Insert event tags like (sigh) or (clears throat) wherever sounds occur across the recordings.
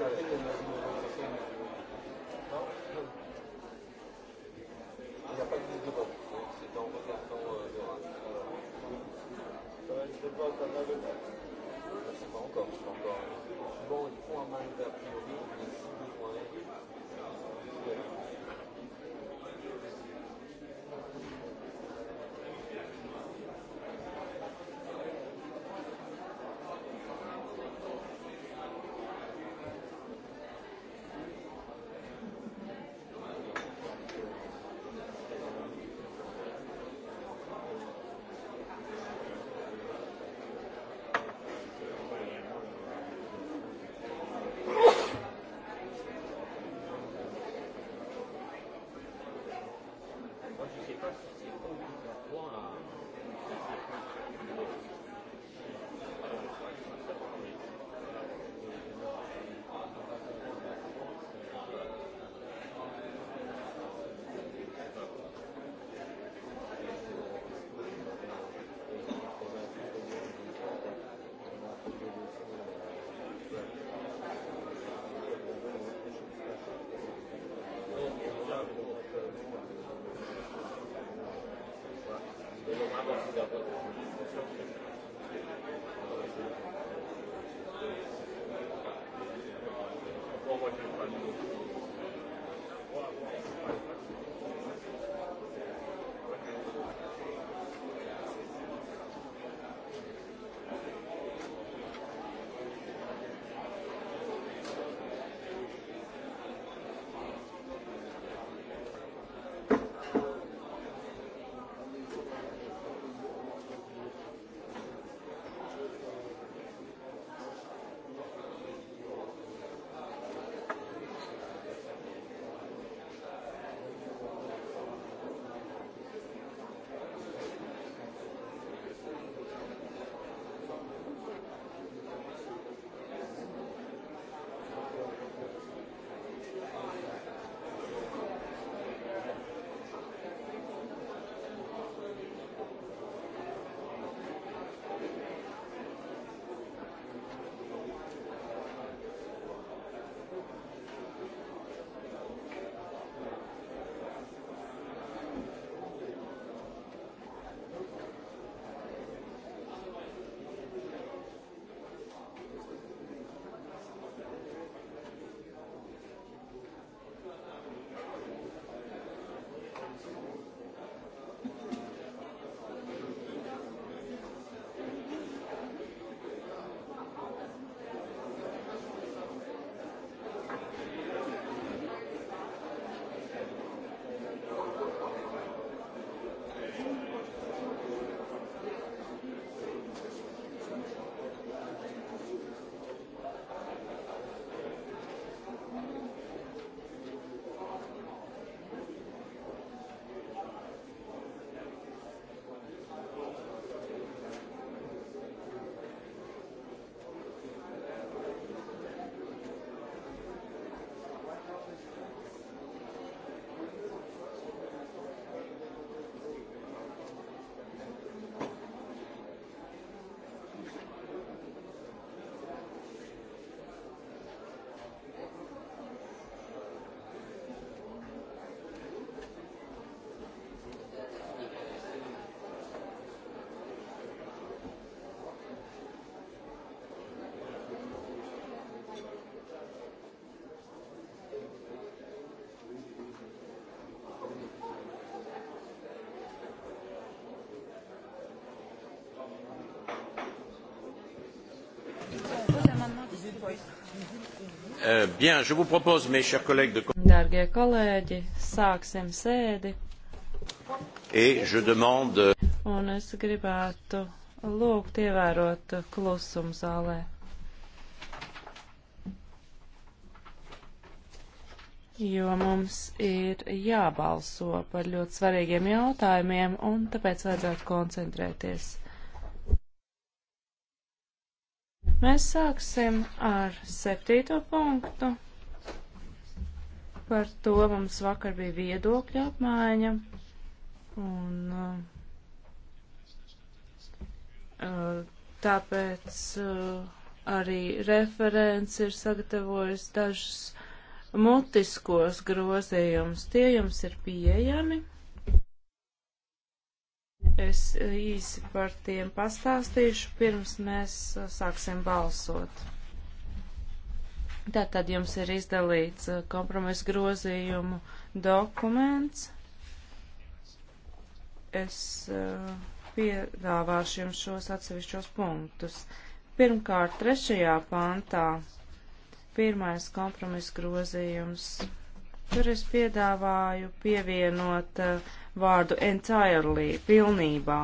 Il n'y a pas de liste de vote, c'est en regardant euh, le RAS. Ça va être de vote à la Je ne sais pas encore, je suis encore. Bon, ils font un mandat a priori. Eh, bien, je vous propose, mes chers collègues, de... Dargie kolēģi, sāksim sēdi. Et je demande... Un es gribētu lūgt ievērot klusumu zālē. Jo mums ir jābalso par ļoti svarīgiem jautājumiem, un tāpēc vajadzētu koncentrēties. Mēs sāksim ar septīto punktu. Par to mums vakar bija viedokļa apmaiņa. Un, uh, uh tāpēc uh, arī referents ir sagatavojis dažus mutiskos grozījumus. Tie jums ir pieejami. Es eh, īsi par tiem pastāstīšu, pirms mēs eh, sāksim balsot. Tātad jums ir izdalīts eh, kompromisa grozījumu dokuments. Es piedāvāšu jums šos atsevišķos punktus. Pirmkārt, trešajā pantā pirmais kompromisa grozījums. Tur es piedāvāju pievienot eh, vārdu entirely, pilnībā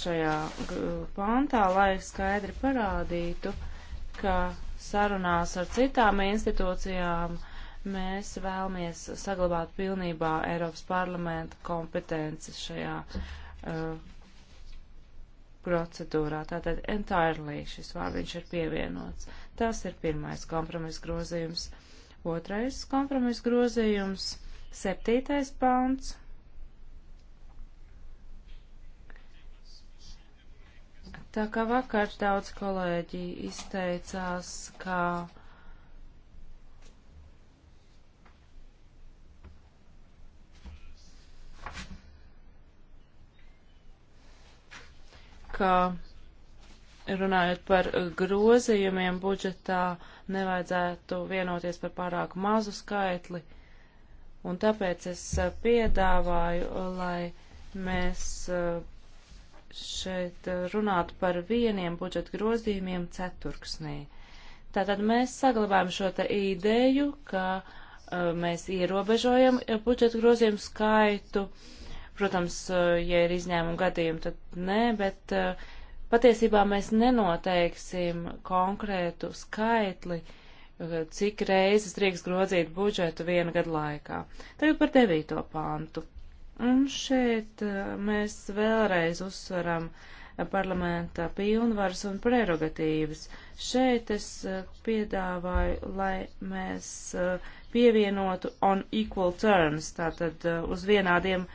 šajā eh, pantā, lai skaidri parādītu, ka sarunās ar citām institūcijām mēs vēlamies saglabāt pilnībā Eiropas parlamenta kompetences šajā uh, procedūrā. Tātad entirely šis vārdiņš ir pievienots. Tas ir pirmais kompromiss grozījums. Uh, Otrais kompromiss grozījums, septītais pāns. Tā kā vakar daudz kolēģi izteicās, ka ka runājot par grozījumiem budžetā, uh, nevajadzētu vienoties par pārāk mazu skaitli, un tāpēc es eh, piedāvāju, eh, lai mēs eh, šeit runātu par vieniem budžeta grozījumiem ceturksnī. Tātad mēs saglabājam šo te ideju, ka uh, mēs ierobežojam budžeta grozījumu skaitu. Protams, uh, ja ir izņēmuma gadījumi, tad nē, bet uh, Patiesībā mēs nenoteiksim konkrētu skaitli, cik reizes drīkst grozīt budžetu vienu gadu laikā. Tagad par devīto pāntu. Un šeit eh, mēs vēlreiz uzsveram parlamenta pilnvaras un prerogatīvas. Šeit es eh, piedāvāju, lai mēs eh, pievienotu on equal terms, tātad uz vienādiem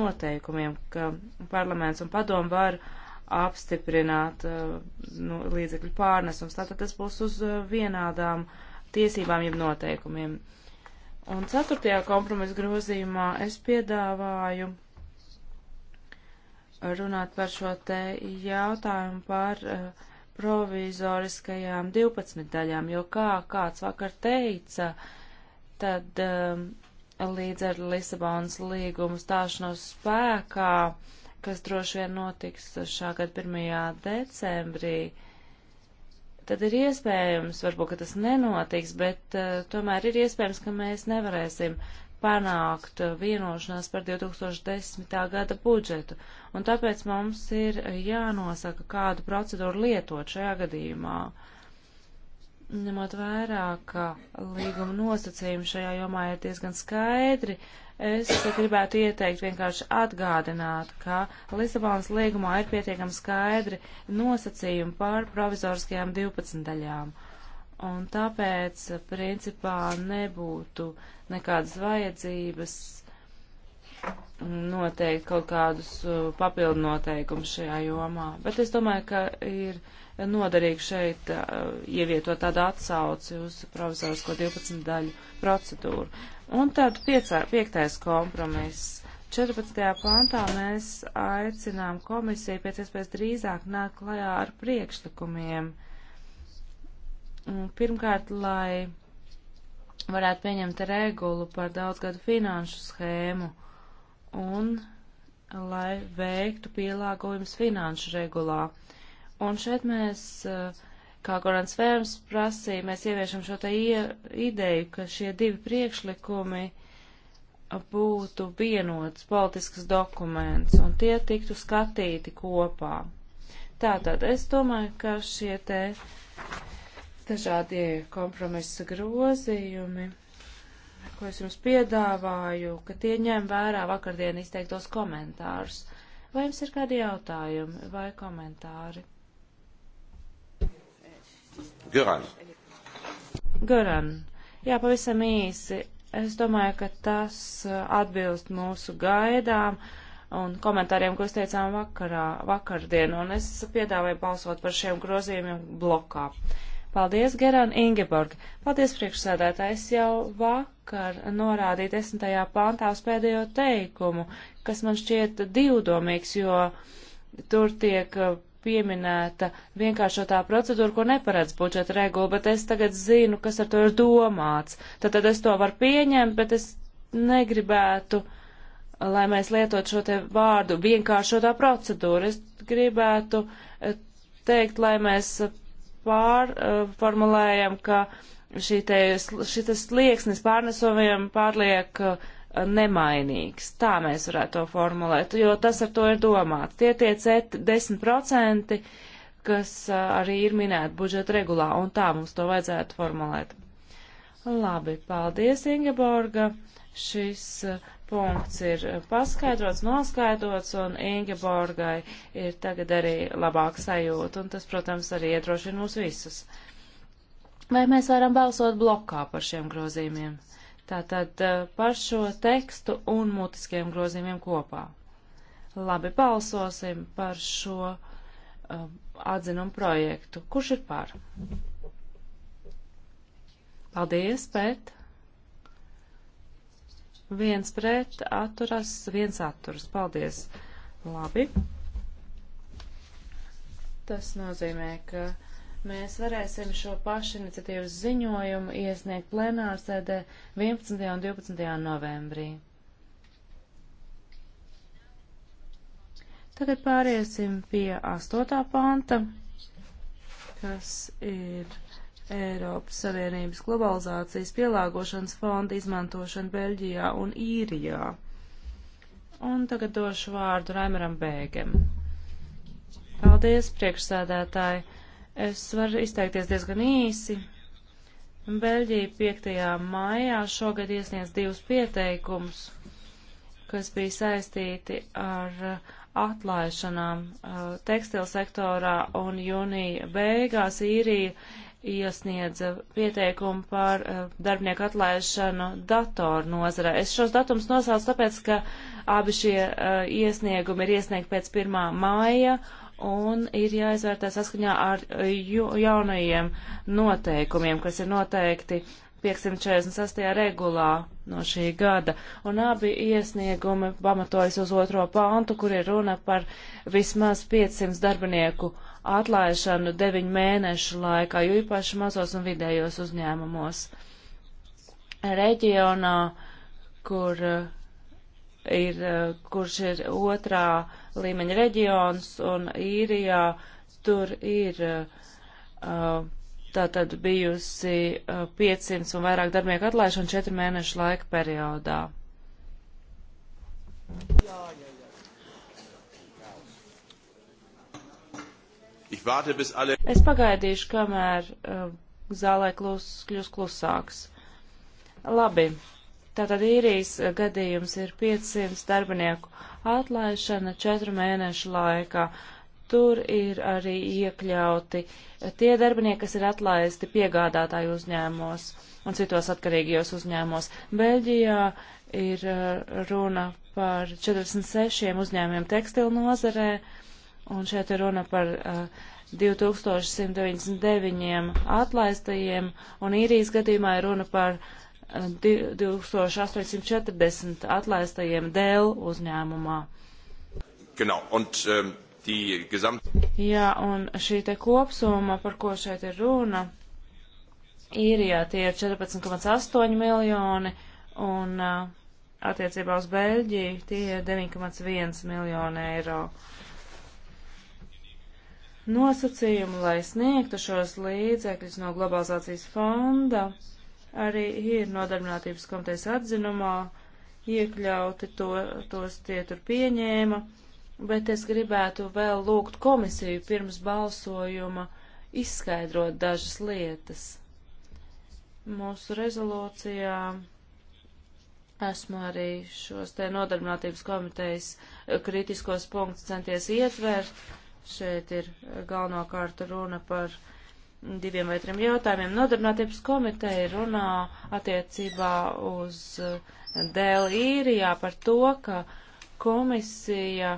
noteikumiem, ka parlaments un padomu var uh, apstiprināt uh, nu, līdzekļu pārnesums. Tātad tas būs uz uh, vienādām tiesībām, jeb noteikumiem. Un ceturtajā kompromisa grozījumā es piedāvāju runāt par šo te jautājumu par uh, provizoriskajām 12 daļām, jo kā kāds vakar teica, tad um, līdz ar Lisabonas līgumu stāšanos spēkā uh, kas droši vien notiks šā gada 1. decembrī, tad ir iespējams, varbūt, ka tas nenotiks, bet uh, tomēr ir iespējams, ka mēs nevarēsim panākt vienošanās par 2010. gada budžetu. Un tāpēc mums ir jānosaka, kādu procedūru lietot šajā gadījumā. Ņemot vērā, ka līguma nosacījumi šajā jomā ir diezgan skaidri, uh, Es gribētu ieteikt vienkārši atgādināt, ka Lisabonas līgumā ir pietiekami skaidri nosacījumi par provizoriskajām 12 daļām. Un tāpēc, principā, nebūtu nekādas vajadzības noteikt kaut kādus uh, papildu noteikumus šajā jomā. Bet es domāju, ka ir noderīgi šeit uh, ievietot tādu atsauci uz provizorisko 12 daļu procedūru. Un tad piecā, piektais kompromiss. 14. pantā mēs aicinām komisiju pēc iespējas drīzāk nākt klajā ar priekšlikumiem. Pirmkārt, lai varētu pieņemt regulu par daudzgadu finanšu schēmu un lai veiktu pielāgojums finanšu regulā. Un šeit mēs uh, kā Gorans Vērms prasīja, mēs ieviešam šo te ideju, ka šie divi priekšlikumi būtu vienots politisks dokuments un tie tiktu skatīti kopā. Tātad es domāju, ka šie te dažādie kompromisa grozījumi, ko es jums piedāvāju, ka tie ņem vērā vakardien izteiktos komentārus. Vai jums ir kādi jautājumi vai komentāri? Göran. Göran. Jā, pavisam īsi. Es domāju, ka tas uh, atbilst mūsu gaidām un komentāriem, ko es teicām vakarā, vakardien, un es piedāvāju balsot par šiem grozījumiem blokā. Paldies, Geran Ingeborg. Paldies, priekšsēdētājs, jau vakar norādīja desmitajā pāntā uz pēdējo teikumu, kas man šķiet divdomīgs, jo tur tiek uh, pieminēta vienkāršotā procedūra, ko neparedz budžeta regula, bet es tagad zinu, kas ar to ir domāts. Tad, tad es to varu pieņemt, bet es negribētu, lai mēs lietot šo te vārdu vienkāršotā procedūra. Es gribētu eh, teikt, lai mēs pārformulējam, eh, ka šī te, šī te slieksnis pārnesoviem pārliek uh, nemainīgs. Tā mēs varētu to formulēt, jo tas ar to ir domāts. Tie tie 10%, kas arī ir minēti budžeta regulā, un tā mums to vajadzētu formulēt. Labi, paldies, Ingeborga. Šis punkts ir paskaidrots, noskaidrots, un Ingeborgai ir tagad arī labāk sajūta, un tas, protams, arī iedrošina mūs visus. Vai mēs varam balsot blokā par šiem grozījumiem? Tātad eh, par šo tekstu un mutiskiem grozījumiem kopā. Labi, balsosim par šo uh, atzinumu projektu. Kurš ir par? Paldies, pēt. Viens pret atturas, viens atturas. Paldies. Labi. Tas nozīmē, ka Mēs varēsim šo pašu iniciatīvas ziņojumu iesniegt plenārsēdē 11. un 12. novembrī. Tagad pāriesim pie 8. panta, kas ir Eiropas Savienības globalizācijas pielāgošanas fonda izmantošana Beļģijā un Īrijā. Un tagad došu vārdu Raimaram Bēgam. Paldies, priekšsēdētāji! Es varu izteikties diezgan īsi. Beļģija 5. maijā šogad iesniedz divus pieteikumus, kas bija saistīti ar atlaišanām uh, tekstila sektorā un jūnija beigās īrija iesniedza pieteikumu par uh, darbinieku atlaišanu datoru nozarē. Es šos datums nosaucu tāpēc, ka abi šie uh, iesniegumi ir iesniegti pēc 1. māja un ir jāizvērtē saskaņā ar e, jaunajiem noteikumiem, kas ir noteikti 548. regulā no šī gada, un abi iesniegumi pamatojas uz otro pāntu, kur ir runa par vismaz 500 darbinieku atlaišanu 9 mēnešu laikā, jo īpaši mazos un vidējos uzņēmumos. Reģionā, kur e, ir, e, kurš ir otrā līmeņa reģions, un īrijā tur ir uh, tātad bijusi uh, 500 un vairāk darbinieku atlaišana 4 mēnešu laika periodā. Jā, jā. Es pagaidīšu, kamēr uh, zālē klus, kļūs klusāks. Labi, tātad īrijas gadījums ir 500 darbinieku atlaišana četru mēnešu laikā. Tur ir arī iekļauti tie darbinieki, kas ir atlaisti piegādātāju uzņēmos un citos atkarīgajos uzņēmos. Beļģijā ir uh, runa par 46 uzņēmiem tekstilu nozarē, un šeit ir runa par uh, 2199 atlaistajiem, un īrijas gadījumā ir runa par 2840 atlaistajiem Dell uzņēmumā. Genau, und, um, die gesamt... Jā, un šī te kopsumma, par ko šeit ir runa, īrijā tie ir 14,8 miljoni un uh, attiecībā uz Beļģiju tie ir 9,1 miljoni eiro. Nosacījumi, lai sniegtu šos līdzekļus no globalizācijas fonda, uh, Arī ir nodarbinātības komitejas atzinumā iekļauti, to, tos tie tur pieņēma, bet es gribētu vēl lūgt komisiju pirms balsojuma izskaidrot dažas lietas. Mūsu rezolūcijā esmu arī šos te nodarbinātības komitejas eh, kritiskos punktus centies ietvert. Šeit ir galvenokārt runa par uh, diviem vai trim jautājumiem. Nodarbinātības komiteja runā attiecībā uz eh, Dēli īrijā par to, ka komisija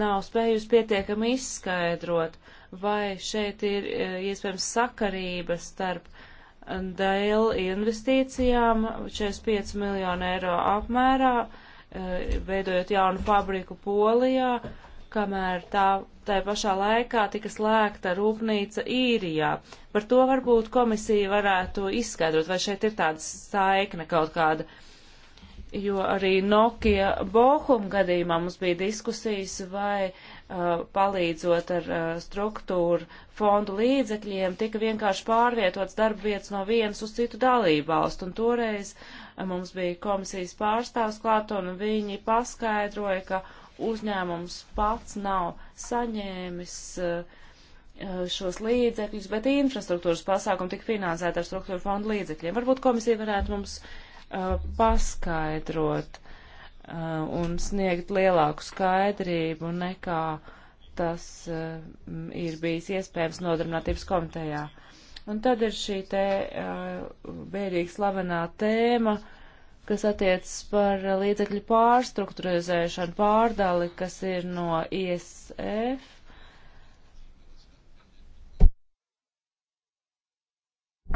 nav spējusi pietiekami izskaidrot, vai šeit ir eh, iespējams sakarība starp eh, Dēli investīcijām 45 miljonu eiro apmērā, veidojot jaunu fabriku Polijā kamēr tā, tā pašā laikā tika slēgta rūpnīca īrijā. Par to varbūt komisija varētu izskaidrot, vai šeit ir tāda saikne kaut kāda. Jo arī Nokia Bohum gadījumā mums bija diskusijas, vai uh, palīdzot ar uh, struktūru fondu līdzekļiem, tika vienkārši pārvietots darba vietas no vienas uz citu dalību valstu. Un toreiz uh, mums bija komisijas pārstāvs klāt, un viņi paskaidroja, ka uzņēmums pats nav saņēmis eh, šos līdzekļus, bet infrastruktūras pasākumi tika finansēti ar struktūra fondu līdzekļiem. Varbūt komisija varētu mums eh, paskaidrot eh, un sniegt lielāku skaidrību nekā tas ir bijis iespējams nodarbinātības komitejā. Un tad ir šī te bērīgi slavenā tēma uh, kas attiecas par līdzekļu pārstruktūrizēšanu, pārdali, kas ir no ISF.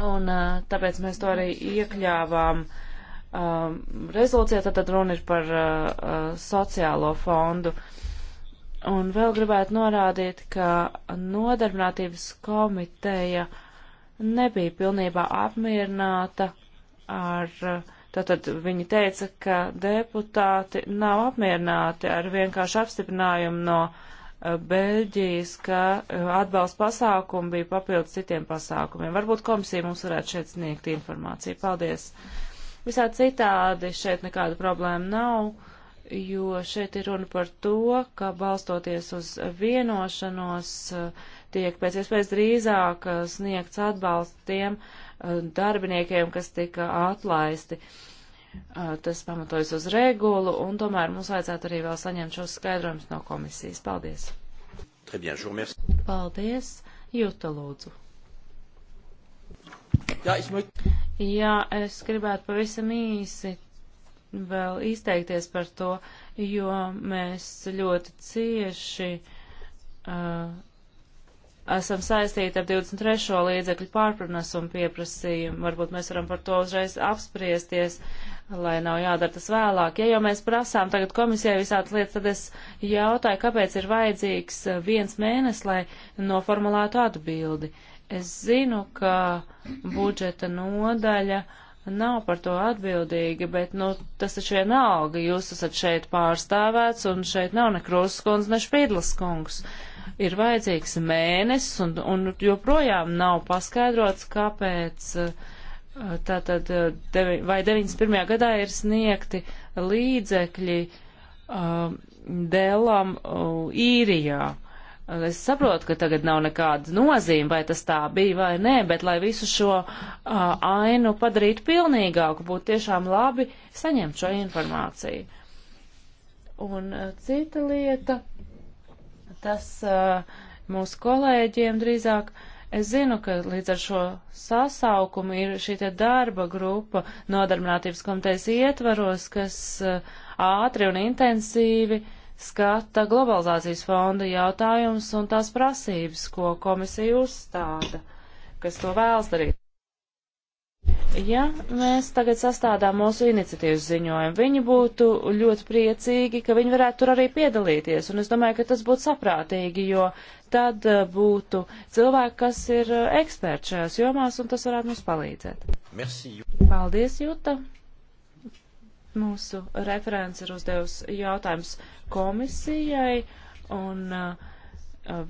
Un tāpēc mēs to arī iekļāvām um, rezolūcijā, tad, tad runa ir par uh, sociālo fondu. Un vēl gribētu norādīt, ka nodarbinātības komiteja nebija pilnībā apmierināta ar uh, Tātad viņi teica, ka deputāti nav apmierināti ar vienkāršu apstiprinājumu no eh, Beļģijas, ka eh, atbalsta pasākumi bija papildus citiem pasākumiem. Varbūt komisija mums varētu šeit sniegt informāciju. Paldies! Visā citādi šeit nekāda problēma nav, jo šeit ir runa par to, ka balstoties uz vienošanos eh, tiek pēc iespējas drīzāk sniegts atbalsts tiem, uh, Eh, darbiniekiem, kas tika atlaisti. Eh, tas pamatojas uz regulu, un tomēr mums vajadzētu arī vēl saņemt šos skaidrojumus no komisijas. Paldies! Bien, Paldies! Jūta lūdzu! Jā, es, mūt... Jā, es gribētu pavisam īsi vēl izteikties par to, jo mēs ļoti cieši uh, esam saistīti ar 23. līdzekļu pārprognosumu pieprasījumu. Varbūt mēs varam par to uzreiz apspriesties, lai nav jādara tas vēlāk. Ja jau mēs prasām tagad komisijai visādas lietas, tad es jautāju, kāpēc ir vajadzīgs viens mēnesis, lai noformulētu atbildi. Es zinu, ka budžeta nodaļa nav par to atbildīga, bet, nu, tas taču vienalga, jūs esat šeit pārstāvēts un šeit nav ne Krūskunds, ne Špīdlaskungs. kungs ir vajadzīgs mēnesis, un, un joprojām nav paskaidrots, kāpēc eh, tātad eh, devi, vai 91. gadā ir sniegti līdzekļi uh, eh, Dēlam uh, īrijā. Es saprotu, ka tagad nav nekāda nozīme, vai tas tā bija vai nē, bet lai visu šo uh, ainu padarītu pilnīgāku, būtu tiešām labi saņemt šo informāciju. Un uh, cita lieta tas uh, mūsu kolēģiem drīzāk. Es zinu, ka līdz ar šo sasaukumu ir šī te darba grupa nodarbinātības komitejas ietvaros, kas uh, ātri un intensīvi skata globalizācijas fonda jautājumus un tās prasības, ko komisija uzstāda, kas to vēlas darīt. Ja mēs tagad sastādām mūsu iniciatīvas ziņojumu, viņi būtu ļoti priecīgi, ka viņi varētu tur arī piedalīties, un es domāju, ka tas būtu saprātīgi, jo tad eh, būtu cilvēki, kas ir eh, eksperti šajās jomās, un tas varētu mums palīdzēt. Merci. Paldies, Juta! Mūsu referents ir uzdevusi jautājums komisijai, un uh,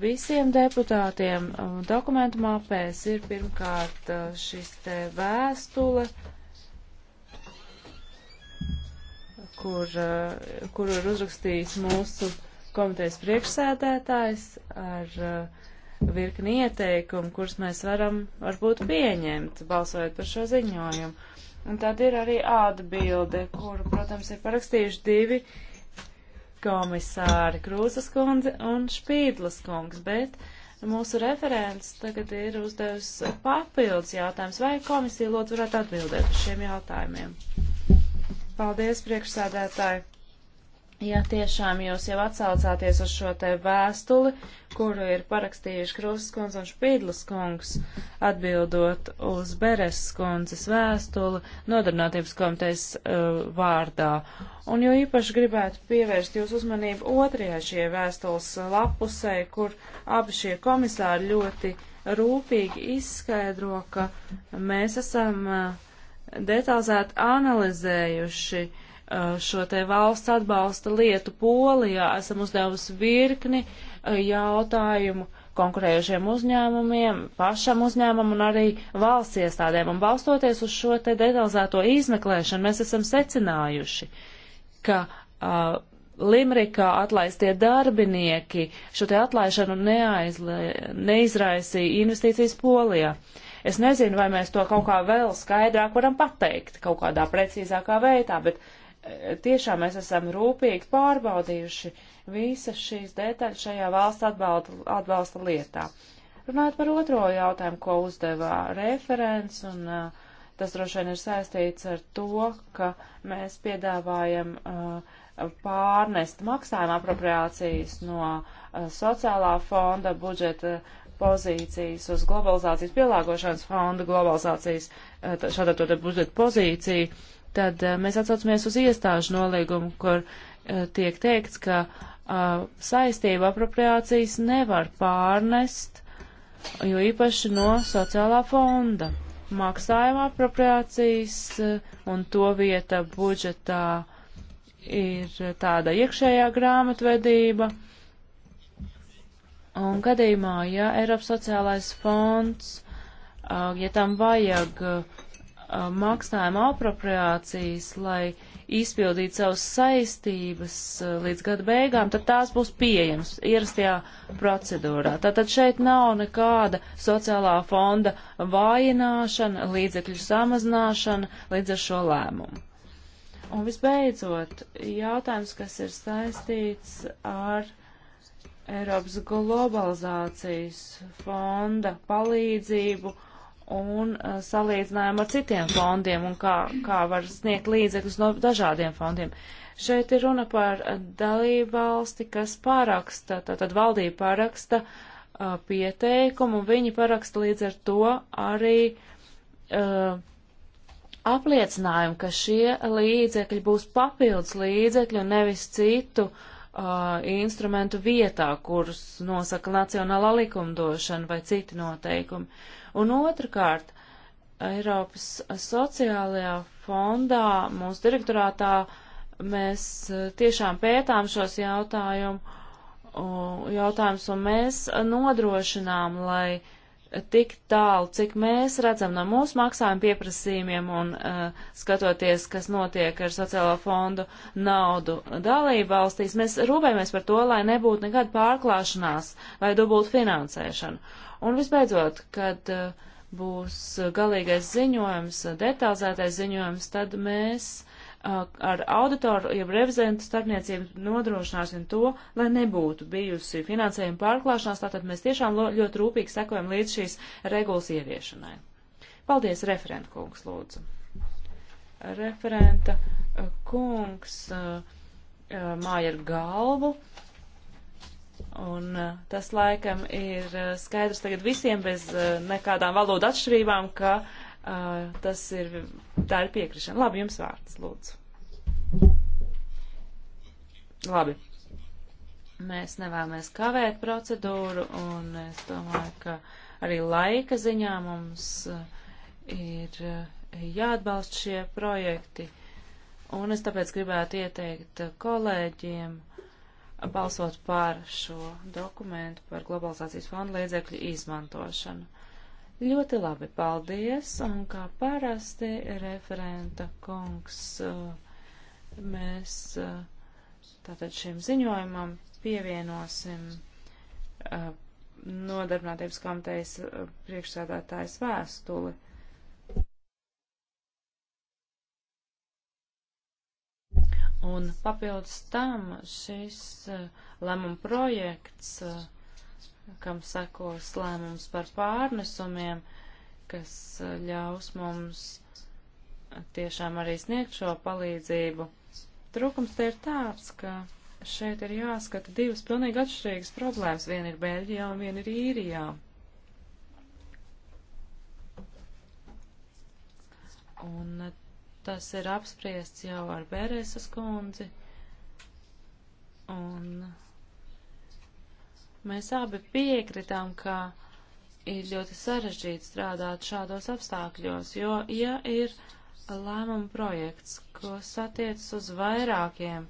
visiem deputātiem dokumentu mapēs ir pirmkārt šis te vēstule, kur, kuru ir uzrakstījis mūsu komitejas priekšsēdētājs ar virkni ieteikumu, kurus mēs varam varbūt pieņemt, balsojot par šo ziņojumu. Un tad ir arī atbilde, kuru, protams, ir parakstījuši divi uh, komisāri Krūzes kundze un Špīdlas kungs, bet mūsu referents tagad ir uzdevis papildus jautājums. Vai komisija lūdzu varētu atbildēt uz šiem jautājumiem? Paldies, priekšsādētāji! Jā, tiešām jūs jau atsaucāties uz šo te vēstuli, kuru ir parakstījuši Krusas kungs un Špīdlis kungs, atbildot uz Beres kundzes vēstuli nodarbinātības komitejas uh, vārdā. Un jo īpaši gribētu pievērst jūs uzmanību otrajā šie vēstules lapusē, kur abi šie komisāri ļoti rūpīgi izskaidro, ka mēs esam uh, detalizēti analizējuši uh, Eh, šo te valsts atbalsta lietu Polijā. Esam uzdevusi virkni eh, jautājumu konkurējušiem uzņēmumiem, pašam uzņēmumam un arī valsts iestādēm. Un balstoties uz šo te detalizēto izmeklēšanu, mēs esam secinājuši, ka uh, eh, Limrikā atlaistie darbinieki šo te atlaišanu neaizla, neizraisīja investīcijas polijā. Es nezinu, vai mēs to kaut kā vēl skaidrāk varam pateikt, kaut kādā precīzākā veidā, bet tiešām mēs esam rūpīgi pārbaudījuši visas šīs detaļas šajā valsts atbalsta, atbalsta lietā. Runājot par otro jautājumu, ko uzdevā referents, un uh, tas droši vien ir saistīts ar to, ka mēs piedāvājam uh, pārnest maksājuma apropriācijas no uh, sociālā fonda budžeta pozīcijas uz globalizācijas pielāgošanas fonda globalizācijas šādā to te budžeta pozīciju. Uh, tad eh, mēs atsaucamies uz iestāžu nolīgumu, kur eh, tiek teikts, ka eh, saistība apropriācijas nevar pārnest, jo īpaši no sociālā fonda. Maksājuma apropriācijas un to vieta budžetā ir tāda iekšējā grāmatvedība. Un gadījumā, ja Eiropas sociālais fonds, ja tam vajag uh, Uh, maksājuma apropriācijas, lai izpildītu savas saistības uh, līdz gada beigām, tad tās būs pieejamas ierastajā procedūrā. Tātad šeit nav nekāda sociālā fonda vājināšana, līdzekļu samazināšana līdz ar šo lēmumu. Un visbeidzot, jautājums, kas ir saistīts ar Eiropas globalizācijas fonda palīdzību un uh, salīdzinājumu ar citiem fondiem un kā, kā var sniegt līdzekļus no dažādiem fondiem. Šeit ir runa par uh, dalību valsti, kas pāraksta, tātad valdība pāraksta uh, pieteikumu, un viņi pāraksta līdz ar to arī uh, apliecinājumu, ka šie līdzekļi būs papildus līdzekļi un nevis citu uh, instrumentu vietā, kurus nosaka nacionālā likumdošana vai citi noteikumi. Un otrkārt, Eiropas sociālajā fondā, mūsu direktorātā, mēs e, tiešām pētām šos jautājumu, jautājumus, un mēs nodrošinām, lai tik tālu, cik mēs redzam no mūsu maksājuma pieprasījumiem un uh, skatoties, kas notiek ar sociālo fondu naudu dalību valstīs, mēs rūpējamies par to, lai nebūtu nekāda pārklāšanās vai dubult finansēšana. Uh, Un visbeidzot, kad eh, būs galīgais ziņojums, eh, detalizētais ziņojums, tad mēs eh, ar auditoru, jeb revizentu starpniecību nodrošināsim to, lai nebūtu bijusi finansējuma pārklāšanās, tātad mēs tiešām ļoti rūpīgi sekojam līdz šīs regulas ieviešanai. Paldies, referenta kungs, lūdzu. Referenta kungs māja ar galvu. Un uh, tas laikam ir uh, skaidrs tagad visiem bez uh, nekādām valodu atšķirībām, ka uh, tas ir, tā ir piekrišana. Labi, jums vārds, lūdzu. Labi. Mēs nevēlamies kavēt procedūru, un es domāju, ka arī laika ziņā mums ir jāatbalsta šie projekti. Un es tāpēc gribētu ieteikt kolēģiem balsot par šo dokumentu par globalizācijas fondu līdzekļu izmantošanu. Ļoti labi, paldies, un kā parasti referenta kungs, uh, mēs uh, tātad šim ziņojumam pievienosim uh, nodarbinātības komitejas priekšsēdētājs vēstuli. Un papildus tam šis eh, lēmuma projekts, eh, kam sekos lēmums par pārnesumiem, kas eh, ļaus mums tiešām arī sniegt šo palīdzību. Trūkums te ir tāds, ka šeit ir jāskata divas pilnīgi atšķirīgas problēmas. Viena ir Beļģijā un viena ir Īrijā. Un Tas ir apspriests jau ar Bērēsas kundzi. Un mēs abi piekritām, ka ir ļoti sarežģīti strādāt šādos apstākļos, jo, ja ir lēmuma projekts, kas attiecas uz vairākiem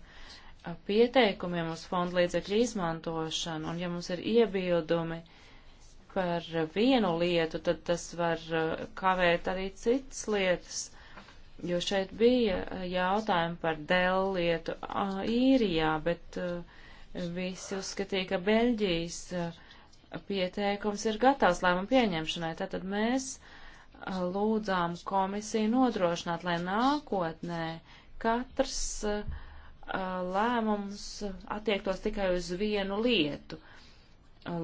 pieteikumiem uz fondu līdzekļu izmantošanu, un ja mums ir iebildumi par vienu lietu, tad tas var kavēt arī citas lietas. Jo šeit bija eh, jautājumi par Dell lietu īrijā, bet eh, visi uzskatīja, ka Beļģijas eh, pieteikums ir gatavs lēmumu pieņemšanai. Tātad mēs lūdzām komisiju nodrošināt, lai nākotnē katrs lēmums attiektos tikai uz vienu lietu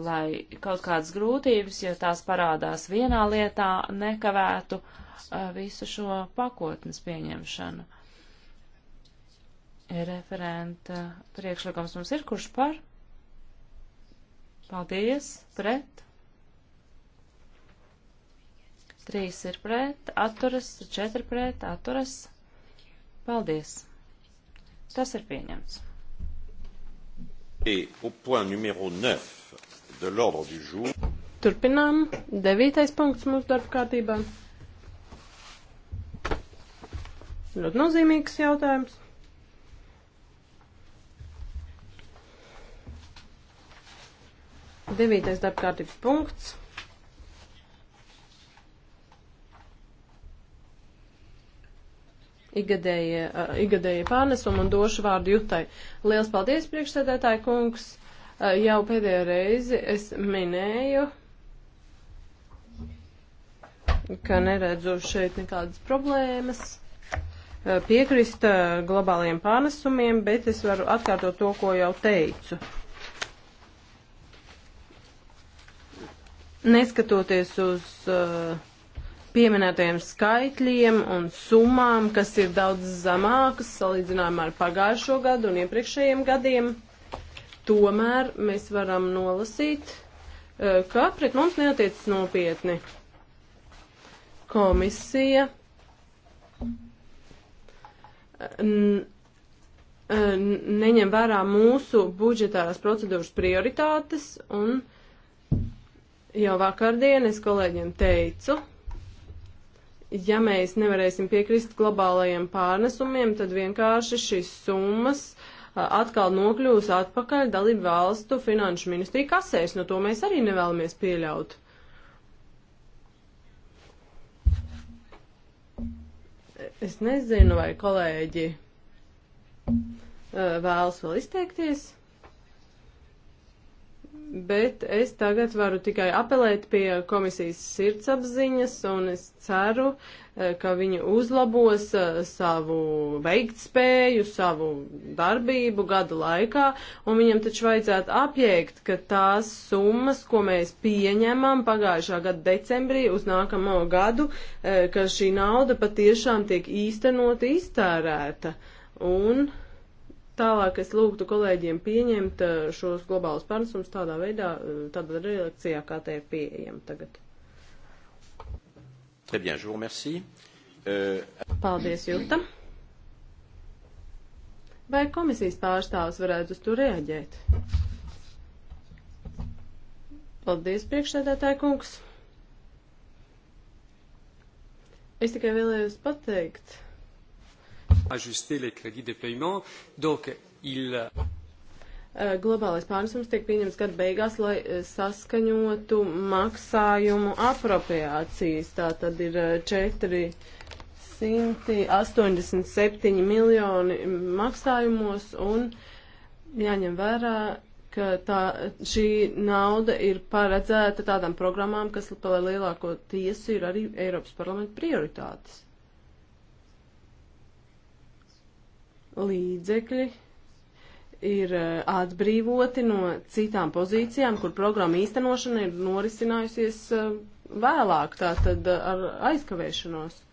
lai kaut kādas grūtības, ja tās parādās vienā lietā, nekavētu uh, visu šo pakotnes pieņemšanu. Referenta priekšlikums mums ir, kurš par? Paldies, pret. Trīs ir pret, atturas, četri pret, atturas. Paldies. Tas ir pieņemts. Turpinām. Devītais punkts mūsu darba kārtībā. Ļoti nozīmīgs jautājums. Devītais darbkārtības punkts. Igadējie, uh, igadējie pārnesumi un došu vārdu jutai. Liels paldies, priekšsēdētāji kungs. Uh, jau pēdējo reizi es minēju, ka neredzu šeit nekādas problēmas piekrist eh, globāliem pārnesumiem, bet es varu atkārtot to, ko jau teicu. Neskatoties uz uh, pieminētajiem skaitļiem un summām, kas ir daudz zemākas salīdzinājumā ar pagājušo gadu un iepriekšējiem gadiem, tomēr mēs varam nolasīt, eh, ka pret mums neatiecas nopietni. Komisija E, neņem vērā mūsu budžetārās procedūras prioritātes, un jau vakardien es kolēģiem teicu, ja mēs nevarēsim piekrist globālajiem pārnesumiem, tad vienkārši šīs summas e, atkal nokļūs atpakaļ dalību valstu finanšu ministriju kasēs, no nu, to mēs arī nevēlamies pieļaut. Es nezinu, vai kolēģi eh, vēlas vēl izteikties, bet es tagad varu tikai apelēt pie komisijas sirdsapziņas, un es ceru, Eh, ka viņi uzlabos eh, savu veiktspēju, savu darbību gadu laikā, un viņam taču vajadzētu apjēgt, ka tās summas, ko mēs pieņemam pagājušā gada decembrī uz nākamo gadu, eh, ka šī nauda patiešām tiek īstenot iztērēta. Un tālāk es lūgtu kolēģiem pieņemt šos globālus pārnesumus tādā veidā, tādā redakcijā, kā tie ir pieejami tagad. Très bien, je vous remercie. Uh... Paldies, Jūta. Vai komisijas pārstāvis varētu uz to reaģēt? Paldies, priekšsēdētāji kungs. Es tikai vēlējos pateikt. Ajuster les crédits de paiement. Donc, il Eh, globālais pārnesums tiek pieņemts gada beigās, lai eh, saskaņotu maksājumu apropriācijas. Tā tad ir 487 eh, miljoni maksājumos un jāņem vērā, ka tā, šī nauda ir paredzēta tādām programmām, kas par lielāko tiesu ir arī Eiropas parlamenta prioritātes. Līdzekļi ir eh, atbrīvoti no citām pozīcijām, kur programma īstenošana ir norisinājusies eh, vēlāk, tātad eh, ar aizkavēšanos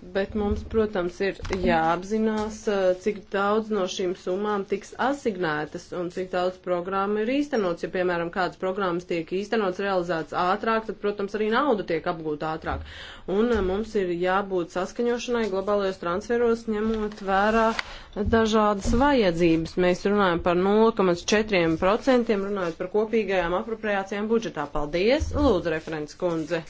bet mums, protams, ir jāapzinās, eh, cik daudz no šīm summām tiks asignētas un cik daudz programmu ir īstenots. Ja, piemēram, kādas programmas tiek īstenots, realizēts ātrāk, tad, protams, arī nauda tiek apgūta ātrāk. Un eh, mums ir jābūt saskaņošanai globālajos transferos, ņemot vērā dažādas vajadzības. Mēs runājam par 0,4%, runājot par kopīgajām apropriācijām budžetā. Paldies! Lūdzu, referents kundze!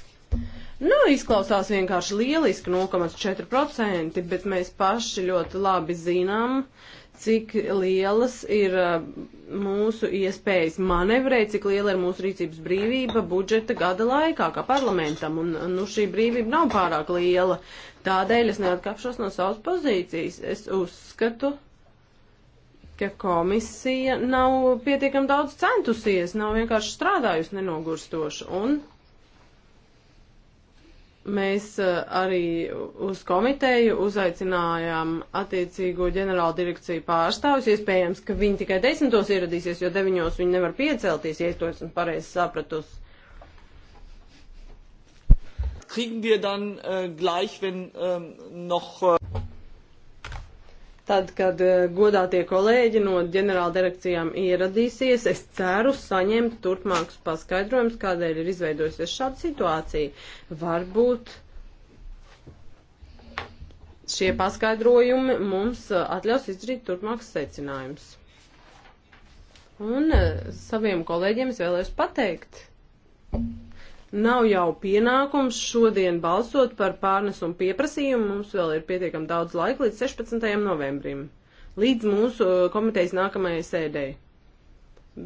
Nu, izklausās vienkārši lieliski 0,4%, bet mēs paši ļoti labi zinām, cik lielas ir eh, mūsu iespējas manevrēt, cik liela ir mūsu rīcības brīvība budžeta gada laikā, kā parlamentam, un nu, šī brīvība nav pārāk liela. Tādēļ es neatkāpšos no savas pozīcijas. Es uzskatu, ka komisija nav pietiekami daudz centusies, nav vienkārši strādājusi nenogurstoši. Un mēs eh, arī uz komiteju uzaicinājām attiecīgo ģenerāla direkciju pārstāvis. Iespējams, ka viņi tikai desmitos ieradīsies, jo deviņos viņi nevar piecelties, ja es to esmu pareizi sapratusi. Kriegen wir dann äh, gleich, wenn ähm, noch. Äh Tad, kad e, godātie kolēģi no ģenerāla direkcijām ieradīsies, es ceru saņemt turpmākus paskaidrojumus, kādēļ ir izveidojusies šāda situācija. Varbūt šie paskaidrojumi mums e, atļaus izdarīt turpmākus secinājumus. Un e, saviem kolēģiem es vēlējos pateikt. Thank you. Nav jau pienākums šodien balsot par pārnesumu pieprasījumu, mums vēl ir pietiekami daudz laika līdz 16. novembrim, līdz mūsu uh, komitejas nākamajai sēdēji.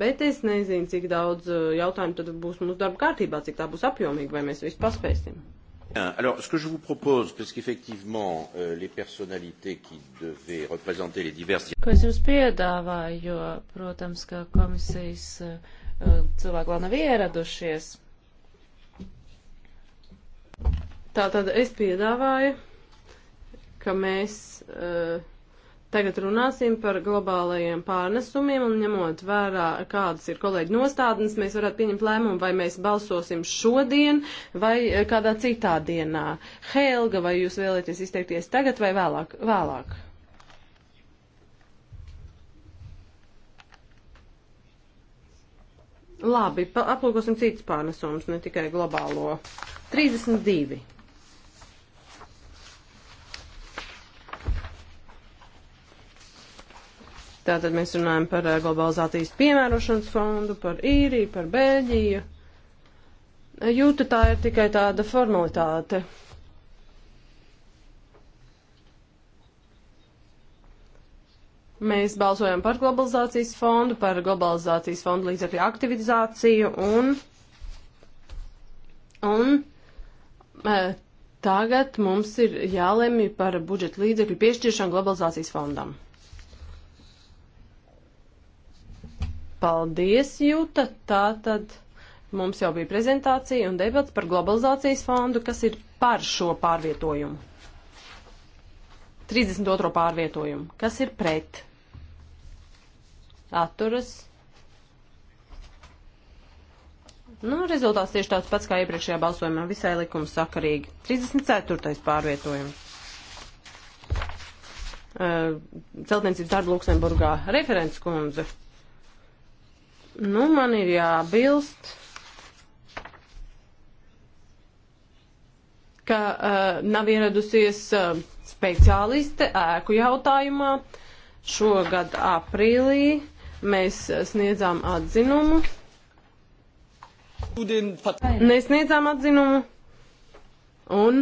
Bet es nezinu, cik daudz uh, jautājumu tad būs mūsu darba kārtībā, cik tā būs apjomīga, vai mēs visu paspēsim. Alors, ce que je vous propose, parce qu'effectivement, euh, les personnalités qui devaient représenter les diverses... Ko es jums piedāvāju, jo, protams, ka komisijas uh, uh cilvēki vēl nav ieradušies. Tātad es piedāvāju, ka mēs uh, tagad runāsim par globālajiem pārnesumiem un ņemot vērā, kādas ir kolēģi nostādnes, mēs varētu pieņemt lēmumu, vai mēs balsosim šodien vai eh, kādā citā dienā. Helga, vai jūs vēlaties izteikties tagad vai vēlāk? vēlāk? Labi, aplūkosim citas pārnesumus, ne tikai globālo. 32. Tātad mēs runājam par eh, globalizācijas piemērošanas fondu, par īriju, par Bēļģiju. Jūta tā ir tikai tāda formalitāte. Mēs balsojam par globalizācijas fondu, par globalizācijas fondu līdzekļu aktivizāciju un, un Tagad mums ir jālemj par budžeta līdzekļu piešķiršanu globalizācijas fondam. Paldies, Jūta! Tā tad mums jau bija prezentācija un debats par globalizācijas fondu, kas ir par šo pārvietojumu. 32. pārvietojumu. Kas ir pret? Atturas Nu, rezultāts tieši tāds pats kā iepriekšējā balsojumā, visai likums sakarīgi. 34. pārvietojums. Uh, celtniecības darba Luksemburgā referents kundze. Nu, man ir jābilst, ka uh, nav ieradusies uh, speciāliste ēku jautājumā. Šogad aprīlī mēs sniedzām atzinumu Nesniedzām atzinumu un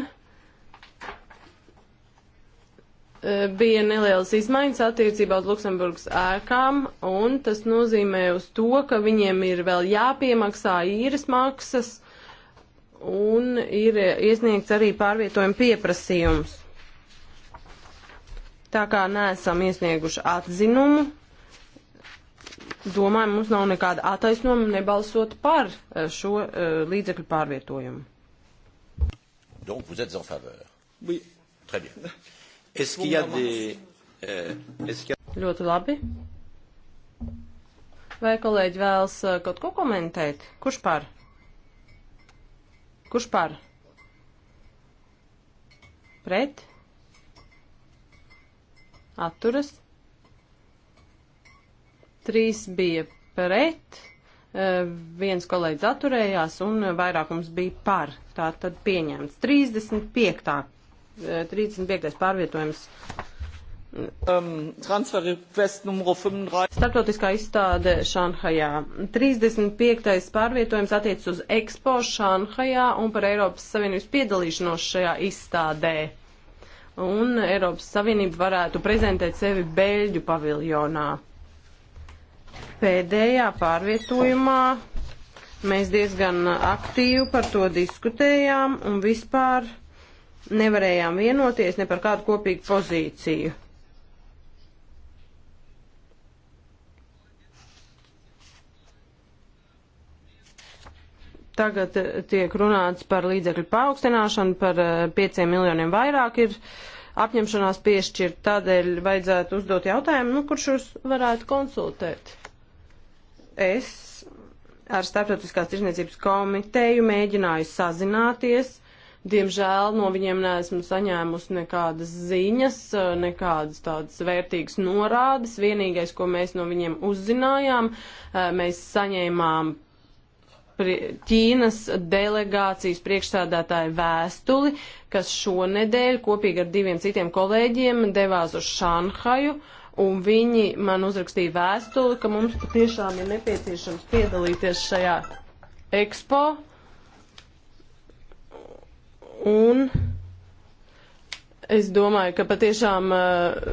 e, bija nelielas izmaiņas attiecībā uz Luksemburgas ēkām, un tas nozīmē uz to, ka viņiem ir vēl jāpiemaksā īres maksas, un ir iesniegts arī pārvietojuma pieprasījums. Tā kā neesam iesnieguši atzinumu, domāju, mums nav nekāda attaisnojuma nebalsot par eh, šo uh, līdzekļu pārvietojumu. Donc vous êtes en faveur. Oui. Très bien. (laughs) Est-ce qu'il y a des euh, est-ce qu'il y a... Ļoti labi. Vai kolēģi vēlas eh, kaut ko komentēt? Kurš par? Kurš par? Pret? Atturas? Trīs bija pret, eh, viens kolēģis atturējās un vairākums bija par. Tā tad pieņemts. 35. 35. Eh, pārvietojums. Um, Startautiskā izstāde Šanhajā. 35. pārvietojums attiecas uz ekspo Šanhajā un par Eiropas Savienības piedalīšanos šajā izstādē. Un Eiropas Savienība varētu prezentēt sevi Beļģu paviljonā. Pēdējā pārvietojumā mēs diezgan aktīvi par to diskutējām un vispār nevarējām vienoties ne par kādu kopīgu pozīciju. Tagad eh, tiek runāts par līdzekļu paaugstināšanu, par eh, pieciem miljoniem vairāk ir apņemšanās piešķirt, tādēļ vajadzētu uzdot jautājumu, nu, kurš jūs varētu konsultēt es ar Starptautiskās tirzniecības komiteju mēģināju sazināties. Diemžēl no viņiem neesmu saņēmusi nekādas ziņas, nekādas tādas vērtīgas norādes. Vienīgais, ko mēs no viņiem uzzinājām, eh, mēs saņēmām Ķīnas delegācijas priekšsādātāju vēstuli, kas šonedēļ kopīgi ar diviem citiem kolēģiem devās uz Šanhaju. Uh, un viņi man uzrakstīja vēstuli, ka mums tiešām ir nepieciešams piedalīties šajā ekspo. Un es domāju, ka patiešām eh,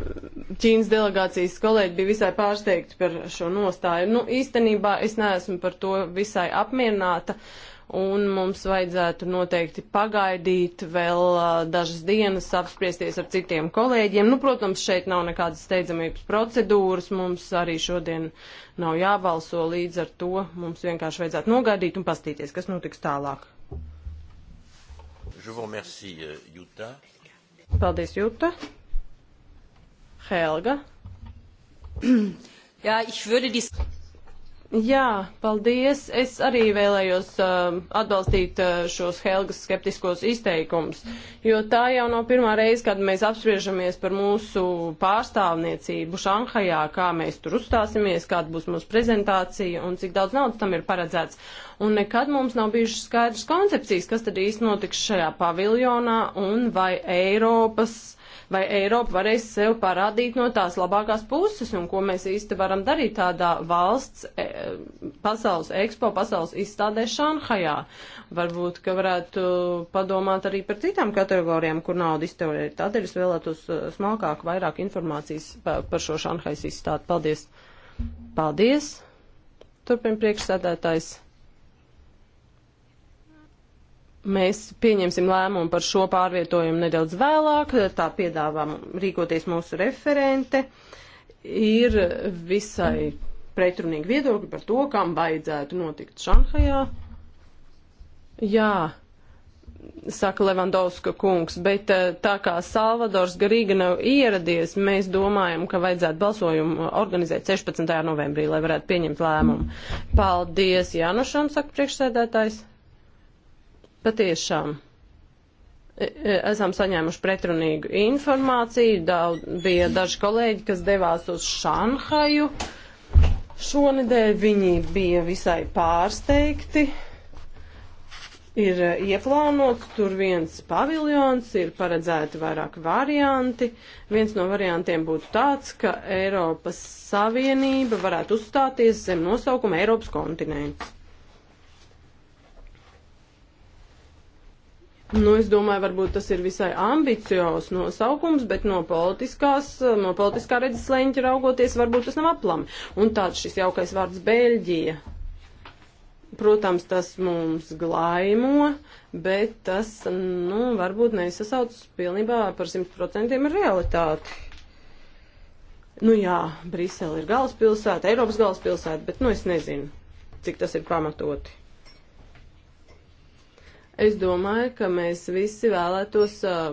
Ķīnas delegācijas kolēģi bija visai pārsteigti par šo nostāju. Nu, īstenībā es neesmu par to visai apmierināta. Uh, un mums vajadzētu noteikti pagaidīt vēl uh, dažas dienas, apspriesties ar citiem kolēģiem. Nu, protams, šeit nav nekādas steidzamības procedūras, mums arī šodien nav jābalso līdz ar to. Mums vienkārši vajadzētu nogaidīt un pastīties, kas notiks tālāk. Remercie, euh, Juta. Paldies, Jūta. Helga. Jā, (clears throat) ja, ich würde dies... Jā, paldies. Es arī vēlējos uh, atbalstīt uh, šos Helgas skeptiskos izteikumus, jo tā jau nav pirmā reize, kad mēs apspriežamies par mūsu pārstāvniecību Šanhajā, kā mēs tur uzstāsimies, kāda būs mūsu prezentācija un cik daudz naudas tam ir paredzēts. Un nekad mums nav bijušas skaidrs koncepcijas, kas tad īsti notiks šajā paviljonā un vai Eiropas vai Eiropa varēs sev parādīt no tās labākās puses un ko mēs īsti varam darīt tādā valsts e, pasaules ekspo, pasaules izstādē Šanhajā. Varbūt, ka varētu padomāt arī par citām kategorijām, kur nauda izteorē. Tādēļ es vēlētos e, smalkāk vairāk informācijas e, par šo Šanhajas izstādi. Paldies! Paldies! Turpin priekšsēdētājs. Mēs pieņemsim lēmumu par šo pārvietojumu nedaudz vēlāk, tā piedāvām rīkoties mūsu referente. Ir visai pretrunīgi viedokļi par to, kam vajadzētu notikt Šanhajā. Jā, saka Levandovska kungs, bet eh, tā kā Salvadors Garīga nav ieradies, mēs domājam, ka vajadzētu balsojumu organizēt 16. novembrī, lai varētu pieņemt lēmumu. Paldies Janušam, saka priekšsēdētājs. Patiešām e, e, esam saņēmuši pretrunīgu informāciju. Daudz, bija daži kolēģi, kas devās uz Šanhaju. Šonedēļ viņi bija visai pārsteigti. Ir e, ieplānots tur viens paviljons, ir paredzēti vairāk varianti. Viens no variantiem būtu tāds, ka Eiropas Savienība varētu uzstāties zem nosaukuma Eiropas kontinents. Nu, es domāju, varbūt tas ir visai ambiciozs nosaukums, bet no, no politiskā redzes leņķa raugoties, varbūt tas nav aplami. Un tāds šis jaukais vārds Beļģija. Protams, tas mums glaimo, bet tas, nu, varbūt nesasaucas pilnībā par 100% ar realitāti. Nu jā, Brisele ir galvaspilsēta, Eiropas galvaspilsēta, bet, nu, es nezinu, cik tas ir pamatoti. Es domāju, ka mēs visi vēlētos uh,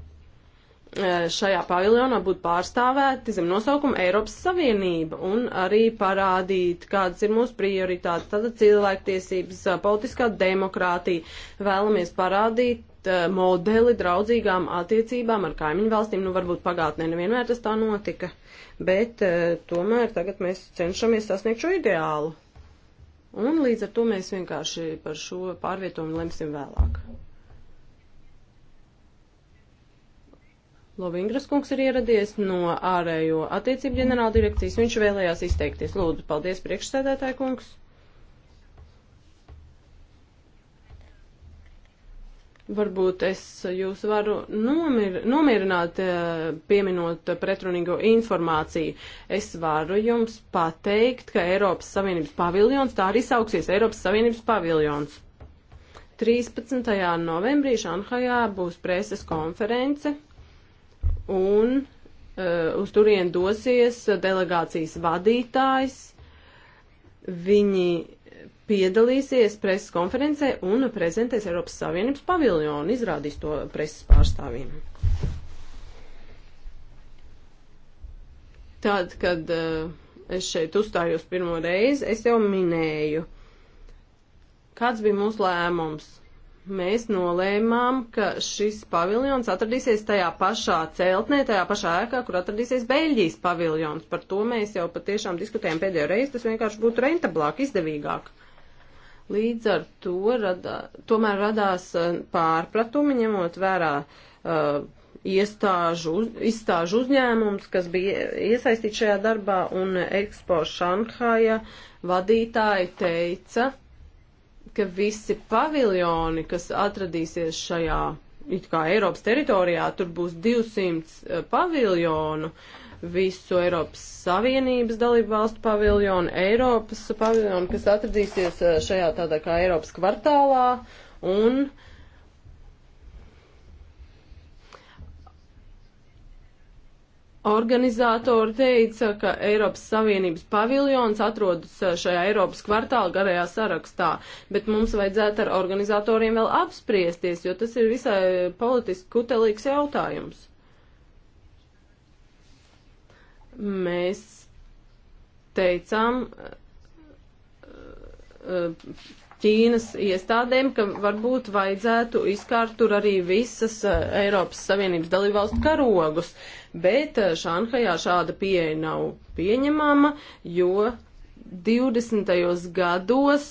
uh, šajā paviljonā būt pārstāvēti zem nosaukuma Eiropas Savienība un arī parādīt, kādas ir mūsu prioritātes. Tātad cilvēktiesības, uh, politiskā demokrātija. Vēlamies parādīt modeli draudzīgām attiecībām ar kaimiņu valstīm. Nu, varbūt pagātnē nevienmēr tas tā notika, bet tomēr tagad mēs cenšamies sasniegt šo ideālu. Un līdz ar to mēs vienkārši par šo pārvietojumu lemsim vēlāk. Lovingras kungs ir ieradies no ārējo attiecību ģenerāla direkcijas. Viņš vēlējās izteikties. Lūdzu, paldies priekšsēdētāju kungs. Varbūt es jūs varu nomir, nomierināt, eh, pieminot pretrunīgo informāciju. Es varu jums pateikt, ka Eiropas Savienības paviljons, tā arī sauksies Eiropas Savienības paviljons. 13. novembrī Šanhajā būs preses konference un uh, uz turien dosies delegācijas vadītājs. Viņi piedalīsies preses konferencē un prezentēs Eiropas Savienības paviljonu, izrādīs to preses pārstāvjiem. Tad, kad uh, es šeit uzstājos pirmo reizi, es jau minēju, kāds bija mūsu lēmums. Mēs nolēmām, ka šis paviljons atradīsies tajā pašā celtnē, tajā pašā ēkā, kur atradīsies Beļģijas paviljons. Par to mēs jau patiešām diskutējām pēdējo reizi, tas vienkārši būtu rentablāk, izdevīgāk. Uh, Līdz ar to radā, tomēr radās e, pārpratumi, ņemot vērā uh, iestāžu, uz, izstāžu uzņēmums, kas bija iesaistīts šajā darbā, un Expo Šanhāja vadītāji teica, ka visi paviljoni, kas atradīsies šajā it kā Eiropas teritorijā, tur būs 200 e, paviljonu, uh, visu Eiropas Savienības dalību valstu paviljonu, Eiropas paviljonu, kas atradīsies eh, šajā tādā kā Eiropas kvartālā un Organizatori teica, ka Eiropas Savienības paviljons atrodas eh, šajā Eiropas kvartāla garajā sarakstā, bet mums vajadzētu ar organizatoriem vēl apspriesties, jo tas ir visai eh, politiski kutelīgs jautājums. mēs teicām eh, eh, Ķīnas iestādēm, ka varbūt vajadzētu izkārt tur arī visas eh, Eiropas Savienības dalībvalstu karogus, bet Šanhajā šāda pieeja nav pieņemama, jo 20. gados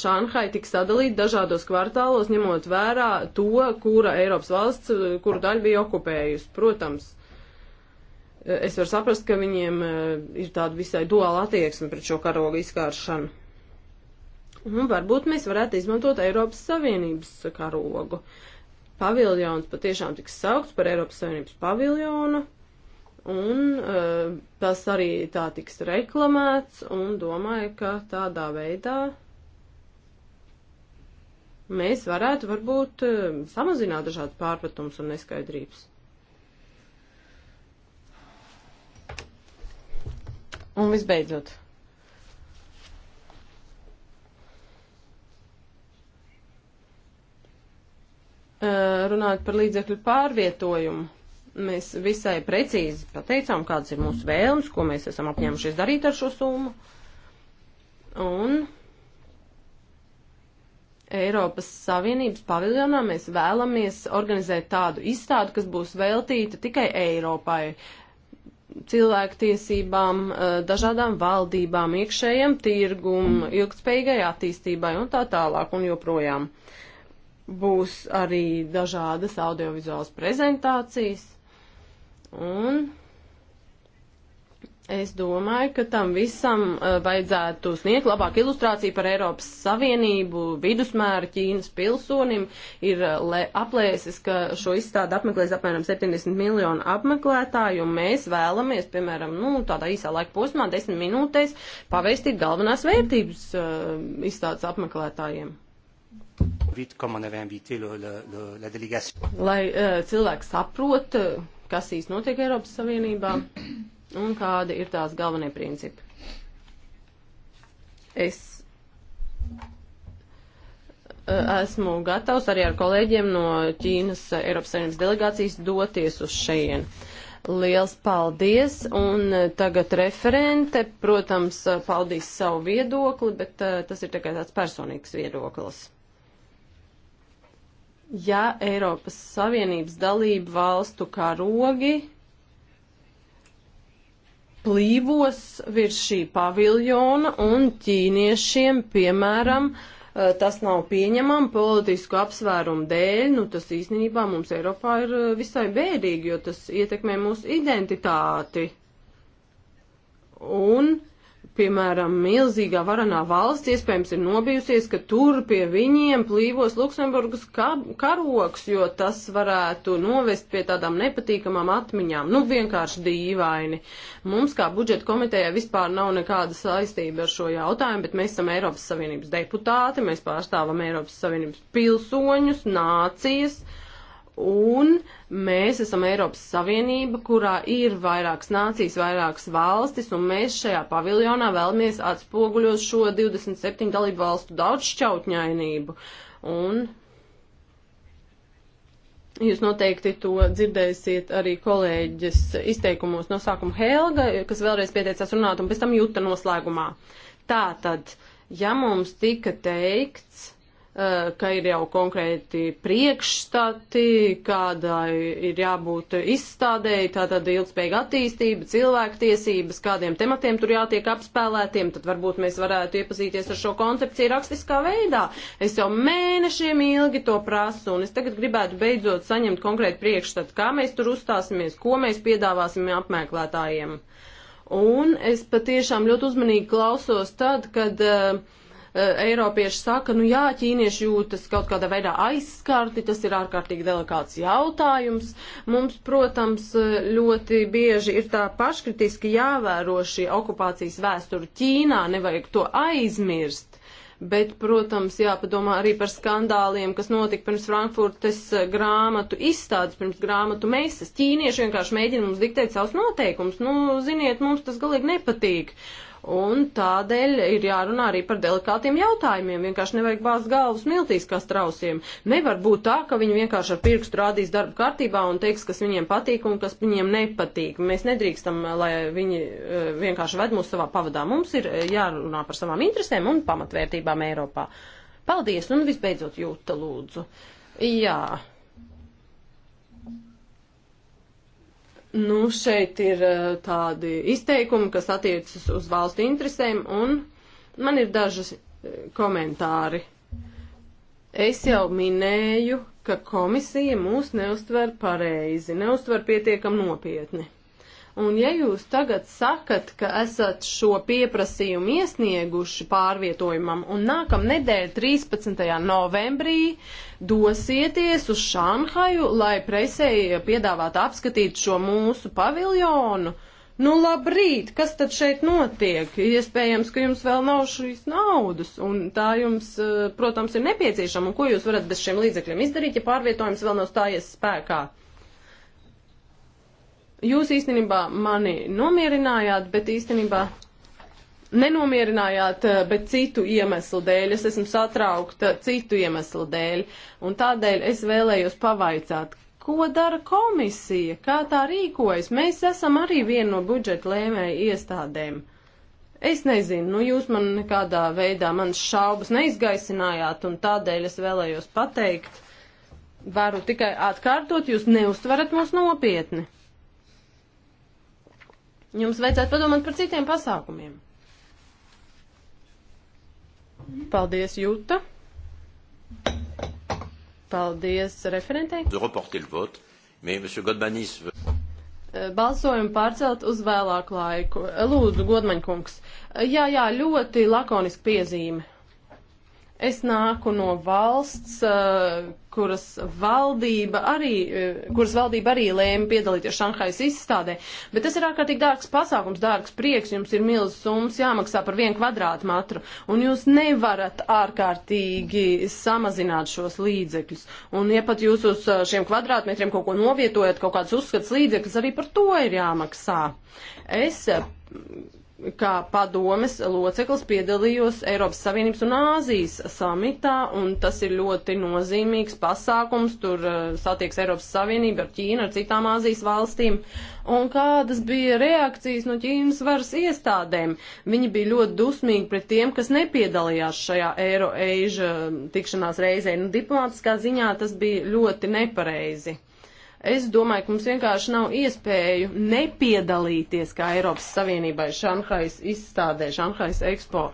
Šanhai tika sadalīta dažādos kvartālos, ņemot vērā to, kura Eiropas valsts, kuru daļu bija okupējusi. Protams, Eh, es varu saprast, ka viņiem eh, ir tāda visai duāla attieksme pret šo karogu izkāršanu. Un varbūt mēs varētu izmantot Eiropas Savienības karogu. Paviljons patiešām tiks saukts par Eiropas Savienības paviljonu, un eh, tas arī tā tiks reklamēts, un domāju, ka tādā veidā mēs varētu varbūt samazināt dažādas pārpratums un neskaidrības. Un visbeidzot. Runājot par līdzekļu pārvietojumu, mēs visai precīzi pateicām, kādas ir mūsu vēlmes, ko mēs esam apņēmušies darīt ar šo summu. Un Eiropas Savienības paviljonā mēs vēlamies organizēt tādu izstādi, kas būs veltīta tikai Eiropai cilvēktiesībām, eh, dažādām valdībām, iekšējiem tirgum, ilgtspējīgai attīstībai un tā tālāk un joprojām. Būs arī dažādas audiovizuālas prezentācijas un Es domāju, ka tam visam eh, vajadzētu sniegt labāku ilustrāciju par Eiropas Savienību, vidusmēru Ķīnas pilsonim. Ir eh, aplēsis, ka šo izstādi apmeklēs apmēram 70 miljonu apmeklētāju, un mēs vēlamies, piemēram, nu, tādā īsā laika posmā, 10 minūtēs, pavēstīt galvenās vērtības uh, izstādes apmeklētājiem. Lai uh, cilvēki saprot, kas īsti notiek Eiropas Savienībā un kādi ir tās galvenie principi. Es e, esmu gatavs arī ar kolēģiem no Ķīnas Eiropas Savienības delegācijas doties uz šejienu. Liels paldies! Un tagad referente, protams, paudīs savu viedokli, bet e, tas ir tikai tāds personīgs viedoklis. Ja Eiropas Savienības dalību valstu karogi plīvos virs šī paviljona un ķīniešiem, piemēram, eh, tas nav pieņemam politisku apsvērumu dēļ, nu tas īstenībā mums Eiropā ir eh, visai bēdīgi, jo tas ietekmē mūsu identitāti. Un piemēram, milzīgā varanā valsts iespējams ir nobijusies, ka tur pie viņiem plīvos Luksemburgas karoks, jo tas varētu novest pie tādām nepatīkamām atmiņām. Nu, vienkārši dīvaini. Mums kā budžeta komitejai vispār nav nekāda saistība ar šo jautājumu, bet mēs esam Eiropas Savienības deputāti, mēs pārstāvam Eiropas Savienības pilsoņus, nācijas. Uh, Un mēs esam Eiropas Savienība, kurā ir vairākas nācijas, vairākas valstis, un mēs šajā paviljonā vēlamies atspoguļot šo 27 dalību valstu daudzšķautņainību. Un Jūs noteikti to dzirdēsiet arī kolēģis izteikumos no sākuma Helga, kas vēlreiz pieteicās runāt, un pēc tam jūta noslēgumā. Tātad, ja mums tika teikts, Eh, ka ir jau konkrēti priekšstati, kādai ir jābūt izstādēji, tātad ilgspējīga attīstība, cilvēktiesības, kādiem tematiem tur jātiek apspēlētiem, tad varbūt mēs varētu iepazīties ar šo koncepciju rakstiskā veidā. Es jau mēnešiem ilgi to prasu, un es tagad gribētu beidzot saņemt konkrētu priekšstatu, kā mēs tur uzstāsimies, ko mēs piedāvāsim apmeklētājiem. Un es patiešām ļoti uzmanīgi klausos tad, kad uh, Eh, Eiropieši saka, nu jā, ķīnieši jūtas kaut kādā veidā aizskarti, tas ir ārkārtīgi delikāts jautājums. Mums, protams, eh, ļoti bieži ir tā paškritiski jāvēro šī okupācijas vēsturi Ķīnā, nevajag to aizmirst bet, protams, jāpadomā arī par skandāliem, kas notika pirms Frankfurtes eh, grāmatu izstādes, pirms grāmatu meistas. Ķīnieši vienkārši mēģina mums diktēt savus noteikumus. Nu, ziniet, mums tas galīgi nepatīk. Uh, Un tādēļ ir jārunā arī par delikātiem jautājumiem. Vienkārši nevajag bāzt galvas miltīs kā strausiem. Nevar būt tā, ka viņi vienkārši ar pirkstu rādīs darbu kārtībā un teiks, kas viņiem patīk un kas viņiem nepatīk. Mēs nedrīkstam, lai viņi eh, vienkārši ved mūs savā pavadā. Mums ir eh, jārunā par savām interesēm un pamatvērtībām Eiropā. Paldies, un visbeidzot jūta lūdzu. Jā, Nu, šeit ir eh, tādi izteikumi, kas attiecas uz valstu interesēm, un man ir dažas eh, komentāri. Es jau minēju, ka komisija mūs neustver pareizi, neustver pietiekam nopietni. Un ja jūs tagad sakat, ka esat šo pieprasījumu iesnieguši pārvietojumam un nākam nedēļ 13. novembrī dosieties uz Šanhaju, lai presēji piedāvātu apskatīt šo mūsu paviljonu, nu labrīt, kas tad šeit notiek? Iespējams, ka jums vēl nav šīs naudas, un tā jums, eh, protams, ir nepieciešama, un ko jūs varat bez šiem līdzekļiem izdarīt, ja pārvietojums vēl nav stājies spēkā? Jūs īstenībā mani nomierinājāt, bet īstenībā nenomierinājāt, eh, bet citu iemeslu dēļ. Es esmu satraukta citu iemeslu dēļ. Un tādēļ es vēlējos pavaicāt, ko dara komisija, kā tā rīkojas. Mēs esam arī viena no budžeta lēmēju iestādēm. Es nezinu, nu jūs man nekādā veidā manas šaubas neizgaisinājāt, un tādēļ es vēlējos pateikt, varu tikai atkārtot, jūs neustverat mūs nopietni. Jums vajadzētu padomāt par citiem pasākumiem. Paldies, Jūta. Paldies referentei. Eh, balsojumu pārcelt uz vēlāku laiku. Eh, lūdzu, godmaņkungs. Eh, jā, jā, ļoti lakoniski piezīme. Es nāku no valsts, eh, kuras valdība arī, eh, kuras valdība arī lēma piedalīties Šanhais izstādē, bet tas ir ārkārtīgi dārgs pasākums, dārgs prieks, jums ir milz summas jāmaksā par vienu kvadrātmetru, un jūs nevarat ārkārtīgi samazināt šos līdzekļus. Un, ja pat jūs uz eh, šiem kvadrātmetriem kaut ko novietojat, kaut kāds uzskats līdzekļus, arī par to ir jāmaksā. Es kā padomes loceklis piedalījos Eiropas Savienības un Āzijas samitā, un tas ir ļoti nozīmīgs pasākums. Tur uh, satieks Eiropas Savienība ar Ķīnu, ar citām Āzijas valstīm. Un kādas bija reakcijas no Ķīnas varas iestādēm? Viņi bija ļoti dusmīgi pret tiem, kas nepiedalījās šajā Eiro-Eiža tikšanās reizē. Nu, diplomātiskā ziņā tas bija ļoti nepareizi. Es domāju, ka mums vienkārši nav iespēju nepiedalīties kā Eiropas Savienībai Šanhais izstādē, Šanhais ekspo.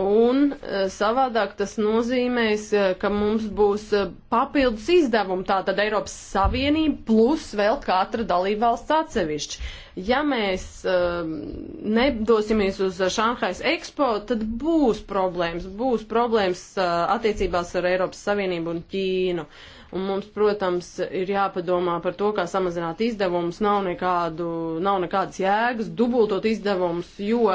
Un eh, savādāk tas nozīmēs, eh, ka mums būs eh, papildus izdevumi, tātad Eiropas Savienība plus vēl katra dalībvalsts atsevišķi. Ja mēs nedosimies uz Šanhais Expo, tad būs problēmas, būs problēmas attiecībās ar Eiropas Savienību un Ķīnu. Uh, Un mums, protams, ir jāpadomā par to, kā samazināt izdevumus. Nav, nekādu, nav nekādas jēgas dubultot izdevumus, jo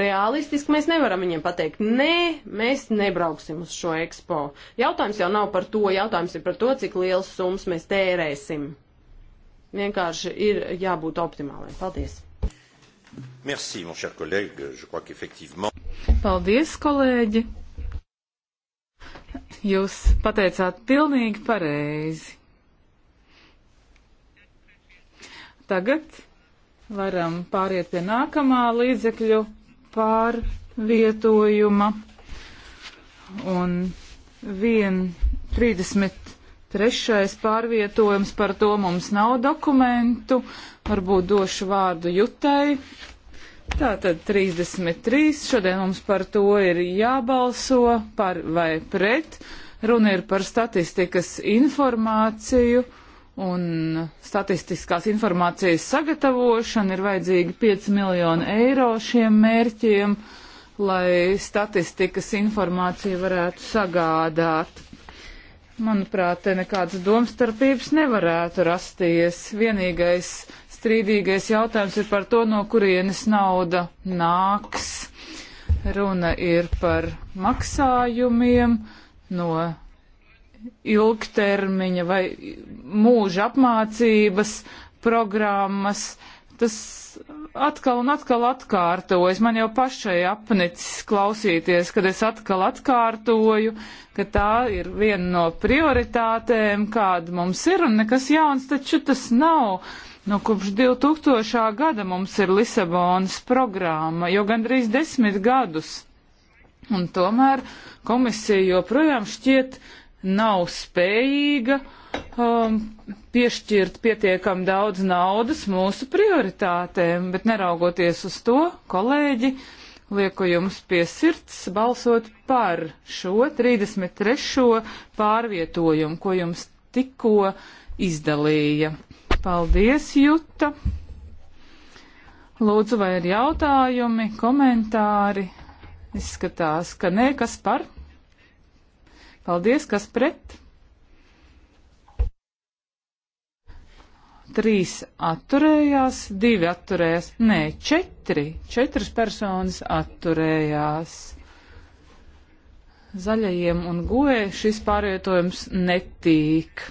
realistiski mēs nevaram viņiem pateikt, nē, mēs nebrauksim uz šo ekspo. Jautājums jau nav par to, jautājums ir par to, cik liels summas mēs tērēsim. Vienkārši ir jābūt optimāliem. Paldies! Merci, mon cher collègue. Je crois qu'effectivement. Paldies, kolēģi! Jūs pateicāt pilnīgi pareizi. Tagad varam pāriet pie nākamā līdzekļu pārvietojuma. Un vien 33. pārvietojums par to mums nav dokumentu. Varbūt došu vārdu Jutai. Tātad 33. Šodien mums par to ir jābalso par vai pret. Runa ir par statistikas informāciju un statistiskās informācijas sagatavošanu. Ir vajadzīgi 5 miljoni eiro šiem mērķiem, lai statistikas informāciju varētu sagādāt. Manuprāt, te nekādas domstarpības nevarētu rasties. Vienīgais strīdīgais jautājums ir par to, no kurienes nauda nāks. Runa ir par maksājumiem no ilgtermiņa vai mūža apmācības programmas. Tas atkal un atkal atkārtojas. Man jau pašai apnicis klausīties, kad es atkal atkārtoju, ka tā ir viena no prioritātēm, kāda mums ir, un nekas jauns taču tas nav. Nu, kopš 2000. gada mums ir Lisabonas programma, jau gandrīz desmit gadus. Un tomēr komisija joprojām šķiet nav spējīga um, piešķirt pietiekam daudz naudas mūsu prioritātēm, bet neraugoties uz to, kolēģi, lieku jums pie sirds balsot par šo 33. pārvietojumu, ko jums tikko izdalīja. Paldies, Juta! Lūdzu, vai ir jautājumi, komentāri? Izskatās, ka nē, kas par? Paldies, kas pret? Trīs atturējās, divi atturējās, nē, četri, četras personas atturējās. Zaļajiem un guvē šis pārvietojums netīk.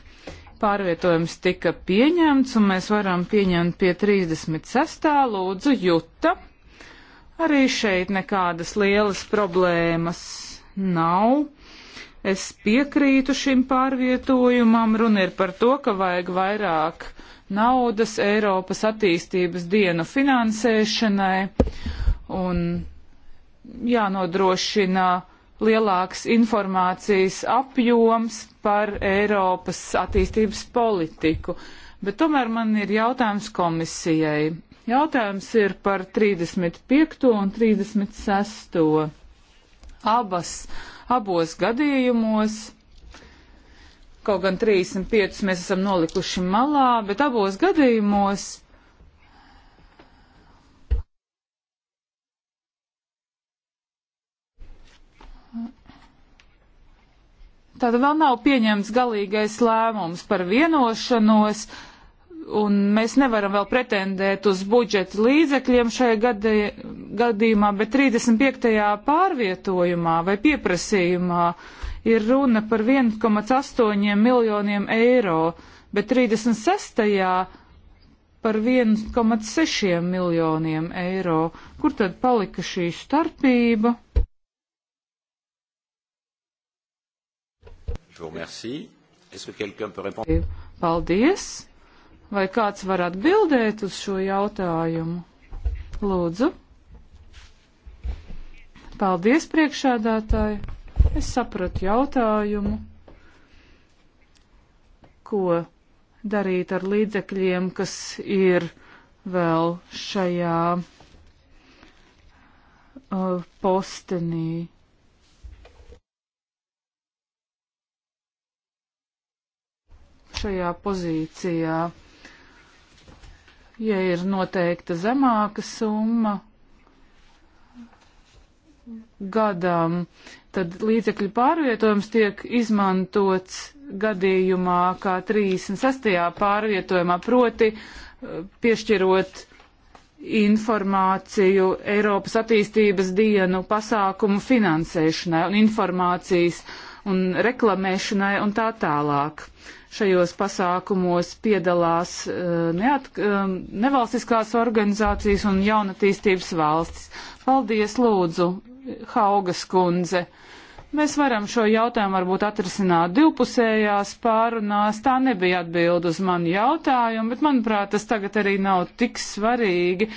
Pārvietojums tika pieņemts, un mēs varam pieņemt pie 36. lūdzu juta. Arī šeit nekādas lielas problēmas nav. Es piekrītu šim pārvietojumam, runa ir par to, ka vajag vairāk naudas Eiropas attīstības dienu finansēšanai un jānodrošina lielāks informācijas apjoms par Eiropas attīstības politiku. Bet tomēr man ir jautājums komisijai. Jautājums ir par 35. un 36. Abas, abos gadījumos, kaut gan 35 mēs esam nolikuši malā, bet abos gadījumos Tātad vēl nav pieņemts galīgais lēmums par vienošanos, un mēs nevaram vēl pretendēt uz budžeta līdzekļiem šajā gadi, gadījumā, bet 35. pārvietojumā vai pieprasījumā ir runa par 1,8 miljoniem eiro, bet 36. par 1,6 miljoniem eiro. Kur tad palika šī starpība? Paldies! Vai kāds var atbildēt uz šo jautājumu? Lūdzu! Paldies, priekšādātāji! Es sapratu jautājumu, ko darīt ar līdzekļiem, kas ir vēl šajā uh, postenī. šajā pozīcijā. Ja ir noteikta zemāka summa gadam, tad līdzekļu pārvietojums tiek izmantots gadījumā, kā 36. pārvietojumā, proti eh, piešķirot informāciju Eiropas attīstības dienu pasākumu finansēšanai un informācijas un reklamēšanai un tā tālāk šajos pasākumos piedalās eh, neat, eh, nevalstiskās organizācijas un jaunatīstības valstis. Paldies, lūdzu, Haugas kundze. Mēs varam šo jautājumu varbūt atrisināt divpusējās pārunās. Tā nebija atbild uz manu jautājumu, bet manuprāt, tas tagad arī nav tik svarīgi.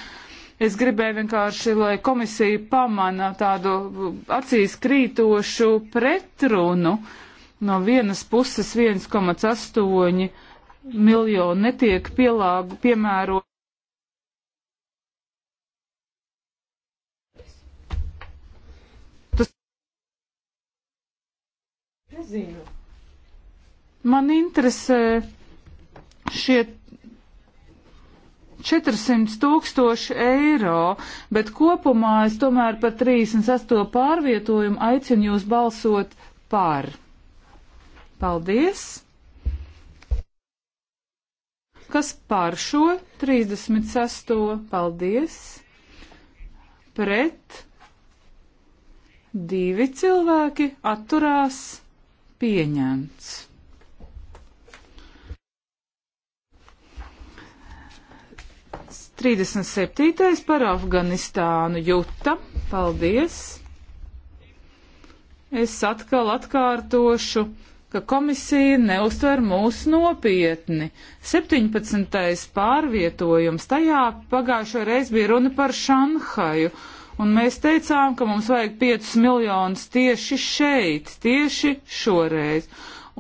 Es gribēju vienkārši, lai komisija pamana tādu acīs krītošu pretrunu. Uh, no vienas puses 1,8 miljonu netiek pielāgu, piemēro. Tas... Man interesē šie 400 tūkstoši eiro, bet kopumā es tomēr par 38 pārvietojumu aicinu jūs balsot par. Paldies! Kas pār šo 36. Paldies! Pret divi cilvēki atturās pieņemts. Trīsdesmit septītais par Afganistānu Juta. Paldies! Es atkal atkārtošu ka komisija neuztver mūs nopietni. 17. pārvietojums, tajā pagājušo reizi bija runa par Šanhaju, un mēs teicām, ka mums vajag 5 miljonus tieši šeit, tieši šoreiz.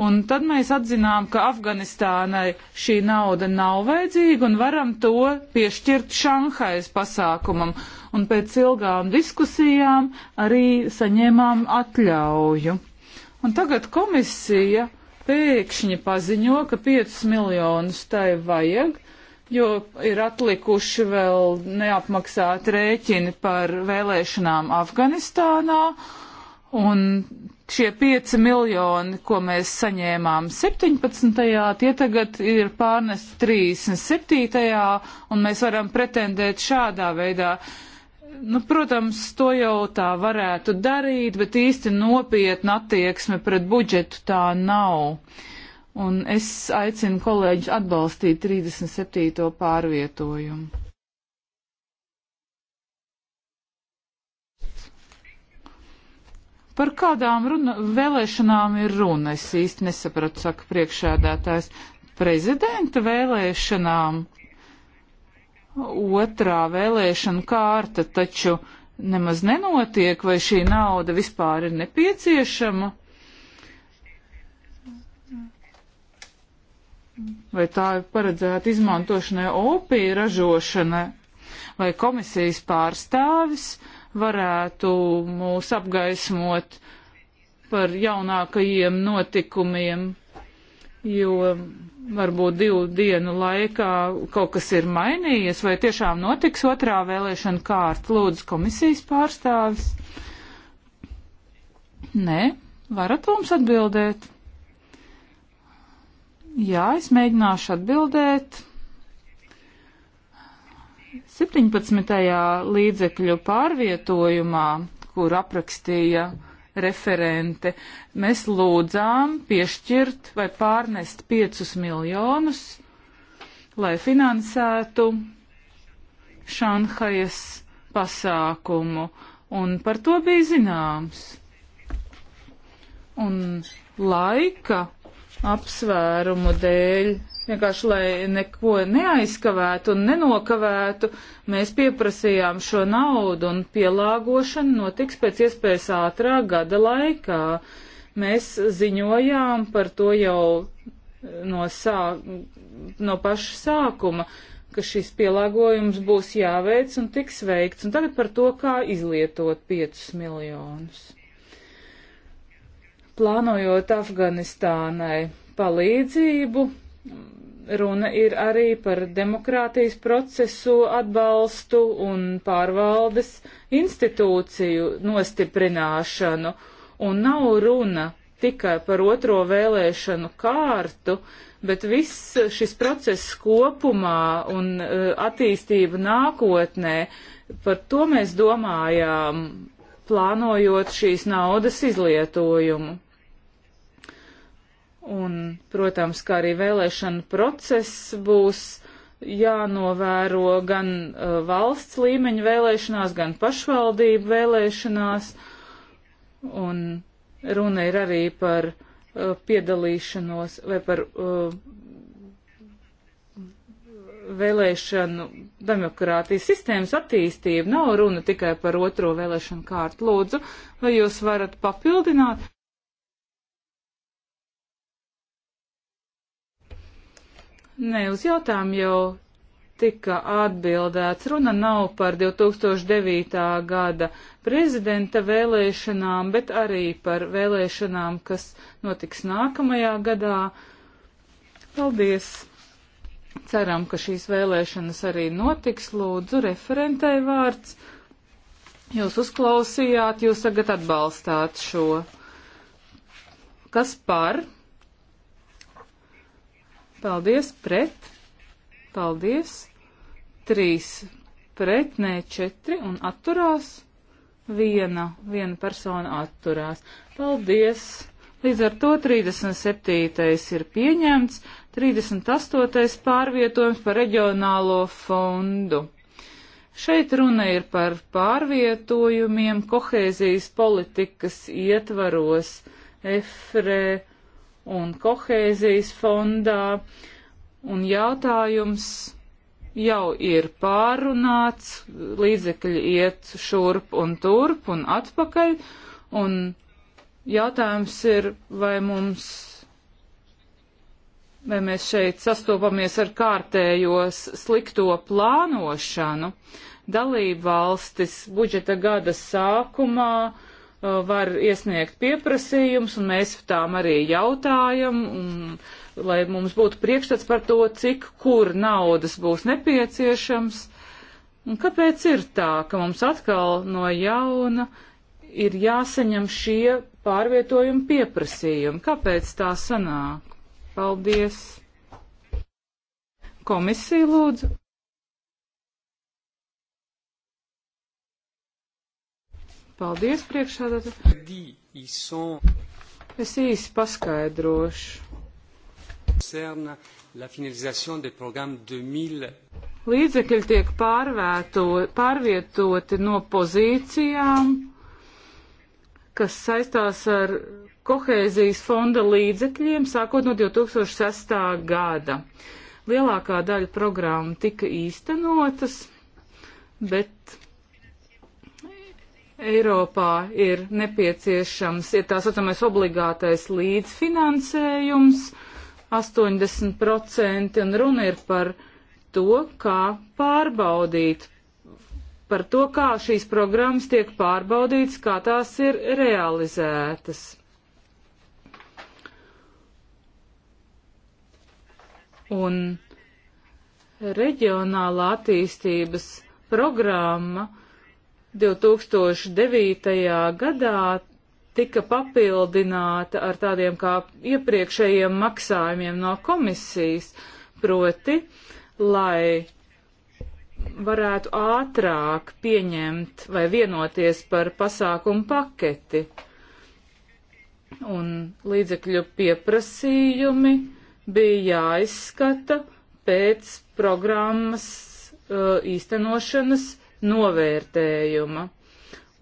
Un tad mēs atzinām, ka Afganistānai šī nauda nav vajadzīga un varam to piešķirt Šanhajas pasākumam. Un pēc ilgām diskusijām arī saņēmām atļauju. Un tagad komisija pēkšņi paziņo, ka 5 miljonus tai vajag, jo ir atlikuši vēl neapmaksāti rēķini par vēlēšanām Afganistānā. Un šie 5 miljoni, ko mēs saņēmām 17. tie tagad ir pārnest 37. un mēs varam pretendēt šādā veidā. Uh, Nu, protams, to jau tā varētu darīt, bet īsti nopietna attieksme pret budžetu tā nav. Un es aicinu kolēģus atbalstīt 37. pārvietojumu. Par kādām runa, vēlēšanām ir runa? Es īsti nesapratu, saka priekšēdētājs. Prezidenta vēlēšanām otrā vēlēšana kārta taču nemaz nenotiek, vai šī nauda vispār ir nepieciešama? Vai tā ir paredzēta izmantošanai opija ražošana, vai komisijas pārstāvis varētu mūs apgaismot par jaunākajiem notikumiem, jo varbūt divu dienu laikā kaut kas ir mainījies, vai tiešām notiks otrā vēlēšana kārta? Lūdzu, komisijas pārstāvis. Nē, varat mums atbildēt? Jā, es mēģināšu atbildēt. 17. līdzekļu pārvietojumā, kur aprakstīja uh, referente. Mēs lūdzām piešķirt vai pārnest 5 miljonus, lai finansētu Šanhajas pasākumu, un par to bija zināms. Un laika apsvērumu dēļ vienkārši lai neko neaizkavētu un nenokavētu, mēs pieprasījām šo naudu un pielāgošana notiks pēc iespējas ātrāk gada laikā. Mēs ziņojām par to jau no, sā, no paša sākuma, ka šis pielāgojums būs jāveic un tiks veikts. Un tagad par to, kā izlietot 5 miljonus. Plānojot Afganistānai palīdzību, Runa ir arī par demokrātijas procesu atbalstu un pārvaldes institūciju nostiprināšanu. Un nav runa tikai par otro vēlēšanu kārtu, bet viss šis process kopumā un eh, attīstība nākotnē, par to mēs domājām, plānojot šīs naudas izlietojumu. Un, protams, kā arī vēlēšana process būs jānovēro gan uh, valsts līmeņa vēlēšanās, gan pašvaldību vēlēšanās. Un runa ir arī par uh, piedalīšanos vai par uh, vēlēšanu demokrātijas sistēmas attīstību. Nav runa tikai par otro vēlēšanu kārtu. Lūdzu, vai jūs varat papildināt? Nē, uz jautājumu jau tika atbildēts. Runa nav par 2009. gada prezidenta vēlēšanām, bet arī par vēlēšanām, kas notiks nākamajā gadā. Paldies! Ceram, ka šīs vēlēšanas arī notiks. Lūdzu, referentai vārds. Jūs uzklausījāt, jūs tagad atbalstāt šo. Kas par? Paldies pret. Paldies. Trīs pret, nē, četri un atturās. Viena, viena persona atturās. Paldies. Līdz ar to 37. ir pieņemts, 38. pārvietojums par reģionālo fondu. Šeit runa ir par pārvietojumiem kohēzijas politikas ietvaros EFRE un kohēzijas fondā. Un jautājums jau ir pārunāts, līdzekļi iet šurp un turp un atpakaļ. Un jautājums ir, vai mums, vai mēs šeit sastopamies ar kārtējos slikto plānošanu. Dalība valstis budžeta gada sākumā Uh, var iesniegt pieprasījums, un mēs tām arī jautājam, un, lai mums būtu priekšstats par to, cik kur naudas būs nepieciešams. Un kāpēc ir tā, ka mums atkal no jauna ir jāsaņem šie pārvietojumi pieprasījumi? Kāpēc tā sanāk? Paldies! Komisija lūdzu. Paldies, priekšsādātāji. Es īsi paskaidrošu. Līdzekļi tiek pārvēto, pārvietoti no pozīcijām, kas saistās ar kohēzijas fonda līdzekļiem, sākot no 2006. gada. Lielākā daļa programmu tika īstenotas, bet Eiropā ir nepieciešams, ir tā saucamais obligātais līdzfinansējums 80% un runa ir par to, kā pārbaudīt, par to, kā šīs programmas tiek pārbaudītas, kā tās ir realizētas. Un reģionālā attīstības programma 2009. gadā tika papildināta ar tādiem kā iepriekšējiem maksājumiem no komisijas, proti, lai varētu ātrāk pieņemt vai vienoties par pasākumu paketi. Un līdzekļu pieprasījumi bija jāizskata pēc programmas uh, īstenošanas novērtējuma.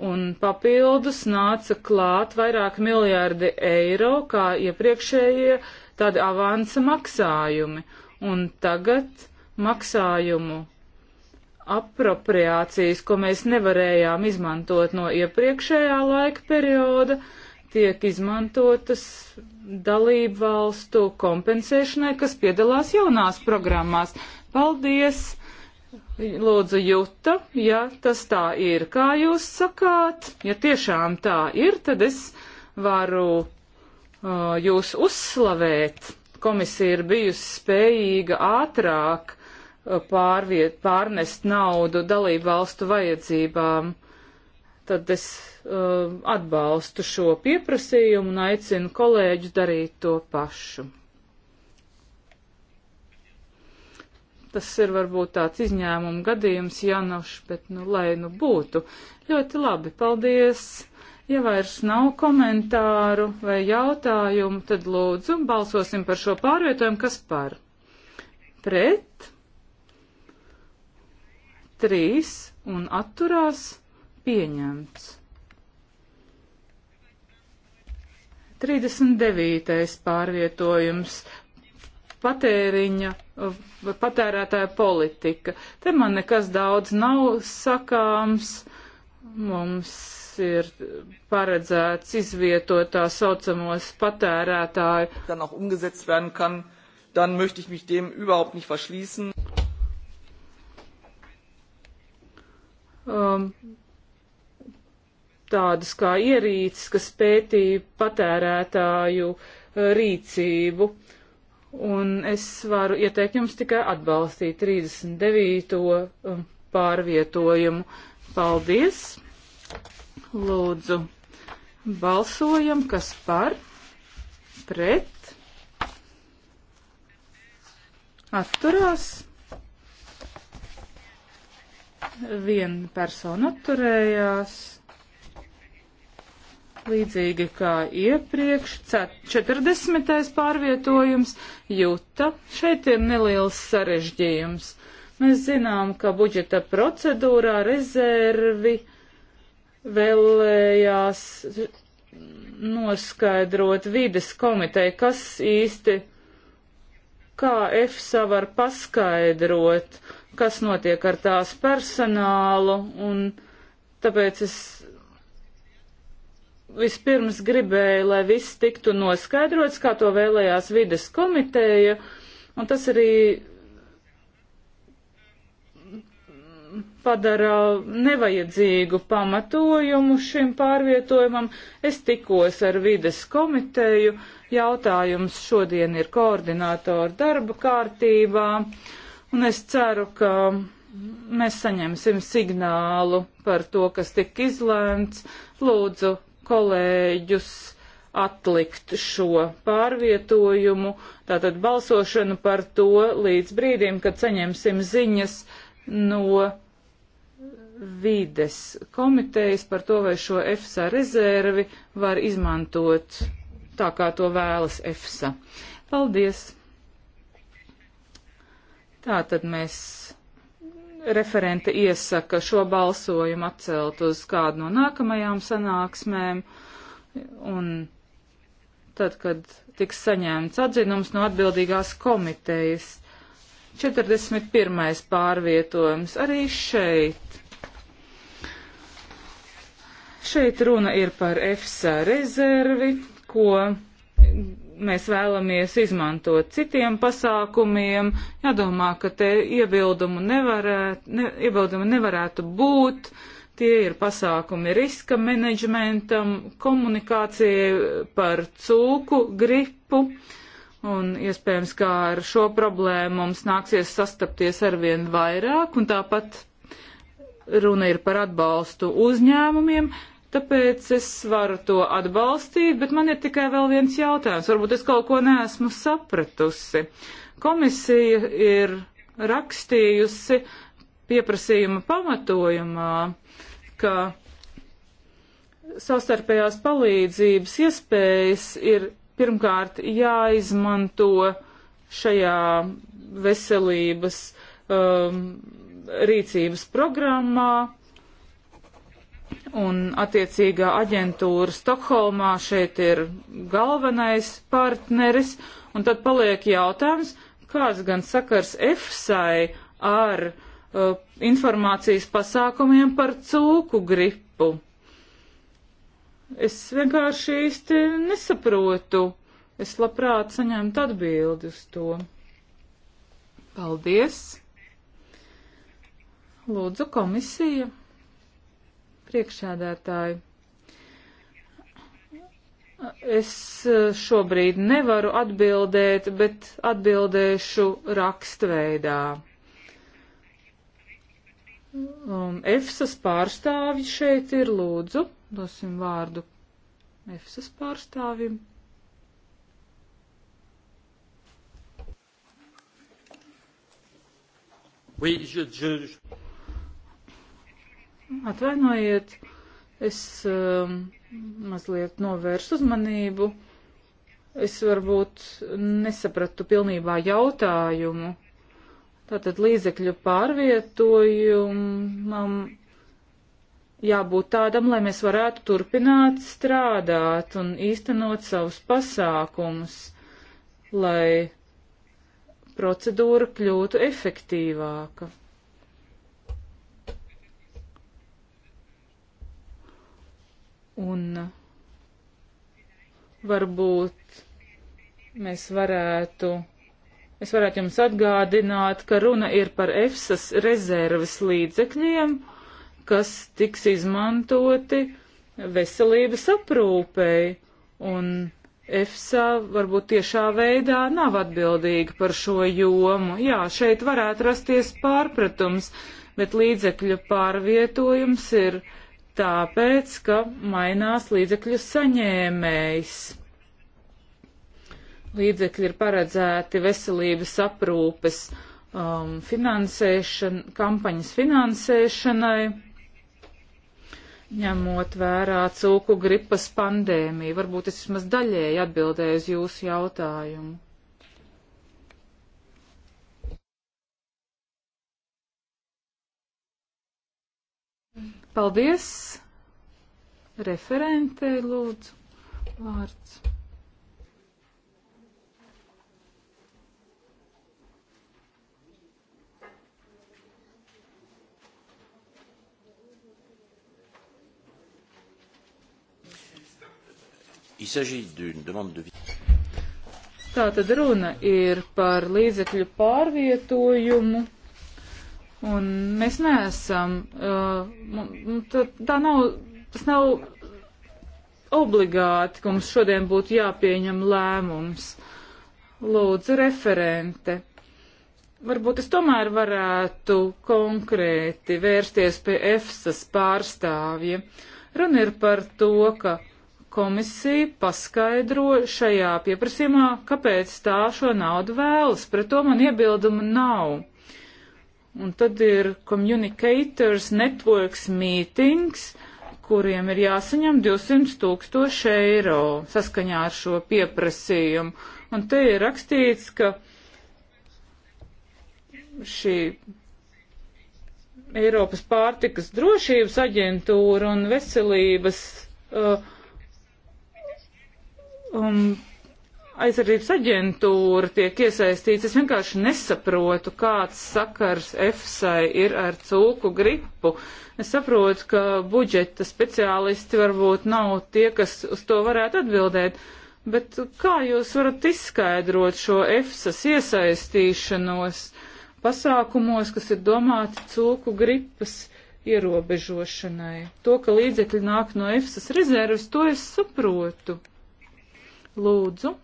Un papildus nāca klāt vairāk miljārdi eiro, kā iepriekšējie tādi avansa maksājumi. Un tagad maksājumu apropriācijas, ko mēs nevarējām izmantot no iepriekšējā laika perioda, tiek izmantotas dalību valstu kompensēšanai, kas piedalās jaunās programmās. Paldies! Lūdzu, Juta, ja tas tā ir, kā jūs sakāt, ja tiešām tā ir, tad es varu uh, jūs uzslavēt. Komisija ir bijusi spējīga ātrāk uh, pārviet, pārnest naudu dalību valstu vajadzībām. Tad es uh, atbalstu šo pieprasījumu un aicinu kolēģus darīt to pašu. tas ir varbūt tāds izņēmuma gadījums, Janoš, nu, bet nu lai nu būtu. Ļoti labi, paldies! Ja vairs nav komentāru vai jautājumu, tad lūdzu balsosim par šo pārvietojumu, kas par pret, trīs un atturās pieņemts. 39. pārvietojums patēriņa vai patērētāja politika. Te man nekas daudz nav sakāms. Mums ir paredzēts izvietot tā saucamos patērētāju. Dann auch umgesetzt werden kann, dann möchte ich mich dem überhaupt nicht verschließen. Um, tādas kā ierīces, kas pētīja patērētāju rīcību. Uh, Un es varu ieteikt jums tikai atbalstīt 39. Um, pārvietojumu. Paldies! Lūdzu, balsojam, kas par, pret, atturās. Viena persona atturējās līdzīgi kā iepriekš. 40. pārvietojums jūta. Šeit ir neliels sarežģījums. Mēs zinām, ka budžeta procedūrā rezervi vēlējās noskaidrot vides komiteja, kas īsti, kā EFSA var paskaidrot, kas notiek ar tās personālu, un tāpēc es vispirms gribēja, lai viss tiktu noskaidrots, kā to vēlējās vides komiteja, un tas arī padara nevajadzīgu pamatojumu šim pārvietojumam. Es tikos ar vides komiteju, jautājums šodien ir koordinātoru darba kārtībā, un es ceru, ka mēs saņemsim signālu par to, kas tika izlēmts. Lūdzu, kolēģus atlikt šo pārvietojumu, tātad balsošanu par to līdz brīdim, kad saņemsim ziņas no vides komitejas par to, vai šo EFSA rezervi var izmantot tā, kā to vēlas EFSA. Paldies! Tātad mēs referente iesaka šo balsojumu atcelt uz kādu no nākamajām sanāksmēm, un tad, kad tiks saņemts atzinums no atbildīgās komitejas, 41. pārvietojums arī šeit. Šeit runa ir par EFSA rezervi, ko mēs vēlamies izmantot citiem pasākumiem, jādomā, ka te iebildumu nevarētu, ne, iebildumu nevarētu būt, tie ir pasākumi riska menedžmentam, komunikācijai par cūku gripu, un iespējams, kā ar šo problēmu mums nāksies sastapties arvien vairāk, un tāpat runa ir par atbalstu uzņēmumiem, Tāpēc es varu to atbalstīt, bet man ir tikai vēl viens jautājums. Varbūt es kaut ko neesmu sapratusi. Komisija ir rakstījusi pieprasījuma pamatojumā, ka savstarpējās palīdzības iespējas ir pirmkārt jāizmanto šajā veselības um, rīcības programmā, Un attiecīgā aģentūra Stokholmā šeit ir galvenais partneris, un tad paliek jautājums, kāds gan sakars EFSAI ar uh, informācijas pasākumiem par cūku gripu. Es vienkārši īsti nesaprotu. Es labprāt saņemtu atbildi uz to. Paldies! Lūdzu, komisija! priekšsēdētāji. Es eh, šobrīd nevaru atbildēt, bet atbildēšu rakstveidā. Um, EFSAS pārstāvji šeit ir lūdzu. Dosim vārdu EFSAS pārstāvim. Oui, je, je... Atvainojiet, es um, mazliet novēršu uzmanību. Es varbūt nesapratu pilnībā jautājumu. Tātad līdzekļu pārvietojumam jābūt tādam, lai mēs varētu turpināt strādāt un īstenot savus pasākumus, lai procedūra kļūtu efektīvāka. Un varbūt mēs varētu, es varētu jums atgādināt, ka runa ir par EFSAS rezerves līdzekļiem, kas tiks izmantoti veselības aprūpei. Un EFSA varbūt tiešā veidā nav atbildīga par šo jomu. Jā, šeit varētu rasties pārpratums, bet līdzekļu pārvietojums ir tāpēc, ka mainās līdzekļu saņēmējs. Līdzekļi ir paredzēti veselības aprūpes um, finansēšana, kampaņas finansēšanai, ņemot vērā cūku gripas pandēmiju. Varbūt es vismaz daļēji atbildēju uz jūsu jautājumu. Paldies! Referentei lūdzu vārds. Tā tad runa ir par līdzekļu pārvietojumu Un mēs neesam, uh, nu, tā nav, tas nav obligāti, ka mums šodien būtu jāpieņem lēmums. Lūdzu, referente. Varbūt es tomēr varētu konkrēti vērsties pie EFSAS pārstāvja. Runa ir par to, ka komisija paskaidro šajā pieprasījumā, kāpēc tā šo naudu vēlas. Pret to man iebildumu nav. Un tad ir communicators networks meetings, kuriem ir jāsaņem 200 tūkstoši eiro saskaņā ar šo pieprasījumu. Un te ir rakstīts, ka šī Eiropas pārtikas drošības aģentūra un veselības uh, um, aizsardzības aģentūra tiek iesaistīts. Es vienkārši nesaprotu, kāds sakars EFSAI ir ar cūku gripu. Es saprotu, ka budžeta speciālisti varbūt nav tie, kas uz to varētu atbildēt. Bet kā jūs varat izskaidrot šo EFSAS iesaistīšanos pasākumos, kas ir domāti cūku gripas ierobežošanai? To, ka līdzekļi nāk no EFSAS rezerves, to es saprotu. Lūdzu.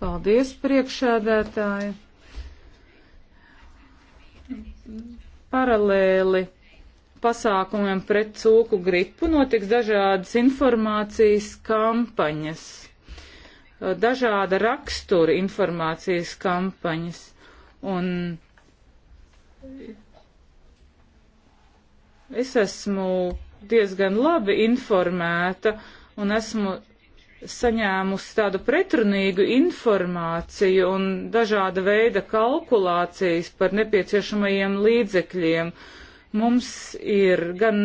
Paldies, priekšādētāji. Paralēli pasākumiem pret cūku gripu notiks dažādas informācijas kampaņas, dažāda rakstura informācijas kampaņas. Un es esmu diezgan labi informēta un esmu saņēmusi tādu pretrunīgu informāciju un dažāda veida kalkulācijas par nepieciešamajiem līdzekļiem. Mums ir gan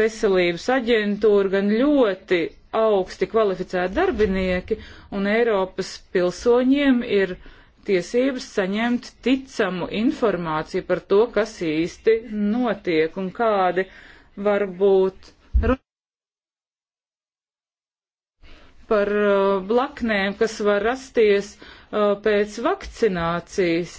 veselības aģentūra, gan ļoti augsti kvalificēti darbinieki, un Eiropas pilsoņiem ir uh, tiesības saņemt ticamu informāciju par to, kas īsti notiek un kādi var būt par uh, blaknēm, kas var rasties uh, pēc vakcinācijas.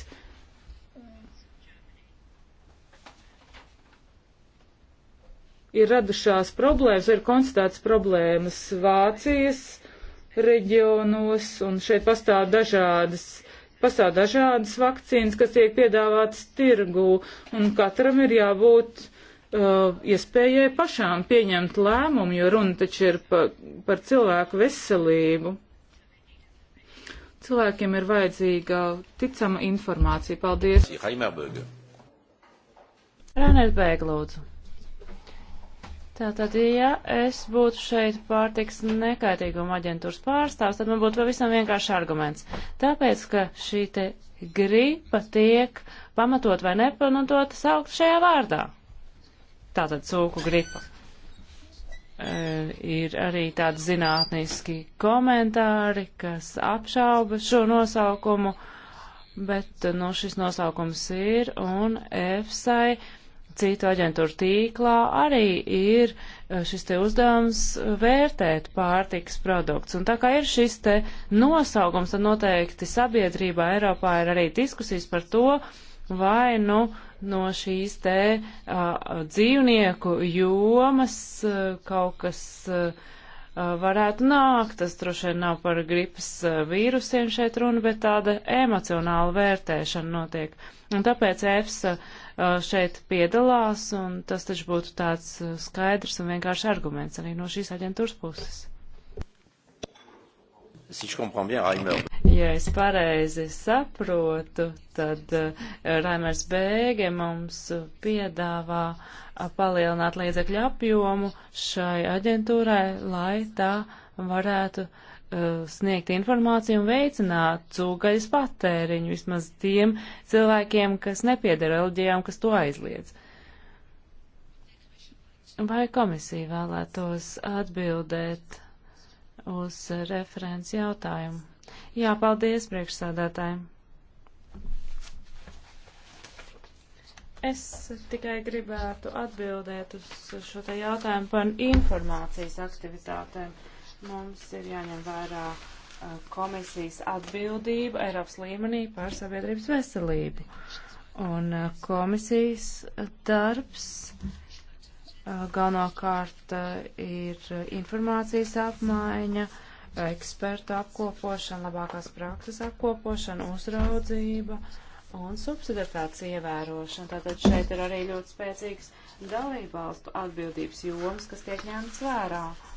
ir radušās problēmas, ir konstatēts problēmas Vācijas reģionos, un šeit pastāv dažādas pastāv dažādas vakcīnas, kas tiek piedāvātas tirgū, un katram ir jābūt uh, iespējai pašām pieņemt lēmumu, jo runa taču ir pa, par cilvēku veselību. Cilvēkiem ir vajadzīga ticama informācija. Paldies! Rainerbēga, lūdzu. Tātad, ja es būtu šeit pārtiks nekaitīguma aģentūras pārstāvs, tad man būtu pavisam vienkārši arguments. Tāpēc, ka šī te gripa tiek pamatot vai nepamatot saukt šajā vārdā. Tātad cūku gripa. E, ir arī tādi zinātniski komentāri, kas apšauba šo nosaukumu, bet nu, šis nosaukums ir un EFSAI citu aģentūru tīklā arī ir eh, šis te uzdevums eh, vērtēt pārtikas produkts. Un tā kā ir šis te nosaukums, tad noteikti sabiedrībā Eiropā ir arī diskusijas par to, vai nu no šīs te uh, dzīvnieku jomas uh, kaut kas uh, varētu nākt. Tas droši vien nav par gripas uh, vīrusiem šeit runa, bet tāda emocionāla vērtēšana notiek. Un tāpēc EFSA uh, Uh, šeit piedalās, un tas taču būtu tāds uh, skaidrs un vienkārši arguments arī no šīs aģentūras puses. Si bien, ja es pareizi saprotu, tad uh, Raimers Bēge mums piedāvā uh, palielināt līdzekļu apjomu šai aģentūrai, lai tā varētu uh, Uh, sniegt informāciju un veicināt cūgaļas patēriņu vismaz tiem cilvēkiem, kas nepiedara reliģijām, kas to aizliedz. Vai komisija vēlētos atbildēt uz referents jautājumu? Jā, paldies priekšsādātājiem. Es tikai gribētu atbildēt uz šo te jautājumu par informācijas aktivitātēm. Uh, Mums ir jāņem vērā uh, komisijas atbildība Eiropas līmenī par sabiedrības veselību. Un uh, komisijas darbs uh, galvenokārt ir informācijas apmaiņa, ekspertu apkopošana, labākās prakses apkopošana, uzraudzība un subsidiatātes ievērošana. Tātad šeit ir arī ļoti spēcīgs dalībvalstu atbildības joms, kas tiek ņemts vērā. Uh,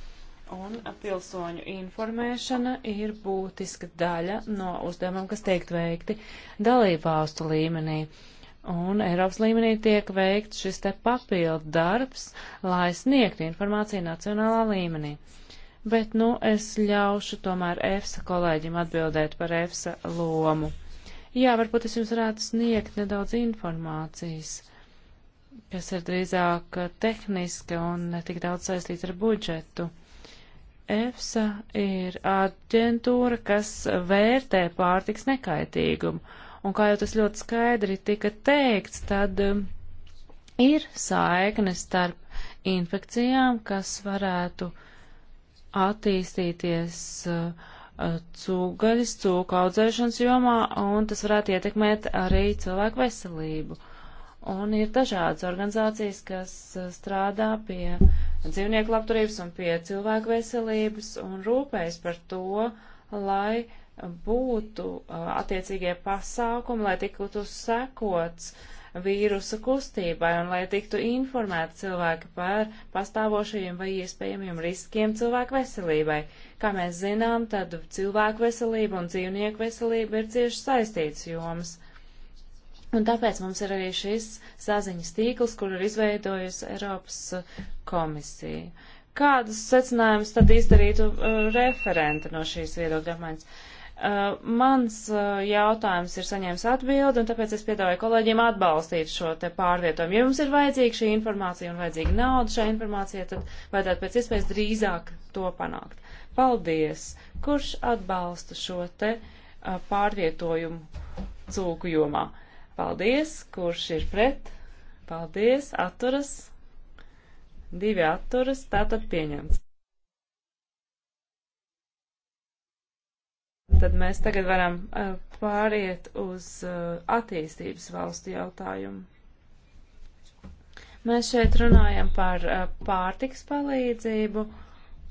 un pilsoņu informēšana ir būtiska daļa no uzdevumiem, kas tiek veikti dalībvalstu līmenī. Un Eiropas līmenī tiek veikts šis te papildu darbs, lai sniegtu informāciju nacionālā līmenī. Bet, nu, es ļaušu tomēr EFSA kolēģim atbildēt par EFSA lomu. Jā, varbūt es jums varētu sniegt nedaudz informācijas kas ir drīzāk tehniska un netik daudz saistīta ar budžetu. EFSA ir aģentūra, kas vērtē pārtiks nekaitīgumu. Un kā jau tas ļoti skaidri tika teikts, tad um, ir saikne starp infekcijām, kas varētu attīstīties uh, cūgaļas, cūka audzēšanas jomā, un tas varētu ietekmēt arī cilvēku veselību. Un ir dažādas organizācijas, kas eh, strādā pie dzīvnieku labturības un pie cilvēku veselības un rūpējas par to, lai būtu eh, attiecīgie pasākumi, lai tiktu sekots vīrusa kustībai un lai tiktu informēti cilvēki par pastāvošajiem vai iespējamiem riskiem cilvēku veselībai. Kā mēs zinām, tad cilvēku veselība un dzīvnieku veselība ir cieši saistīts jomas. Jo Un tāpēc mums ir arī šis saziņas tīkls, kur ir izveidojusi Eiropas uh, komisija. Kādus secinājumus tad izdarītu uh, referenti no šīs viedokļa apmaiņas? Uh, mans uh, jautājums ir saņēmis atbildi, un tāpēc es piedāvāju kolēģiem atbalstīt šo te pārvietojumu. Ja jums ir vajadzīga šī informācija un vajadzīga nauda šai informācijai, tad vajadzētu pēc iespējas drīzāk to panākt. Paldies! Kurš atbalsta šo te uh, pārvietojumu cūku jomā? Paldies, kurš ir pret? Paldies, atturas. Divi atturas, tātad pieņemts. Tad mēs tagad varam uh, pāriet uz uh, attīstības valstu jautājumu. Mēs šeit runājam par uh, pārtiks palīdzību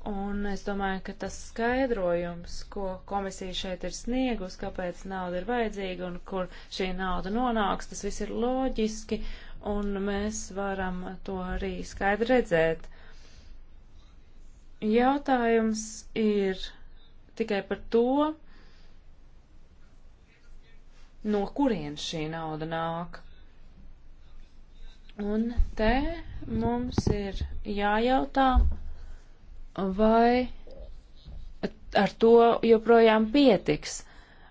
Un es domāju, ka tas skaidrojums, ko komisija šeit ir sniegus, kāpēc nauda ir vajadzīga un kur šī nauda nonāks, tas viss ir loģiski, un mēs varam to arī skaidri redzēt. Jautājums ir tikai par to, no kurien šī nauda nāk. Un te mums ir jājautā vai ar to joprojām pietiks,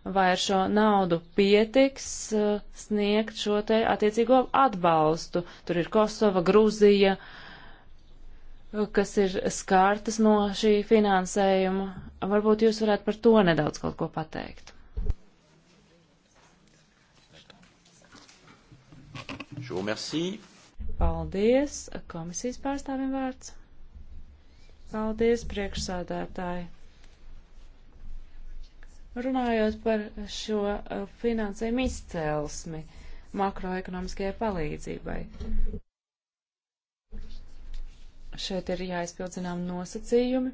vai ar šo naudu pietiks eh, sniegt šo te attiecīgo atbalstu. Tur ir Kosova, Gruzija, eh, kas ir skārtas no šī finansējuma. Varbūt jūs varētu par to nedaudz kaut ko pateikt. Paldies. Komisijas pārstāvim vārds. Paldies, priekšsādātāji! Runājot par šo uh, finansējumu izcēlesmi makroekonomiskajai palīdzībai. Šeit ir jāizpild zinām nosacījumi,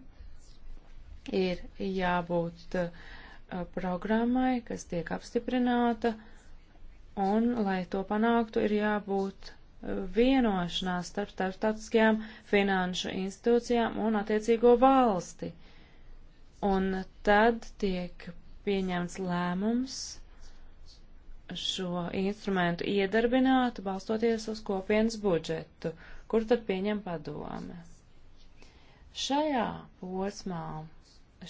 ir jābūt uh, programmai, kas tiek apstiprināta, un, lai to panāktu, ir jābūt vienošanās starp starptautiskajām finanšu institūcijām un attiecīgo valsti. Un tad tiek pieņemts lēmums šo instrumentu iedarbināt, balstoties uz kopienas budžetu, kur tad pieņem padome. Šajā posmā,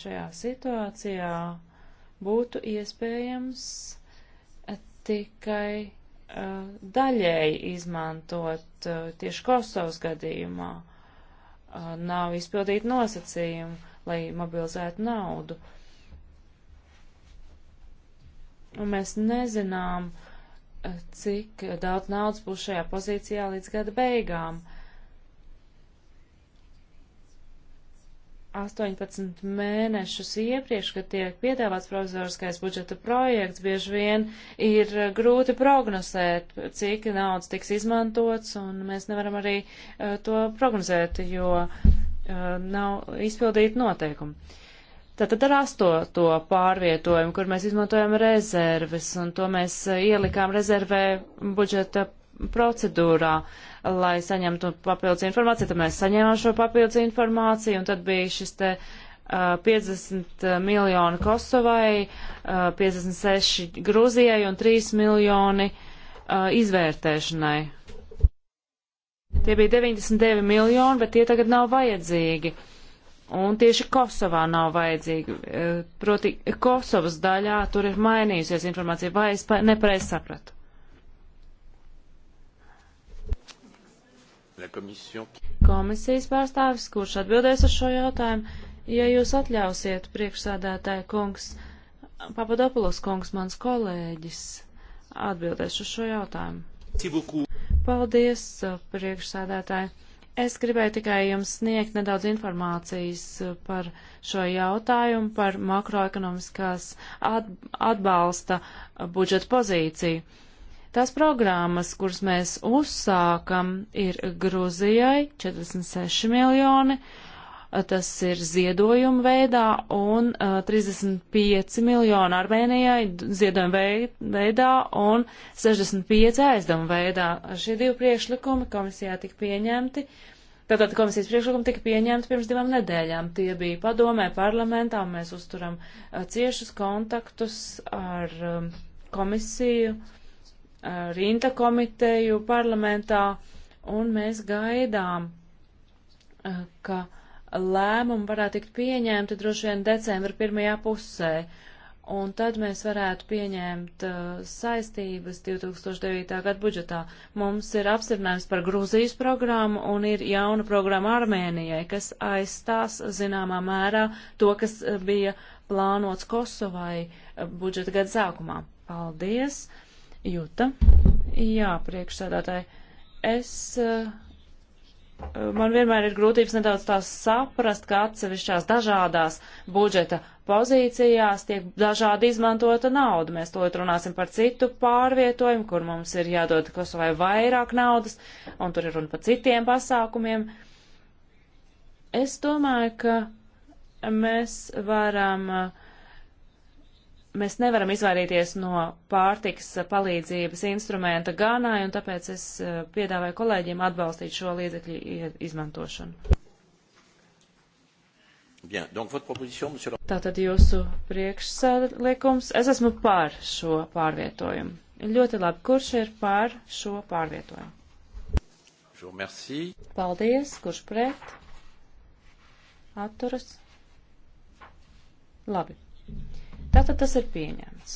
šajā situācijā būtu iespējams tikai Uh, daļēji izmantot uh, tieši Kosovas gadījumā. Uh, nav izpildīti nosacījumi, lai mobilizētu naudu. Un mēs nezinām, cik daudz naudas būs šajā pozīcijā līdz gada beigām. Uh, 18 mēnešus iepriekš, kad tiek piedāvāts provizoriskais budžeta projekts, bieži vien ir eh, grūti prognozēt, cik naudas tiks izmantots, un mēs nevaram arī uh, to prognozēt, jo uh, nav izpildīti noteikumi. Tātad ar astoto pārvietojumu, kur mēs izmantojam rezerves, un to mēs ielikām rezervē budžeta procedūrā. Uh, lai saņemtu papildus informāciju, tad mēs saņēmām šo papildus informāciju, un tad bija šis te uh, 50 uh, miljoni Kosovai, uh, 56 Gruzijai un 3 miljoni uh, izvērtēšanai. Tie bija 99 miljoni, bet tie tagad nav vajadzīgi. Un tieši Kosovā nav vajadzīgi. Uh, proti, Kosovas daļā tur ir mainījusies informācija, vai es nepareizi sapratu? Komisijas pārstāvis, kurš atbildēs uz šo jautājumu, ja jūs atļausiet, priekšsādātāja kungs, Papadopulos kungs, mans kolēģis, atbildēs uz šo jautājumu. Paldies, priekšsādātāji. Es gribēju tikai jums sniegt nedaudz informācijas par šo jautājumu, par makroekonomiskās atbalsta budžeta pozīciju. Tās programmas, kuras mēs uzsākam, ir Gruzijai 46 miljoni, tas ir ziedojuma veidā, un 35 miljoni Armēnijai ziedojuma veidā un 65 aizdevuma veidā. Šie divi priekšlikumi komisijā tika pieņemti. Tātad komisijas priekšlikumi tika pieņemti pirms divām nedēļām. Tie bija padomē, parlamentā, un mēs uzturam ciešus kontaktus ar komisiju. Uh, Uh, rinta komiteju parlamentā, un mēs gaidām, uh, ka lēmumi varētu tikt pieņemti droši vien decembra pirmajā pusē, un tad mēs varētu pieņemt uh, saistības 2009. gada budžetā. Mums ir apstiprinājums par Grūzijas programmu un ir jauna programma Armēnijai, kas aizstās zināmā mērā to, kas bija plānots Kosovai budžeta gada sākumā. Paldies! Jūta. Jā, priekšsēdētāji. Es. Eh, man vienmēr ir grūtības nedaudz tās saprast, ka atsevišķās dažādās budžeta pozīcijās tiek dažādi izmantota nauda. Mēs to runāsim par citu pārvietojumu, kur mums ir jādod Kosovai vairāk naudas, un tur ir runa par citiem pasākumiem. Es domāju, ka mēs varam uh, mēs nevaram izvairīties no pārtiks palīdzības instrumenta Gānai, un tāpēc es eh, piedāvāju kolēģiem atbalstīt šo līdzekļu izmantošanu. Bien, donc votre proposition, monsieur... Tātad jūsu priekšsalikums, es esmu pār šo pārvietojumu. Ļoti labi, kurš ir pār šo pārvietojumu? Jo, merci. Paldies, kurš pret? Atturas? Labi. Tātad tas ir pieņemts.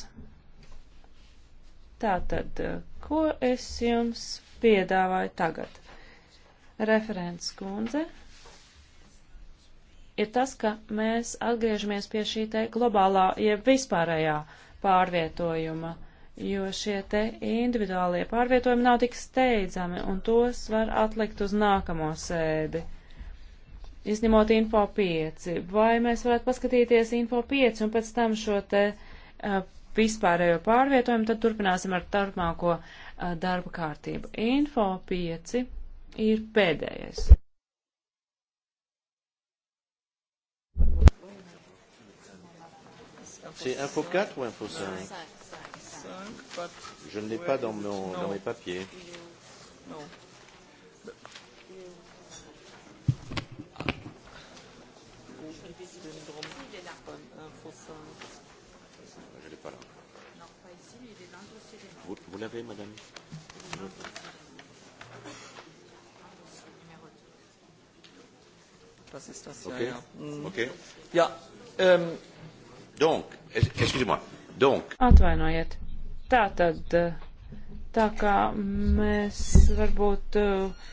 Tātad, eh, ko es jums piedāvāju tagad? Referents kundze ir tas, ka mēs atgriežamies pie šī te globālā, jeb vispārējā pārvietojuma, jo šie te individuālie pārvietojumi nav tik steidzami, un tos var atlikt uz nākamo sēdi izņemot info 5. Vai mēs varētu paskatīties info 5 un pēc tam šo te uh, vispārējo pārvietojumu, tad turpināsim ar turpmāko uh, darba kārtību. Info 5 ir pēdējais. C'est info 4 ou info 5 Je ne l'ai pas dans, mon, dans mes papiers. Non. Vous, vous l'avez, madame Das ist das, okay. ja. Ja, mm. okay. ja ähm, Donc, excusez-moi. Donc. Atvainojiet. Tā tad, eh, tā kā mēs varbūt eh,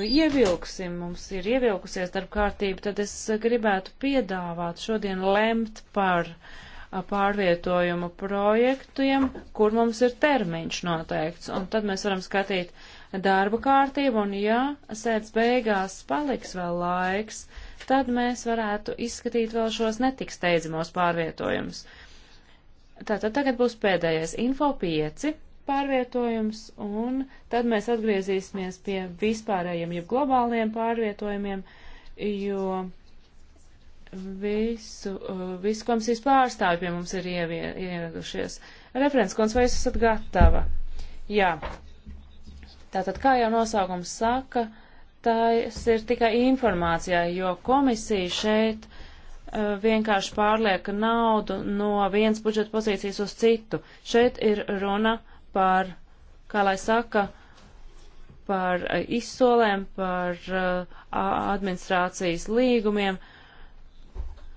ievilksim, mums ir ievilkusies darba kārtība, tad es gribētu piedāvāt šodien lemt par uh, pārvietojumu projektiem, kur mums ir termiņš noteikts. Un tad mēs varam skatīt darba kārtību, un ja sēdz beigās paliks vēl laiks, tad mēs varētu izskatīt vēl šos netik steidzamos pārvietojumus. Tātad tagad būs pēdējais info 5 pārvietojums, un tad mēs atgriezīsimies pie vispārējiem, jeb globāliem pārvietojumiem, jo visu, uh, visu komisijas pārstāvi pie mums ir ieradušies. Referents kundze, vai jūs esat gatava? Jā. Tātad, kā jau nosaukums saka, tas ir tikai informācijā, jo komisija šeit uh, vienkārši pārlieka naudu no vienas budžeta pozīcijas uz citu. Šeit ir runa par, kā lai saka, par uh, izsolēm, par uh, administrācijas līgumiem, uh,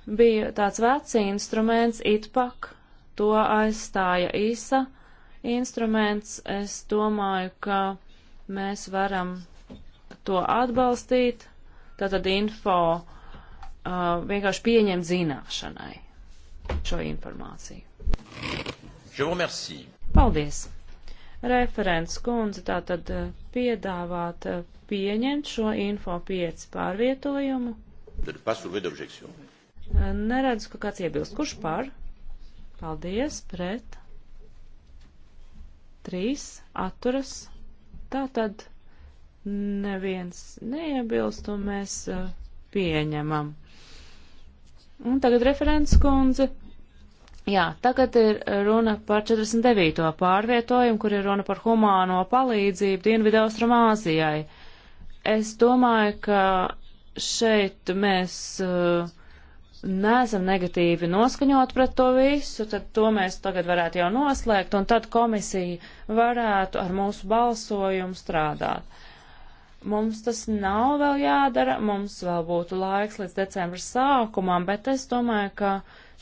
bija tāds vecs instruments, itpak, to aizstāja īsa instruments. Es domāju, ka mēs varam to atbalstīt, tātad info uh, vienkārši pieņemt zināšanai šo informāciju. Paldies! Referents kundze tātad uh, piedāvāt uh, pieņemt šo info 5 pārvietojumu. Tad pasu vedu objekciju. Neredzu, ka kāds iebilst. Kurš par? Paldies, pret. Trīs atturas. Tā tad neviens neiebilst, un mēs uh, pieņemam. Un tagad referents kundze. Jā, tagad ir runa par 49. pārvietojumu, kur ir runa par humāno palīdzību Dienvidaustrumāzijai. Es domāju, ka šeit mēs uh, neesam negatīvi noskaņot pret to visu, tad to mēs tagad varētu jau noslēgt, un tad komisija varētu ar mūsu balsojumu strādāt. Mums tas nav vēl jādara, mums vēl būtu laiks līdz decembra sākumam, bet es domāju, ka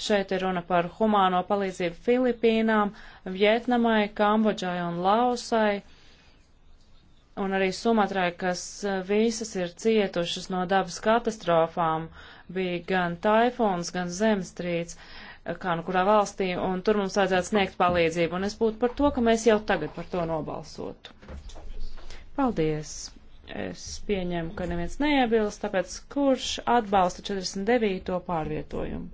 šeit ir runa par humāno palīdzību Filipīnām, Vietnamai, Kambodžai un Lausai, un arī Sumatrai, kas visas ir cietušas no dabas katastrofām. Uh, bija gan taifons, gan zemestrīts, kā nu kurā valstī, un tur mums vajadzētu sniegt palīdzību, un es būtu par to, ka mēs jau tagad par to nobalsotu. Paldies! Es pieņemu, ka neviens neiebilst, tāpēc kurš atbalsta 49. pārvietojumu?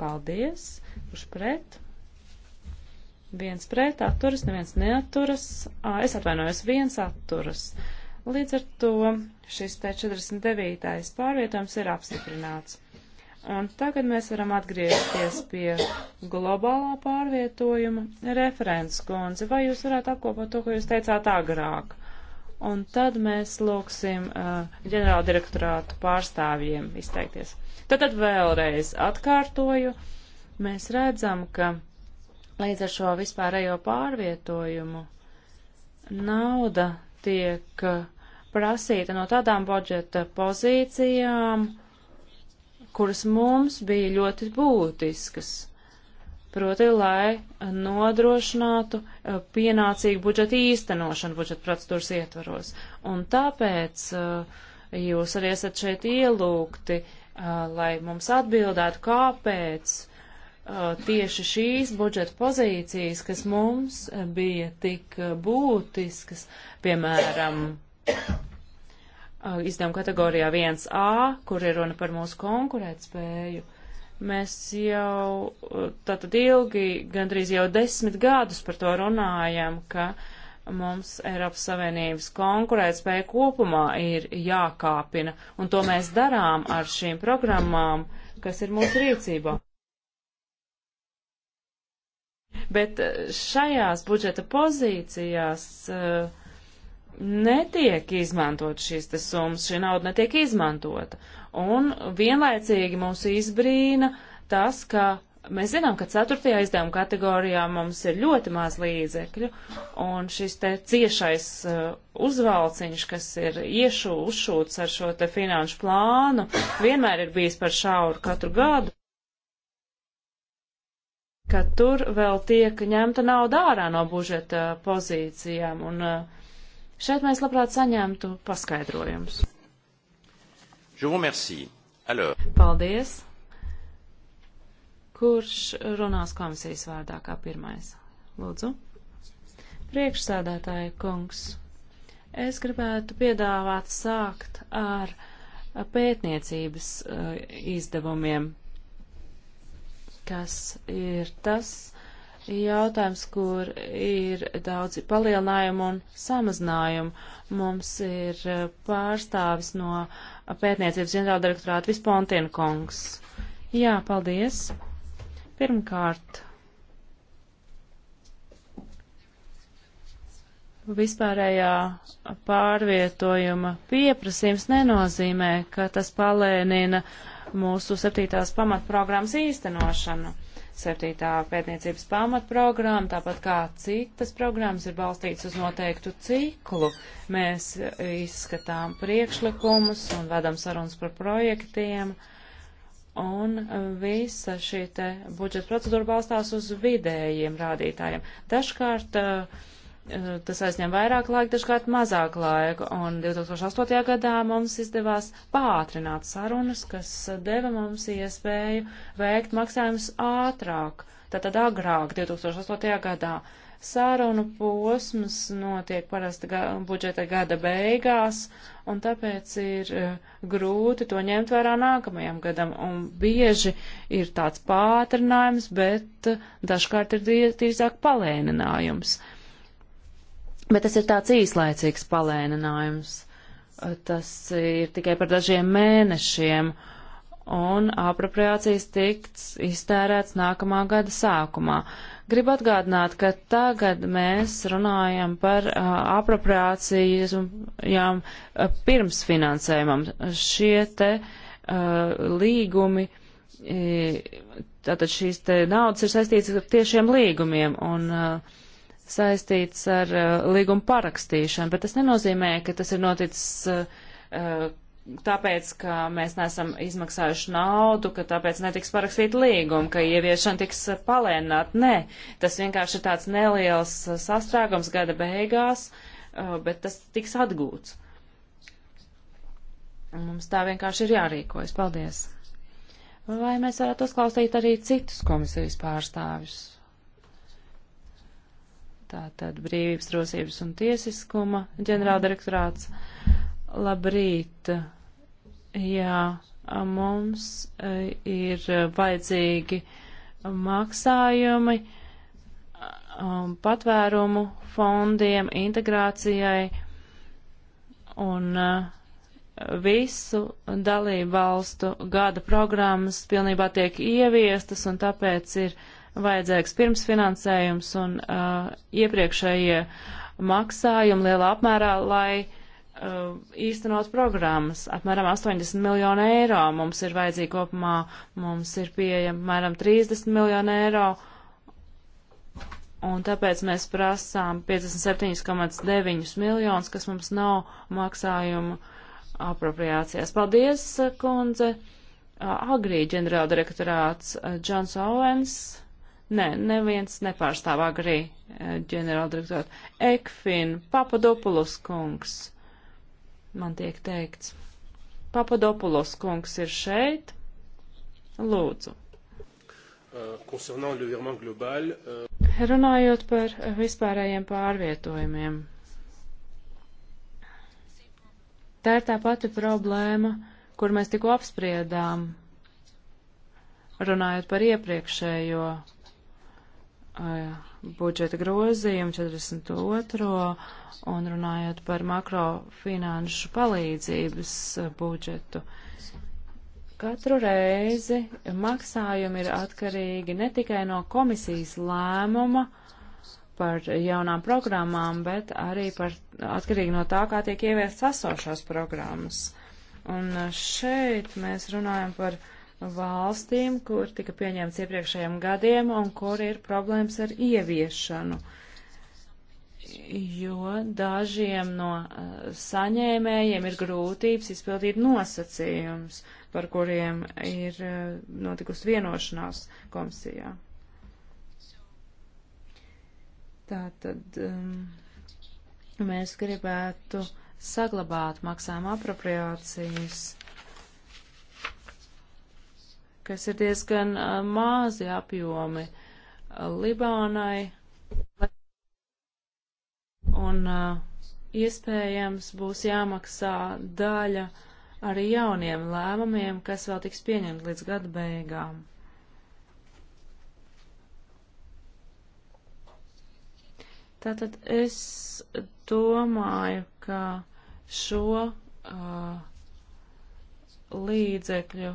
Paldies! Kurš pret? Viens pret, atturas, neviens neaturas. À, es atvainojos, viens atturas. Līdz ar to šis te 49. pārvietojums ir apstiprināts. Un tagad mēs varam atgriezties pie globālā pārvietojuma referents kundze. Vai jūs varētu apkopot to, ko jūs teicāt agrāk? Un tad mēs lūksim uh, ģenerāldirektorātu pārstāvjiem izteikties. Tad, tad vēlreiz atkārtoju, mēs redzam, ka līdz ar šo vispārējo pārvietojumu nauda tiek. Uh, prasīta no tādām budžeta pozīcijām, kuras mums bija ļoti būtiskas. Proti, lai nodrošinātu eh, pienācīgu budžeta īstenošanu budžeta procedūras ietvaros. Un tāpēc eh, jūs arī esat šeit ielūgti, eh, lai mums atbildētu, kāpēc tieši šīs budžeta pozīcijas, kas mums bija tik būtiskas, piemēram, (coughs) Uh, izdevuma kategorijā 1A, kur ir runa par mūsu konkurētspēju, mēs jau uh, tātad ilgi, gandrīz jau desmit gadus par to runājam, ka mums Eiropas Savienības konkurētspēja kopumā ir jākāpina, un to mēs darām ar šīm programmām, kas ir mūsu rīcībā. Bet uh, šajās budžeta pozīcijās uh, netiek izmantot šīs tas summas, šī nauda netiek izmantota. Un vienlaicīgi mūs izbrīna tas, ka mēs zinām, ka ceturtajā izdevuma kategorijā mums ir ļoti maz līdzekļu, un šis te ciešais uh, uzvalciņš, kas ir iešu uzšūts ar šo te finanšu plānu, vienmēr ir bijis par šauru katru gadu ka tur vēl tiek ņemta nauda ārā no budžeta pozīcijām, un uh, Šeit mēs labprāt saņemtu paskaidrojumus. Paldies! Kurš runās komisijas vārdā kā pirmais? Lūdzu. Priekšsēdētāja kungs, es gribētu piedāvāt sākt ar pētniecības uh, izdevumiem, kas ir tas, jautājums, kur ir daudzi palielinājumi un samazinājumi. Mums ir eh, pārstāvis no pētniecības ģenerāldirektorāta Vispontiena kungs. Jā, paldies. Pirmkārt, vispārējā pārvietojuma pieprasījums nenozīmē, ka tas palēnina mūsu septītās pamatprogrammas īstenošanu Septītā pētniecības pamatprogramma, tāpat kā citas programmas, ir balstīts uz noteiktu ciklu. Mēs izskatām priekšlikumus un vedam sarunas par projektiem. Un visa šī te budžeta procedūra balstās uz vidējiem rādītājiem. Dažkārt uh, Eh, tas aizņem vairāk laika, dažkārt mazāk laika, un 2008. gadā mums izdevās pātrināt sarunas, kas deva mums iespēju veikt maksājumus ātrāk, tātad agrāk 2008. gadā. Sārunu posms notiek parasti ga budžeta gada beigās, un tāpēc ir eh, grūti to ņemt vērā nākamajam gadam, un bieži ir tāds pātrinājums, bet eh, dažkārt ir drīzāk palēninājums. Uh, Bet tas ir tāds īslaicīgs palēninājums. Tas ir tikai par dažiem mēnešiem, un apropriācijas tiks iztērēts nākamā gada sākumā. Gribu atgādināt, ka tagad mēs runājam par uh, apropriācijām uh, pirms finansējumam. Šie te uh, līgumi uh, tātad šīs te naudas ir saistītas ar tiešiem līgumiem, un uh, saistīts ar uh, līgumu parakstīšanu, bet tas nenozīmē, ka tas ir noticis uh, uh, tāpēc, ka mēs neesam izmaksājuši naudu, ka tāpēc netiks parakstīt līgumu, ka ieviešana tiks palēnāt. Nē, tas vienkārši ir tāds neliels uh, sastrēgums gada beigās, uh, bet tas tiks atgūts. Mums tā vienkārši ir jārīkojas. Paldies! Vai mēs varētu uzklausīt arī citus komisijas pārstāvjus? tātad brīvības, drosības un tiesiskuma ģenerāldirektorāts. Labrīt! Jā, mums e, ir vajadzīgi maksājumi e, um, patvērumu fondiem, integrācijai un e, visu dalību valstu gada programmas pilnībā tiek ieviestas un tāpēc ir uh, vajadzīgs pirmsfinansējums un uh, iepriekšējie maksājumi lielā apmērā, lai uh, īstenot programmas. Apmēram 80 miljonu eiro mums ir vajadzīgi kopumā, mums ir pieejama apmēram 30 miljonu eiro, un tāpēc mēs prasām 57,9 miljonus, kas mums nav maksājumu apropriācijās. Paldies, kundze! Uh, Agrī ģenerāldirektorāts uh, Džons Owens Nē, neviens nepārstāv agrī eh, ģenerāldirektoru. Ekfin, Papadopulus kungs, man tiek teikts. Papadopulus kungs ir šeit. Lūdzu. Eh, eh, runājot par vispārējiem pārvietojumiem. Tā ir tā pati problēma, kur mēs tikko apspriedām, runājot par iepriekšējo budžeta grozījumu 42. un runājot par makrofinanšu palīdzības budžetu. Katru reizi maksājumi ir atkarīgi ne tikai no komisijas lēmuma par jaunām programmām, bet arī par, atkarīgi no tā, kā tiek ieviestas esošās programmas. Un šeit mēs runājam par uh, valstīm, kur tika pieņemts iepriekšējiem gadiem un kur ir problēmas ar ieviešanu. Jo dažiem no eh, saņēmējiem ir grūtības izpildīt nosacījums, par kuriem ir eh, notikusi vienošanās komisijā. Tātad um, mēs gribētu saglabāt maksājuma apropriācijas kas ir diezgan mazi apjomi Libānai. Un iespējams būs jāmaksā daļa arī jauniem lēmumiem, kas vēl tiks pieņemt līdz gada beigām. Tātad es domāju, ka šo uh, līdzekļu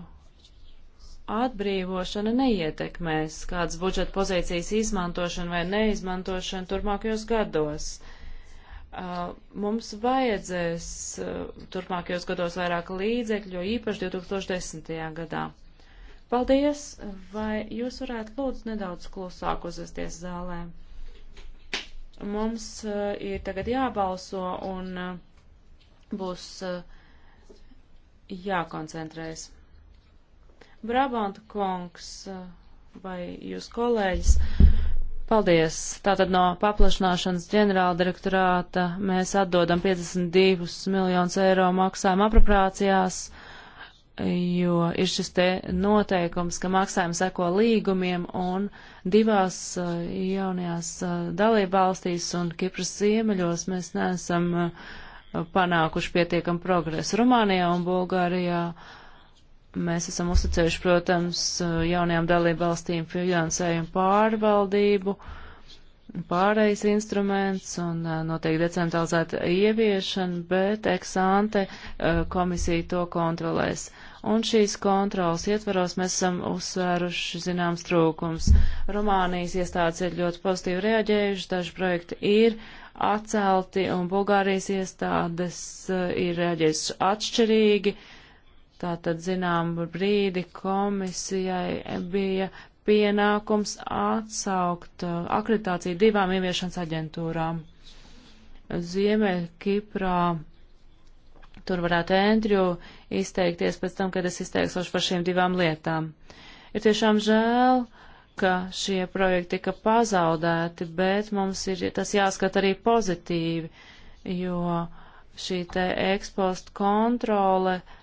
atbrīvošana neietekmēs kādas budžeta pozīcijas izmantošanu vai neizmantošanu turpmākajos gados. Uh, mums vajadzēs uh, turpmākajos gados vairāk līdzekļu, jo īpaši 2010. gadā. Paldies! Vai jūs varētu lūdzu nedaudz klusāk uzvesties zālē? Mums uh, ir tagad jābalso un būs jākoncentrējas. Brabanta kungs eh, vai jūs kolēģis. Paldies! Tātad no paplašināšanas ģenerāla direktorāta mēs atdodam 52 miljonus eiro maksājuma apropriācijās, jo ir šis te noteikums, ka maksājumi seko līgumiem un divās eh, jaunajās eh, dalībvalstīs un Kipras ziemeļos mēs neesam panākuši pietiekam progresu. Rumānijā un Bulgārijā uh, Mēs esam uzticējuši, protams, jaunajām dalībvalstīm finansējumu pārvaldību, pārējais instruments un noteikti decentralizēta ieviešana, bet eksante komisija to kontrolēs. Un šīs kontrolas ietvaros mēs esam uzsvēruši zināms trūkums. Rumānijas iestādes ir ļoti pozitīvi reaģējuši, daži projekti ir atcelti un Bulgārijas iestādes ir reaģējuši atšķirīgi. Uh, Tātad, zinām, brīdi komisijai bija pienākums atsaukt uh, akreditāciju divām ieviešanas aģentūrām. Ziemeļ Kiprā tur varētu Endriju izteikties pēc tam, kad es izteiksošu par šīm divām lietām. Ir tiešām žēl, ka šie projekti tika pazaudēti, bet mums ir tas jāskata arī pozitīvi, jo šī te ekspost kontrole uh,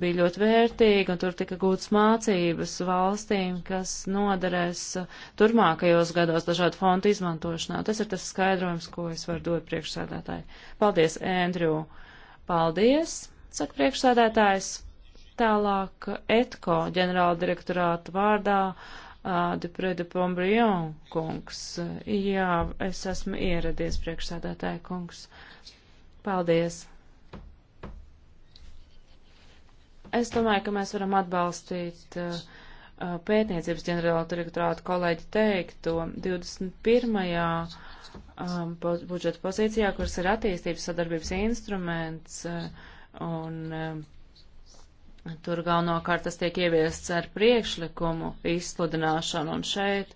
bija ļoti vērtīga, un tur tika gūtas mācības valstīm, kas noderēs turmākajos gados dažādu fontu izmantošanā. Tas ir tas skaidrojums, ko es varu dot priekšsēdētāji. Paldies, Andrew! Paldies, saka priekšsēdētājs. Tālāk ETKO ģenerāla direktorāta vārdā uh, Dupre de Pombrion kungs. Jā, es esmu ieradies priekšsēdētāja kungs. Paldies! Es domāju, ka mēs varam atbalstīt uh, uh pētniecības ģenerāla direktorāta kolēģi teikto 21. Um, budžeta pozīcijā, kuras ir attīstības sadarbības instruments, uh, un um, tur galvenokārt tas tiek ieviests ar priekšlikumu izsludināšanu, un šeit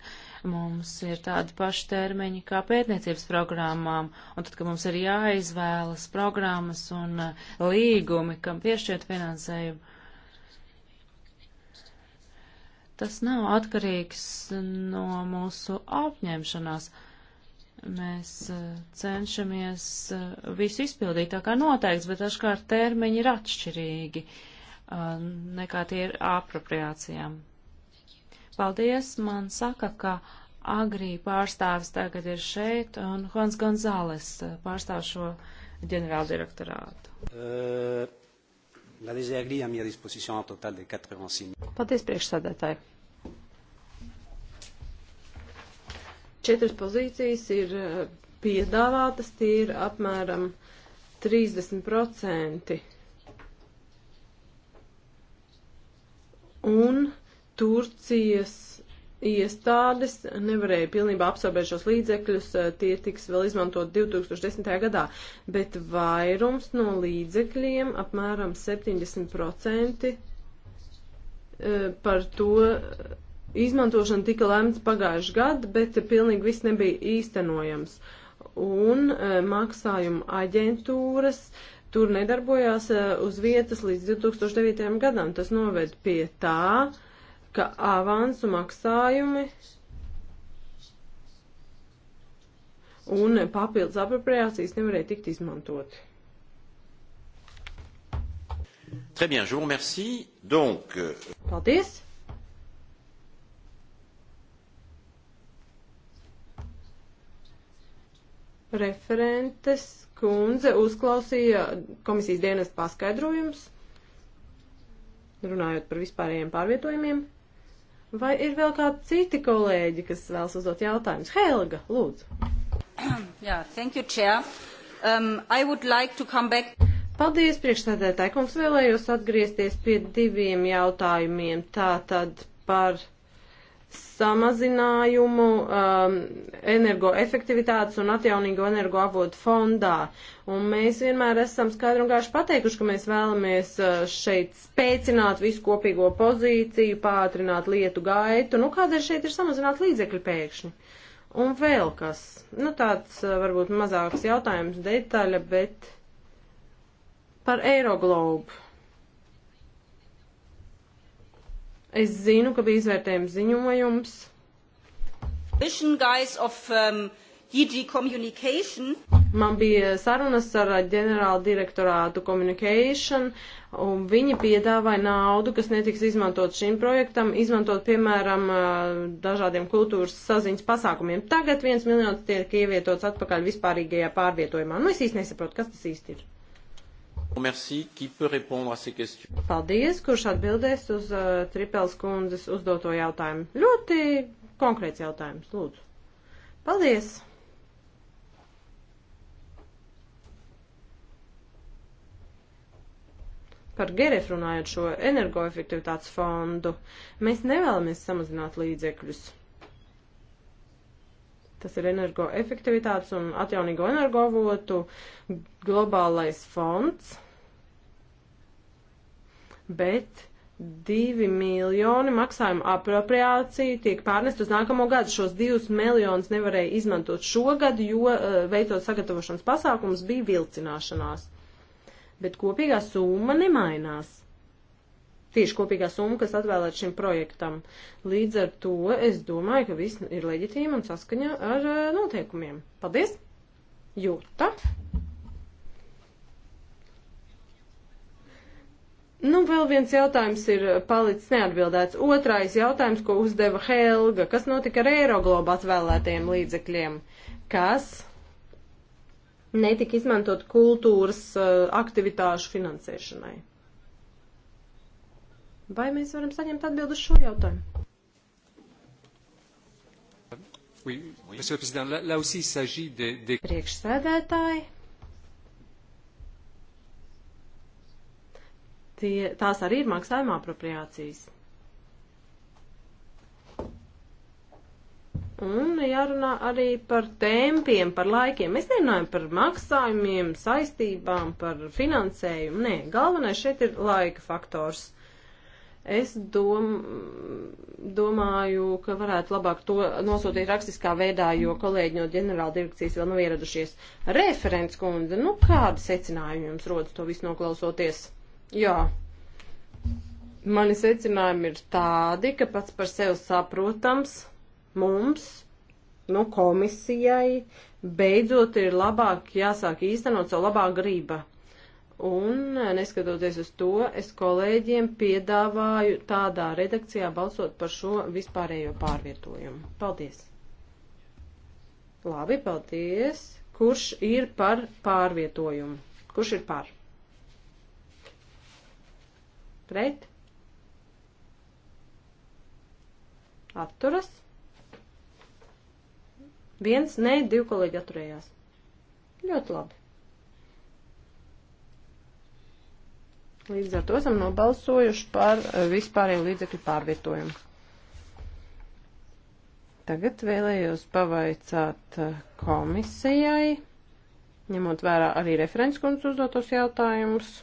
Mums ir tādi paši termiņi kā pētniecības programmām, un tad, kad mums ir jāizvēlas programmas un uh, līgumi, kam piešķiet finansējumu, tas nav atkarīgs no mūsu apņemšanās. Mēs uh, cenšamies uh, visu izpildīt tā kā noteikts, bet dažkārt termiņi ir atšķirīgi nekā tie ir apropriācijām. Paldies, man saka, ka agrī pārstāvis tagad ir šeit, un Hons Gonzāles eh, pārstāv šo ģenerāldirektorātu. Uh, Paldies, priekšsēdētāji. Četras pozīcijas ir eh, piedāvātas, tie ir apmēram 30%. Un Turcijas iestādes nevarēja pilnībā absorbēt šos līdzekļus, eh, tie tiks vēl izmantot 2010. gadā, bet vairums no līdzekļiem, apmēram 70%, eh, par to izmantošana tika lēmts pagājuši gadu, bet pilnīgi viss nebija īstenojams. Un eh, maksājuma aģentūras tur nedarbojās uz vietas līdz 2009. gadam. Tas noved pie tā, uh, ka avansu maksājumi un papildus apropriācijas nevarēja tikt izmantoti. Très bien, je vous remercie. Donc, euh, Paldies. Referentes kundze uzklausīja komisijas dienas paskaidrojums, runājot par vispārējiem pārvietojumiem. Vai ir vēl kādi citi kolēģi, kas vēlas uzdot jautājumus? Helga, lūdzu. (clears throat) Jā, yeah, thank you, chair. Um, I would like to come back. Paldies, priekšsēdētāji. Kungs vēlējos atgriezties pie diviem jautājumiem. Tātad par samazinājumu um, energoefektivitātes un atjaunīgo energoavotu fondā. Un mēs vienmēr esam skaidri un gaiši pateikuši, ka mēs vēlamies uh, šeit spēcināt visu kopīgo pozīciju, pātrināt lietu gaitu. Nu, kādēļ šeit ir samazināt līdzekļu pēkšņi? Un vēl kas, nu tāds uh, varbūt mazāks jautājums detaļa, bet par Eiroglobu Es zinu, ka bija izvērtējums ziņojums. Vision guys of um, DG Communication. Man bija sarunas ar ģenerāla direktorātu Communication, un viņi piedāvāja naudu, kas netiks izmantot šim projektam, izmantot, piemēram, uh, dažādiem kultūras saziņas pasākumiem. Tagad viens miljons tiek ievietots atpakaļ vispārīgajā pārvietojumā. Nu, es īsti nesaprotu, kas tas īsti ir. Merci, Paldies, kurš atbildēs uz uh, Tripels kundzes uzdoto jautājumu. Ļoti konkrēts jautājums, lūdzu. Paldies! Par Geref runājot šo energoefektivitātes fondu, mēs nevēlamies samazināt līdzekļus. Tas ir energoefektivitātes un atjaunīgo energovotu globālais fonds. Bet divi miljoni maksājumu apropriāciju tiek pārnest uz nākamo gadu. Šos divus miljonus nevarēja izmantot šogad, jo eh, veicot sagatavošanas pasākumus bija vilcināšanās. Bet kopīgā summa nemainās tieši kopīgā summa, kas atvēlēta šim projektam. Līdz ar to es domāju, ka viss ir leģitīmi un saskaņā ar eh, noteikumiem. Paldies! Jūta! Nu, vēl viens jautājums ir palicis neatbildēts. Otrais jautājums, ko uzdeva Helga. Kas notika ar Eiroglobu atvēlētajiem līdzekļiem? Kas netika izmantot kultūras eh, aktivitāšu finansēšanai? Vai mēs varam saņemt atbildu uz šo jautājumu? Oui, oui. Monsieur le Président, là, là aussi il s'agit des, des... Priekšsēdētāji. Tie, tās arī ir maksājuma apropriācijas. Un jārunā arī par tempiem, par laikiem. Mēs nerunājam par maksājumiem, saistībām, par finansējumu. Nē, galvenais šeit ir laika faktors. Es dom, domāju, ka varētu labāk to nosūtīt rakstiskā veidā, jo kolēģi no ģenerāla direkcijas vēl nav ieradušies. Referents kundze, nu kādi secinājumi jums rodas to visu noklausoties? Jā. Mani secinājumi ir tādi, ka pats par sevi saprotams mums, nu komisijai, beidzot ir labāk jāsāk īstenot savu labā grība Un, neskatoties uz to, es kolēģiem piedāvāju tādā redakcijā balsot par šo vispārējo pārvietojumu. Paldies! Labi, paldies! Kurš ir par pārvietojumu? Kurš ir par? Pret? Atturas? Viens, ne, divi kolēģi atturējās. Ļoti labi. Līdz ar to esam nobalsojuši par eh, vispārējo līdzekļu pārvietojumu. Tagad vēlējos pavaicāt eh, komisijai, ņemot vērā arī referents kundzes uzdotos jautājumus.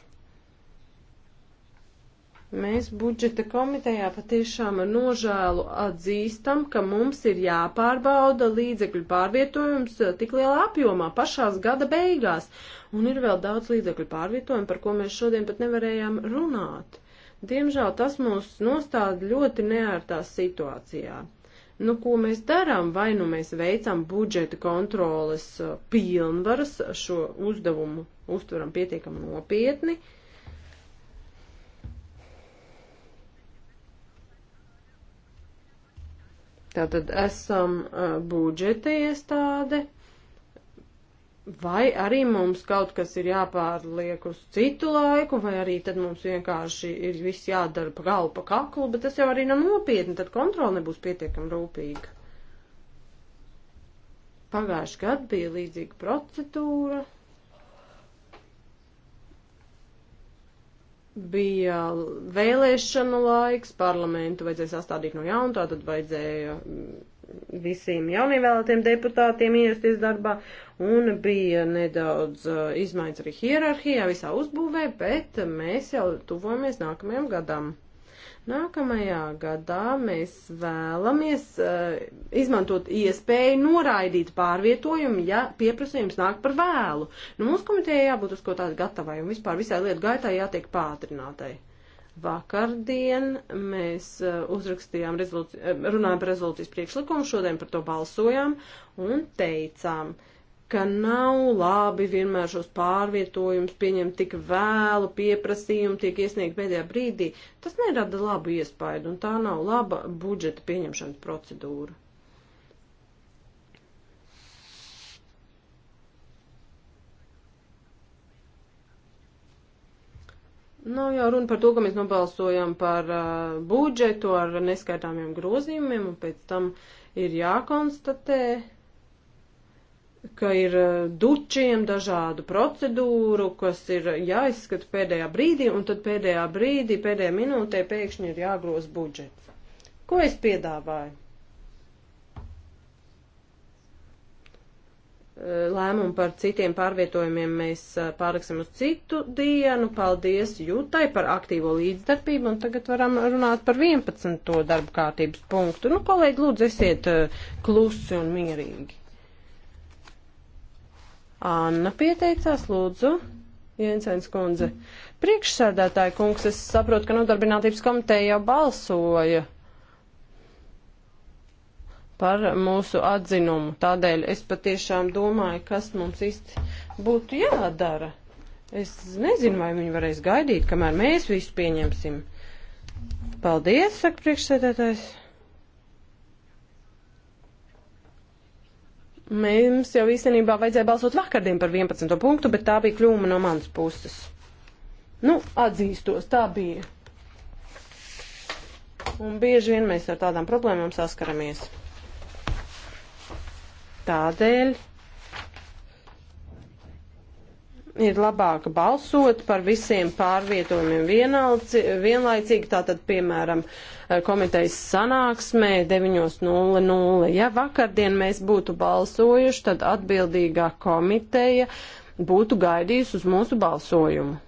Mēs budžeta komitejā patiešām ar nožēlu atzīstam, ka mums ir jāpārbauda līdzekļu pārvietojums eh, tik lielā apjomā pašās gada beigās, un ir vēl daudz līdzekļu pārvietojumu, par ko mēs šodien pat nevarējām runāt. Diemžēl tas mūs nostāda ļoti neērtā situācijā. Nu, ko mēs darām? Vai nu mēs veicam budžeta kontroles eh, pilnvaras, šo uzdevumu uztveram pietiekami nopietni, uh, Tātad esam budžeta iestāde, vai arī mums kaut kas ir jāpārliek uz citu laiku, vai arī tad mums vienkārši ir viss jādara pa galvu, pa kaklu, bet tas jau arī nav nopietni, tad kontrola nebūs pietiekam rūpīga. Pagājuši gadu bija līdzīga procedūra. bija vēlēšanu laiks, parlamentu vajadzēja sastādīt no jauna, tātad vajadzēja mm, visiem jaunievēlētiem deputātiem iesties darbā, un bija nedaudz uh, izmaiņas arī hierarhijā visā uzbūvē, bet mēs jau tuvojamies nākamajam gadam. Nākamajā gadā mēs vēlamies uh, izmantot iespēju noraidīt pārvietojumu, ja pieprasījums nāk par vēlu. Nu, mums komitejai jābūt uz ko tādu gatavai un vispār visai lietu gaitai jātiek pātrinātai. Vakardien mēs uh, uzrakstījām, rezolūci... Eh, runājām par rezolūcijas priekšlikumu, šodien par to balsojām un teicām, uh, ka nav labi vienmēr šos pārvietojumus pieņemt tik vēlu, pieprasījumi tiek iesniegt pēdējā brīdī. Tas nerada labu iespaidu, un tā nav laba budžeta pieņemšanas procedūra. Nav jau runa par to, ka mēs nobalsojam par uh, budžetu ar neskaitāmiem grozījumiem, un pēc tam ir jākonstatē, uh, ka ir eh, dučiem dažādu procedūru, kas ir jāizskata pēdējā brīdī, un tad pēdējā brīdī, pēdējā minūtē pēkšņi ir jāgros budžets. Ko es piedāvāju? Eh, lēmumu par citiem pārvietojumiem mēs eh, pāraksim uz citu dienu. Paldies Jūtai par aktīvo līdzdarbību, un tagad varam runāt par 11. darba kārtības punktu. Nu, kolēģi, lūdzu, esiet klusi un mierīgi. Anna pieteicās, lūdzu, Jensens kundze. Priekšsēdētāji kungs, es saprotu, ka nodarbinātības komiteja jau balsoja par mūsu atzinumu. Tādēļ es patiešām domāju, kas mums īsti būtu jādara. Es nezinu, vai viņi varēs gaidīt, kamēr mēs visu pieņemsim. Paldies, saka priekšsēdētājs. Mums jau īstenībā vajadzēja balsot vakardien par 11. punktu, bet tā bija kļūma no manas puses. Nu, atzīstos, tā bija. Un bieži vien mēs ar tādām problēmām saskaramies. Tādēļ ir labāk balsot par visiem pārvietojumiem vienalci, vienlaicīgi, tātad, piemēram, komitejas sanāksmē 9.00. Ja vakardien mēs būtu balsojuši, tad atbildīgā komiteja būtu gaidījusi uz mūsu balsojumu.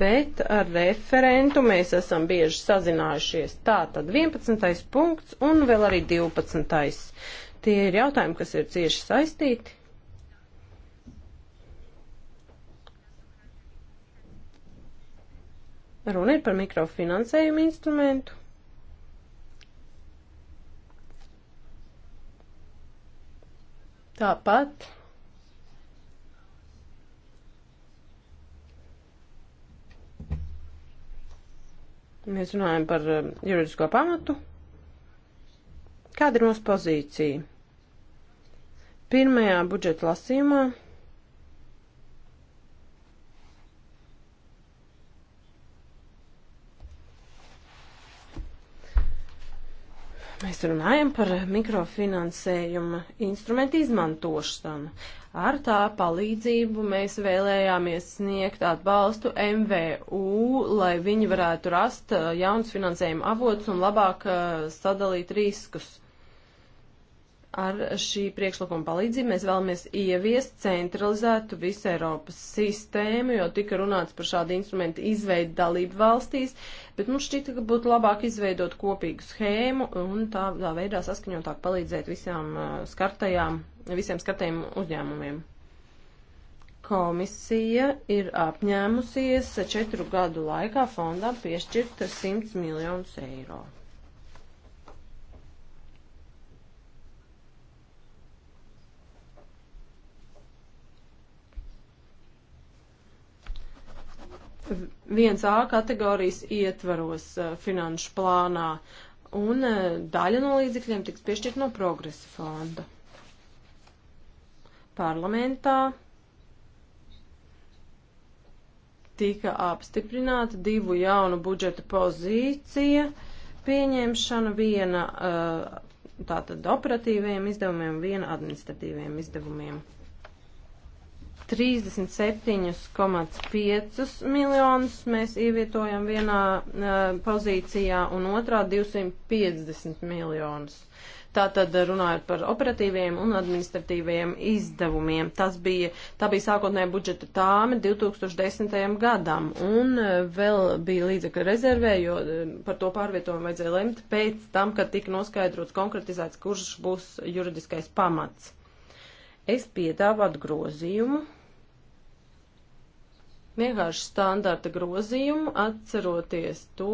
bet ar referentu mēs esam bieži sazinājušies. Tā tad 11. punkts un vēl arī 12. Tie ir jautājumi, kas ir cieši saistīti. Runa ir par mikrofinansējumu instrumentu. Tāpat mēs runājam par um, juridisko pamatu. Kāda ir mūsu pozīcija? Pirmajā budžeta lasījumā mēs runājam par mikrofinansējuma instrumentu izmantošanu. Ar tā palīdzību mēs vēlējāmies sniegt atbalstu MVU, lai viņi varētu rast uh, jauns finansējuma avots un labāk uh, sadalīt riskus. Ar šī priekšlikuma palīdzību mēs vēlamies ieviest centralizētu visu Eiropas sistēmu, jo tika runāts par šādu instrumentu izveidu dalību valstīs, bet mums šķita, ka būtu labāk izveidot kopīgu schēmu un tā, tā veidā saskaņotāk palīdzēt visām uh, skartajām, visiem skartajiem uzņēmumiem. Komisija ir apņēmusies četru gadu laikā fondam piešķirt 100 miljonus eiro. 1A kategorijas ietvaros eh, finanšu plānā, un eh, daļa no līdzekļiem tiks piešķirt no progresa fonda. Parlamentā tika apstiprināta divu jaunu budžeta pozīcija pieņemšana, viena eh, tātad operatīviem izdevumiem, viena administratīviem izdevumiem. 37,5 miljonus mēs ievietojam vienā uh, pozīcijā un otrā 250 miljonus. Tātad runājot par operatīviem un administratīviem izdevumiem. Tas bija, tā bija sākotnēja budžeta tāme 2010. gadam, un vēl bija līdzekļa rezervē, jo par to pārvietojumu vajadzēja lemt pēc tam, kad tika noskaidrots konkretizēts, kurš būs juridiskais pamats. Es piedāvātu grozījumu, vienkārši standarta grozījumu, atceroties to,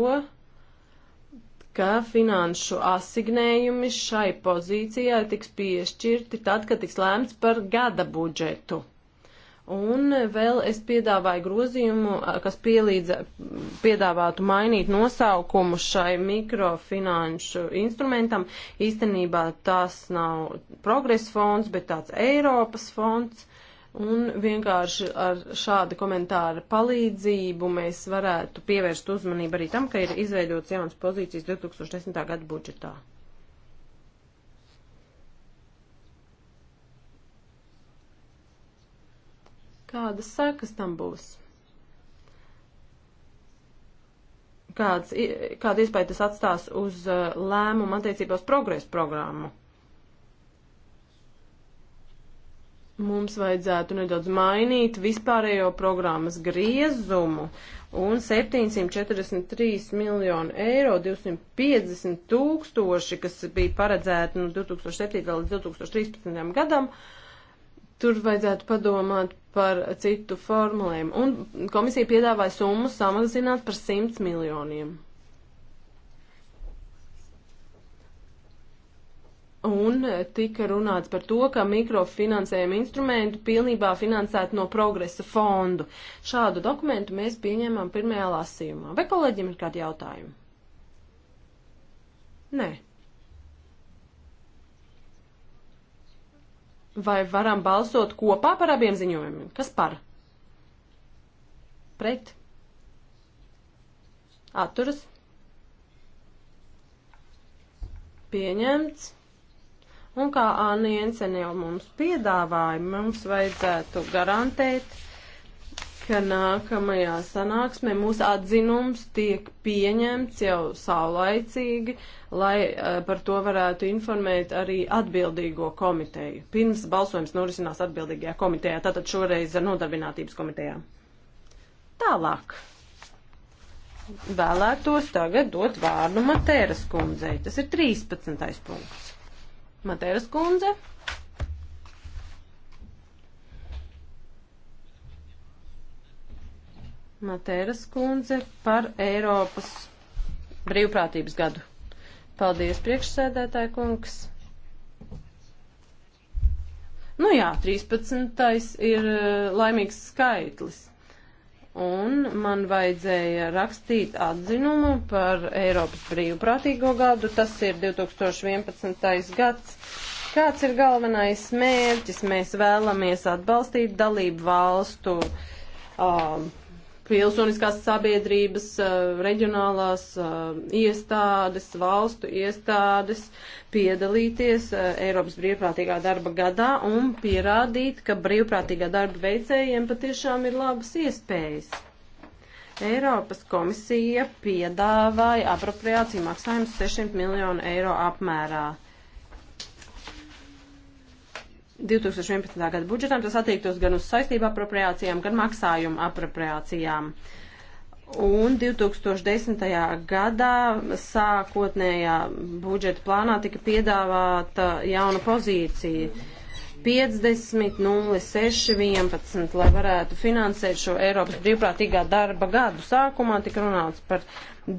ka finanšu asignējumi šai pozīcijai tiks piešķirti tad, kad tiks lēmts par gada budžetu. Un vēl es piedāvāju grozījumu, kas pielīdz, piedāvātu mainīt nosaukumu šai mikrofinanšu instrumentam. Īstenībā tas nav progresa fonds, bet tāds Eiropas fonds. Un vienkārši ar šādu komentāru palīdzību mēs varētu pievērst uzmanību arī tam, ka ir izveidots jauns pozīcijas 2010. gada budžetā. Kādas sekas tam būs? Kāds, kāda iespēja tas atstās uz uh, lēmumu attiecībās progresu programmu? mums vajadzētu nedaudz mainīt vispārējo programmas griezumu un 743 miljonu eiro, 250 tūkstoši, kas bija paredzēti no 2007 līdz 2013 gadam, tur vajadzētu padomāt par citu formulēm. Un komisija piedāvāja summu samazināt par 100 miljoniem. Un tika runāts par to, ka mikrofinansējuma instrumentu pilnībā finansētu no progresa fondu. Šādu dokumentu mēs pieņēmām pirmajā lasījumā. Vai kolēģiem ir kādi jautājumi? Nē. Vai varam balsot kopā par abiem ziņojumiem? Kas par? Pret? Atturas? Pieņemts. Un kā Anna Jensen jau mums piedāvāja, mums vajadzētu garantēt, ka nākamajā sanāksmē mūsu atzinums tiek pieņemts jau saulaicīgi, lai eh, par to varētu informēt arī atbildīgo komiteju. Pirms balsojums norisinās atbildīgajā komitejā, tātad šoreiz nodarbinātības komitejā. Tālāk vēlētos tagad dot vārdu Matēras kundzei. Tas ir 13. punkts. Matēras kundze. Matēras kundze par Eiropas brīvprātības gadu. Paldies, priekšsēdētāja kungs. Nu jā, 13. ir eh, laimīgs skaitlis un man vajadzēja rakstīt atzinumu par Eiropas brīvprātīgo gadu. Tas ir 2011. gads. Kāds ir galvenais mērķis? Mēs vēlamies atbalstīt dalību valstu um, pilsoniskās sabiedrības, eh, reģionālās eh, iestādes, valstu iestādes piedalīties eh, Eiropas brīvprātīgā darba gadā un pierādīt, ka brīvprātīgā darba veicējiem patiešām ir labas iespējas. Eiropas komisija piedāvāja apropriāciju maksājumus 600 miljonu eiro apmērā. 2011. gada budžetam. Tas attiektos gan uz saistību apropriācijām, gan maksājumu apropriācijām. Un 2010. gadā sākotnējā budžeta plānā tika piedāvāta jauna pozīcija. Mm. 50 06 11, lai varētu finansēt šo Eiropas brīvprātīgā darba gadu. Sākumā tika runāts par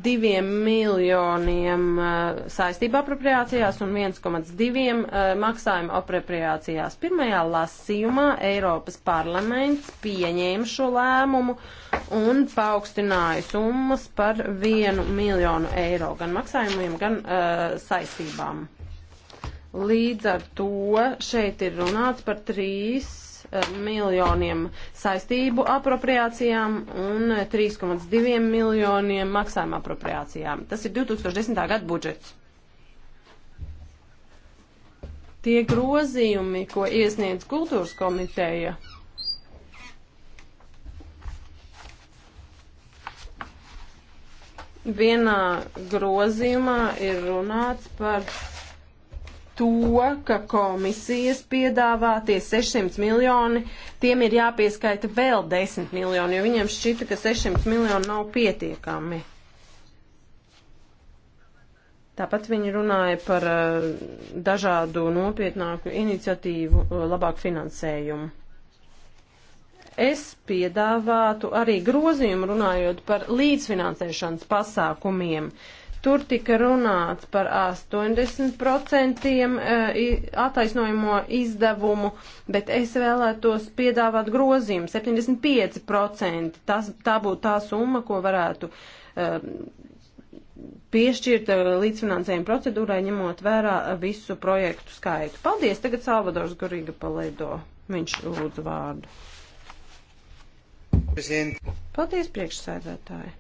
2 miljoniem uh, eh, saistība apropriācijās un 1,2 uh, maksājuma apropriācijās. Pirmajā lasījumā Eiropas parlaments pieņēma šo lēmumu un paaugstināja summas par 1 miljonu eiro gan maksājumiem, gan uh, saistībām. Līdz ar to šeit ir runāts par 3 eh, miljoniem saistību apropriācijām un 3,2 eh, miljoniem maksājuma apropriācijām. Tas ir 2010. gada budžets. Tie grozījumi, ko iesniedz kultūras komiteja, vienā grozījumā ir runāts par to, ka komisijas piedāvātie 600 miljoni, tiem ir jāpieskaita vēl 10 miljoni, jo viņiem šķita, ka 600 miljoni nav pietiekami. Tāpat viņi runāja par uh, dažādu nopietnāku iniciatīvu, uh, labāku finansējumu. Es piedāvātu arī grozījumu runājot par līdzfinansēšanas pasākumiem. Uh, Tur tika runāts par 80% eh, attaisnojamo izdevumu, bet es vēlētos piedāvāt grozījumu 75%. Tas, tā būtu tā summa, ko varētu uh, piešķirt eh, līdzfinansējuma procedūrai, ņemot vērā visu projektu skaitu. Paldies! Tagad Salvadors Goriga palaido. Viņš lūdzu vārdu. Paldies, priekšsēdētāji!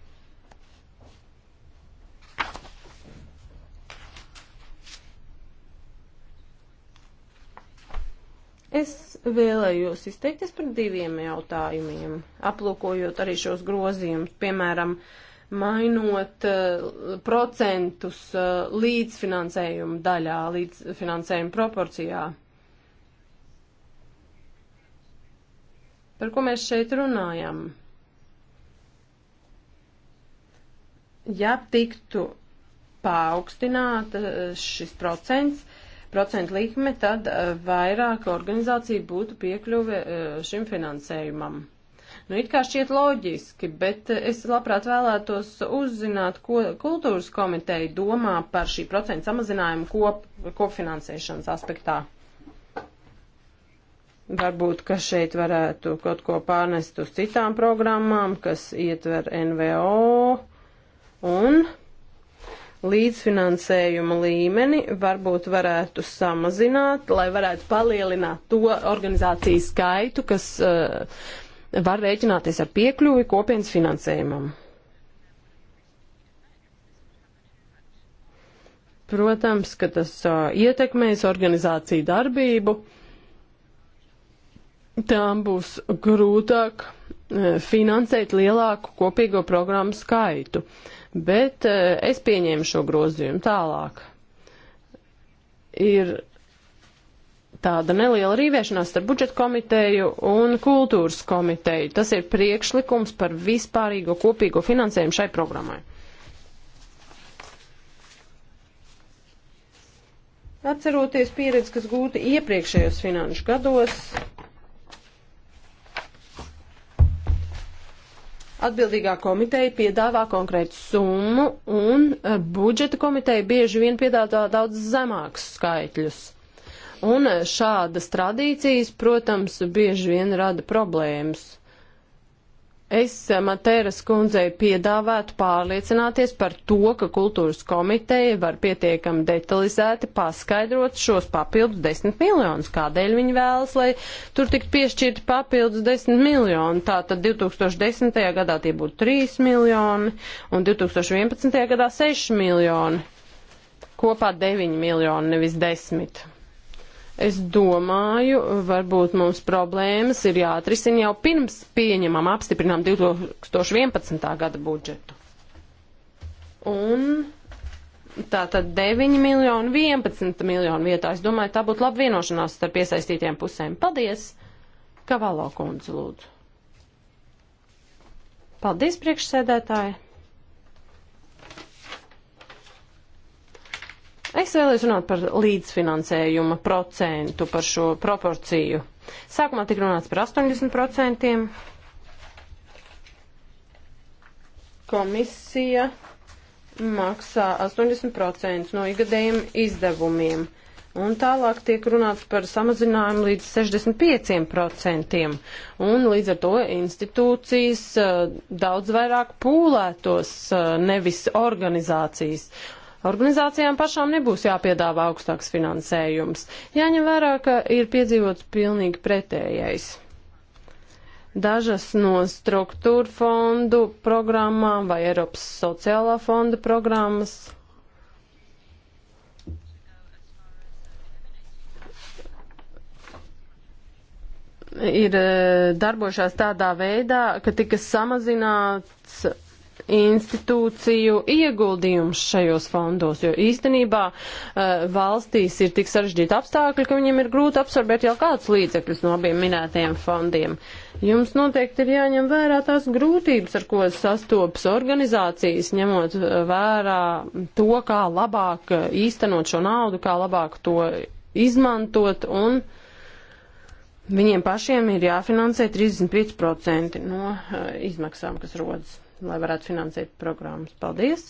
Es vēlējos izteikties par diviem jautājumiem, aplūkojot arī šos grozījumus, piemēram, mainot uh, procentus uh, eh, līdzfinansējuma daļā, līdzfinansējuma proporcijā. Par ko mēs šeit runājam? Ja tiktu paaugstināta eh, šis procents, procentu likme, tad eh, vairāk organizācija būtu piekļuve eh, šim finansējumam. Nu, it kā šķiet loģiski, bet eh, es labprāt vēlētos uzzināt, ko kultūras komiteja domā par šī procentu samazinājumu kop, kopfinansēšanas aspektā. Varbūt, ka šeit varētu kaut ko pārnest uz citām programmām, kas ietver NVO un līdzfinansējuma līmeni varbūt varētu samazināt, lai varētu palielināt to organizāciju skaitu, kas uh, var rēķināties ar piekļuvi kopienas finansējumam. Protams, ka tas uh, ietekmēs organizāciju darbību. Tām būs grūtāk uh, finansēt lielāku kopīgo programmu skaitu. Uh, bet eh, es pieņēmu šo grozījumu tālāk. Ir tāda neliela rīvēšanās ar budžeta komiteju un kultūras komiteju. Tas ir priekšlikums par vispārīgo kopīgo finansējumu šai programmai. Atceroties pieredzi, kas gūta iepriekšējos finanšu gados, Atbildīgā komiteja piedāvā konkrētu summu, un eh, budžeta komiteja bieži vien piedāvā daudz zemākus skaitļus. Un eh, šādas tradīcijas, protams, bieži vien rada problēmas. Es eh, Matēras kundzei piedāvētu pārliecināties par to, ka kultūras komiteja var pietiekami detalizēti paskaidrot šos papildus 10 miljonus, kādēļ viņi vēlas, lai tur tiktu piešķirti papildus 10 miljoni. Tātad 2010. gadā tie būtu 3 miljoni un 2011. gadā 6 miljoni. Kopā 9 miljoni, nevis 10. Es domāju, varbūt mums problēmas ir jāatrisina jau pirms pieņemam, apstiprinām 2011. gada budžetu. Un tā tad 9 miljonu, 11 miljonu vietā. Es domāju, tā būtu laba vienošanās starp iesaistītiem pusēm. Paldies, Kavalo kundze, lūdzu. Paldies, priekšsēdētāji. Es vēlēju runāt par līdzfinansējuma procentu, par šo proporciju. Sākumā tika runāts par 80%. Komisija maksā 80% no ikgadējiem izdevumiem. Un tālāk tiek runāts par samazinājumu līdz 65%. Un līdz ar to institūcijas eh, daudz vairāk pūlētos, eh, nevis organizācijas. Organizācijām pašām nebūs jāpiedāvā augstāks finansējums. Jāņem vērā, ka ir piedzīvots pilnīgi pretējais. Dažas no struktūra fondu programmām vai Eiropas sociālā fonda programmas ir eh, darbojušās tādā veidā, ka tika samazināts institūciju ieguldījums šajos fondos, jo īstenībā uh, valstīs ir tik sarežģīti apstākļi, ka viņiem ir grūti absorbēt jau kādus līdzekļus no abiem minētajiem fondiem. Jums noteikti ir jāņem vērā tās grūtības, ar ko sastopas organizācijas, ņemot eh, vērā to, kā labāk eh, īstenot šo naudu, kā labāk to izmantot un viņiem pašiem ir jāfinansē 35% no uh, izmaksām, kas rodas lai varētu finansēt programmas. Paldies!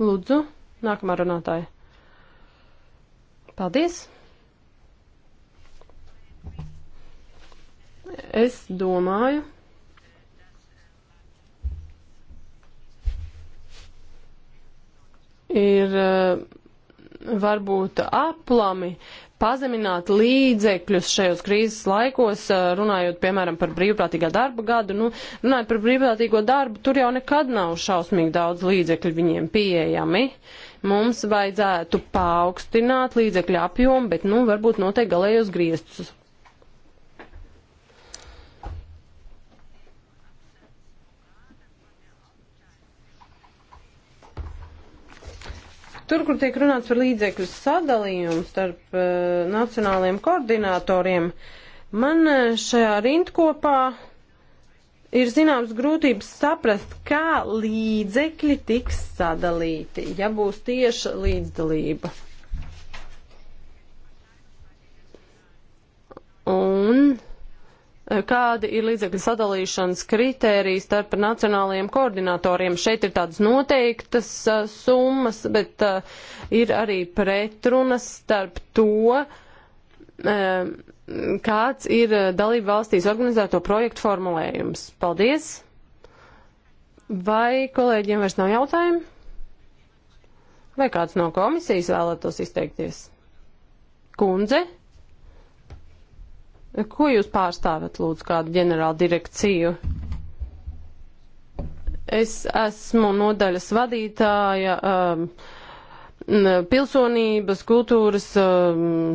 Lūdzu, nākamā runātāja. Paldies! Es domāju, ir eh, varbūt aplami pazemināt līdzekļus šajos krīzes laikos, runājot, piemēram, par brīvprātīgā darba gadu. Nu, runājot par brīvprātīgo darbu, tur jau nekad nav šausmīgi daudz līdzekļu viņiem pieejami. Mums vajadzētu paaugstināt līdzekļu apjomu, bet, nu, varbūt noteikti galējos griestus Tur, kur tiek runāts par līdzekļu sadalījumu starp uh, nacionāliem koordinatoriem, man eh, šajā rindkopā ir zināms grūtības saprast, kā līdzekļi tiks sadalīti, ja būs tieša līdzdalība. Un Eh, kādi ir līdzekļu sadalīšanas kritēriji starp nacionālajiem koordinatoriem. Šeit ir tādas noteiktas uh, summas, bet uh, ir arī pretrunas starp to, uh, kāds ir dalību valstīs organizēto projektu formulējums. Paldies! Vai kolēģiem vairs nav jautājumu? Vai kāds no komisijas vēlētos izteikties? Kundze? Ko jūs pārstāvat, lūdzu, kādu ģenerālu direkciju? Es esmu nodaļas vadītāja. Um, uh, pilsonības, kultūras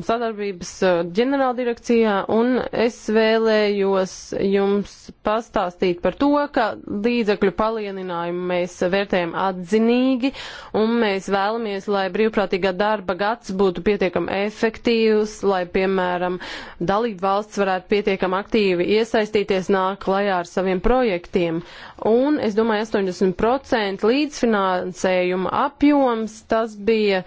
sadarbības ģenerāldirekcijā, un es vēlējos jums pastāstīt par to, ka līdzekļu palieninājumu mēs vērtējam atzinīgi, un mēs vēlamies, lai brīvprātīgā darba gads būtu pietiekam efektīvs, lai, piemēram, dalību valsts varētu pietiekam aktīvi iesaistīties, nāk klajā ar saviem projektiem. Un, es domāju, 80% līdzfinansējuma apjoms, tas bija nebija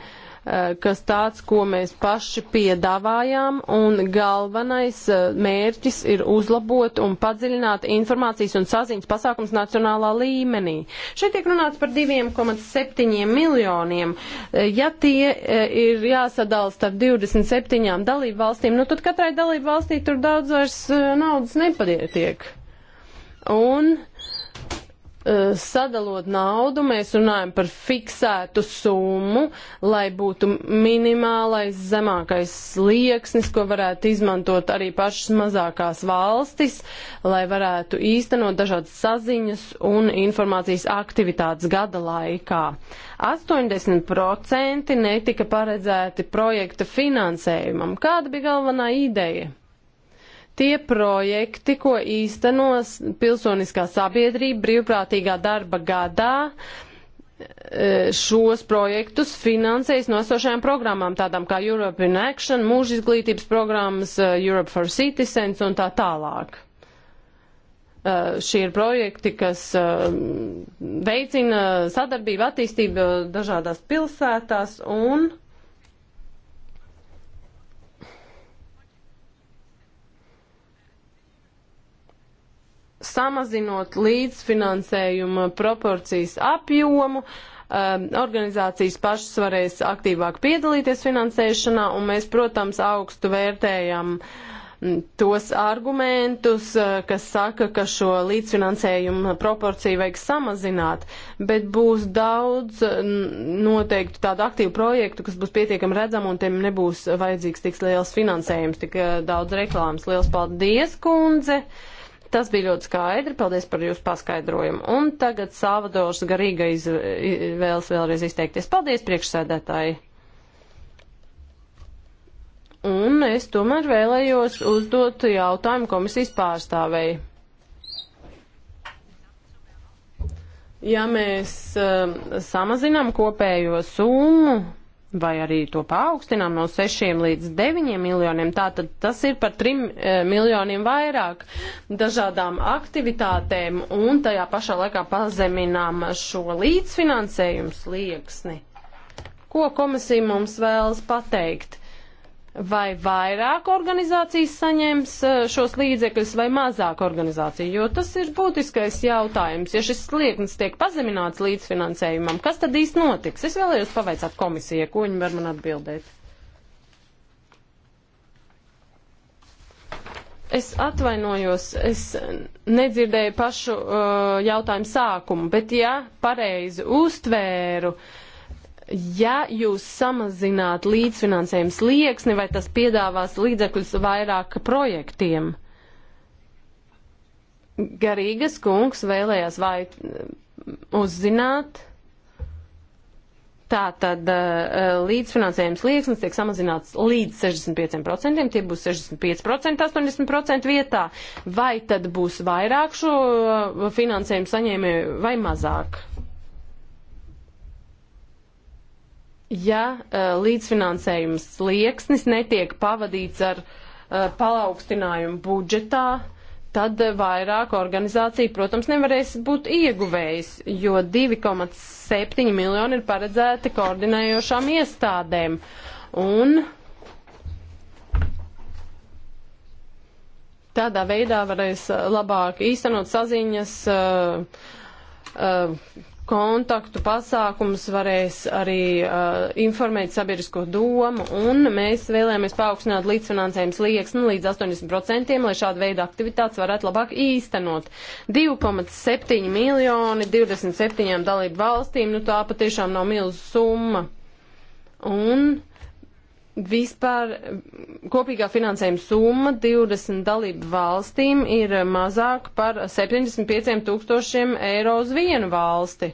eh, kas tāds, ko mēs paši piedāvājām, un galvenais eh, mērķis ir uzlabot un padziļināt informācijas un saziņas pasākums nacionālā līmenī. Šeit tiek runāts par 2,7 miljoniem. Eh, ja tie ir jāsadala starp 27 dalību valstīm, nu tad katrai dalību valstī tur daudz vairs naudas nepadietiek. Un Uh, sadalot naudu, mēs runājam par fiksētu summu, lai būtu minimālais zemākais slieksnis, ko varētu izmantot arī pašas mazākās valstis, lai varētu īstenot dažādas saziņas un informācijas aktivitātes gada laikā. 80% netika paredzēti projekta finansējumam. Kāda bija galvenā ideja? tie projekti, ko īstenos pilsoniskā sabiedrība brīvprātīgā darba gadā, e, šos projektus finansējas no esošajām programmām, tādām kā Europe in Action, mūža izglītības programmas, e, Europe for Citizens un tā tālāk. E, šie ir projekti, kas veicina sadarbību, attīstību dažādās pilsētās un samazinot līdzfinansējuma proporcijas apjomu, um, organizācijas pašas varēs aktīvāk piedalīties finansēšanā, un mēs, protams, augstu vērtējam mm, tos argumentus, uh, kas saka, ka šo līdzfinansējumu proporciju vajag samazināt, bet būs daudz mm, noteikti tādu aktīvu projektu, kas būs pietiekami redzami un tiem nebūs vajadzīgs tik liels finansējums, tik uh, daudz reklāmas. Liels paldies, kundze! Uh, Tas bija ļoti skaidri, paldies par jūsu paskaidrojumu. Un tagad Salvadors Garīga izvēlas vēlreiz izteikties. Paldies priekšsēdētāji! Un es tomēr vēlējos uzdot jautājumu komisijas pārstāvēji. Ja mēs uh, samazinām kopējo summu, vai arī to paaugstinām no 6 līdz 9 miljoniem, tātad tas ir par 3 eh, miljoniem vairāk dažādām aktivitātēm un tajā pašā laikā pazeminām šo līdzfinansējumu slieksni. Ko komisija mums vēlas pateikt? vai vairāk organizācijas saņems eh, šos līdzekļus vai mazāk organizāciju, jo tas ir būtiskais jautājums. Ja šis slieknis tiek pazemināts līdzfinansējumam, kas tad īsti notiks? Es vēlējos pavaicāt komisijai, ko viņi var man atbildēt. Es atvainojos, es nedzirdēju pašu uh, jautājumu sākumu, bet ja pareizi uztvēru, uh, ja jūs samazināt līdzfinansējums lieksni, vai tas piedāvās līdzekļus vairāk projektiem? Garīgas kungs vēlējās vai uzzināt. Tātad eh, līdzfinansējums liekas tiek samazināts līdz 65%, tie būs 65%, 80% vietā. Vai tad būs vairāk šo eh, finansējumu saņēmēju vai mazāk? ja eh, līdzfinansējums slieksnis netiek pavadīts ar eh, palaukstinājumu budžetā, tad eh, vairāk organizācija, protams, nevarēs būt ieguvējis, jo 2,7 miljoni ir paredzēti koordinējošām iestādēm. Un tādā veidā varēs labāk īstenot saziņas, uh, uh, kontaktu pasākums varēs arī uh, informēt sabiedrisko domu, un mēs vēlējāmies paaugstināt līdzfinansējums lieksni līdz 80%, lai šāda veida aktivitātes varētu labāk īstenot. 2,7 miljoni 27 dalību valstīm, nu tā patiešām nav milzu summa. Un Vispār kopīgā finansējuma summa 20 dalību valstīm ir mazāk par 75 tūkstošiem eiro uz vienu valsti.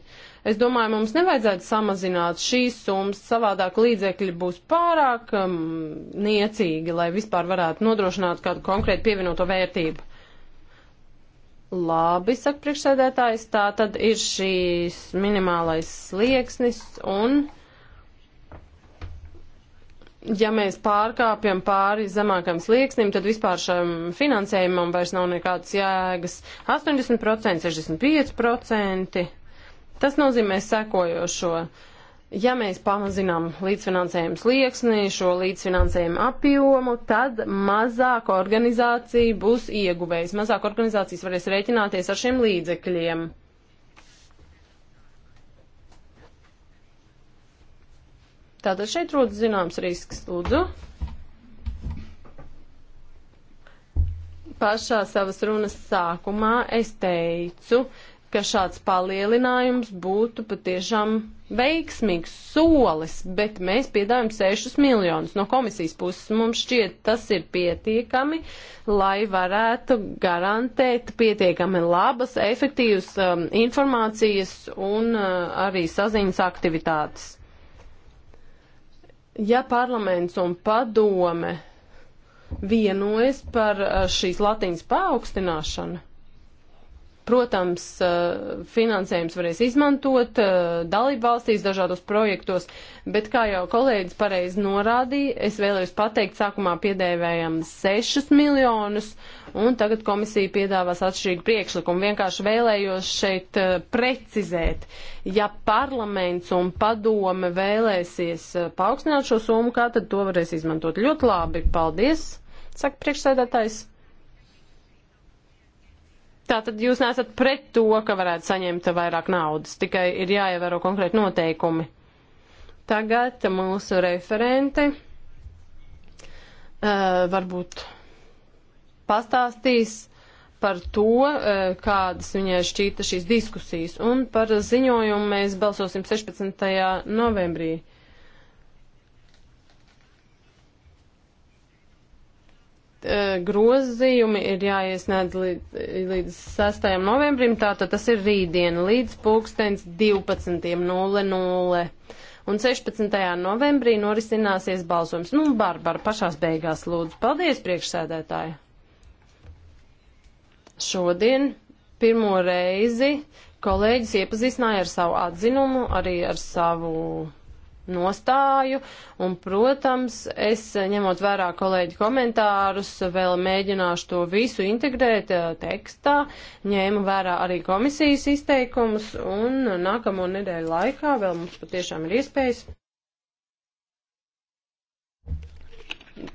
Es domāju, mums nevajadzētu samazināt šīs summas, savādāk līdzekļi būs pārāk um, niecīgi, lai vispār varētu nodrošināt kādu konkrētu pievienoto vērtību. Labi, saka priekšsēdētājs, tā tad ir šīs minimālais slieksnis un ja mēs pārkāpjam pāri zemākam slieksnim, tad vispār šam finansējumam vairs nav nekādas jēgas. 80%, 65%. Tas nozīmē sekojošo. Ja mēs pamazinām līdzfinansējumu slieksni, šo līdzfinansējumu apjomu, tad mazāk organizācija būs ieguvējis. Mazāk organizācijas varēs rēķināties ar šiem līdzekļiem. Tātad šeit rodas zināms risks. Lūdzu. Pašā savas runas sākumā es teicu, ka šāds palielinājums būtu patiešām veiksmīgs solis, bet mēs piedāvājam 6 miljonus. No komisijas puses mums šķiet tas ir pietiekami, lai varētu garantēt pietiekami labas, efektīvas um, informācijas un uh, arī saziņas aktivitātes. Ja parlaments un padome vienojas par eh, šīs latiņas paaugstināšanu, Protams, eh, finansējums varēs izmantot eh, dalību valstīs dažādos projektos, bet, kā jau kolēģis pareizi norādīja, es vēlējos pateikt, sākumā piedēvējam 6 miljonus, un tagad komisija piedāvās atšķirīgu priekšlikumu. Vienkārši vēlējos šeit eh, precizēt, ja parlaments un padome vēlēsies eh, paaugstināt šo summu, kā tad to varēs izmantot. Ļoti labi, paldies, saka priekšsēdētājs. Tātad jūs nesat pret to, ka varētu saņemt vairāk naudas, tikai ir jāievēro konkrēti noteikumi. Tagad mūsu referente uh, varbūt pastāstīs par to, e, kādas viņai šķīta šīs diskusijas. Un par ziņojumu mēs balsosim 16. novembrī. E, grozījumi ir jāiesniedz līdz, līdz 6. novembrim, tātad tas ir rītdien līdz pulkstens 12.00. Un 16. novembrī norisināsies balsojums. Nu, Barbara, pašās beigās lūdzu. Paldies, priekšsēdētāji! Šodien pirmo reizi kolēģis iepazīstināja ar savu atzinumu, arī ar savu nostāju, un, protams, es ņemot vērā kolēģi komentārus, vēl mēģināšu to visu integrēt eh, tekstā, ņēmu vērā arī komisijas izteikumus, un nākamo nedēļu laikā vēl mums patiešām ir iespējas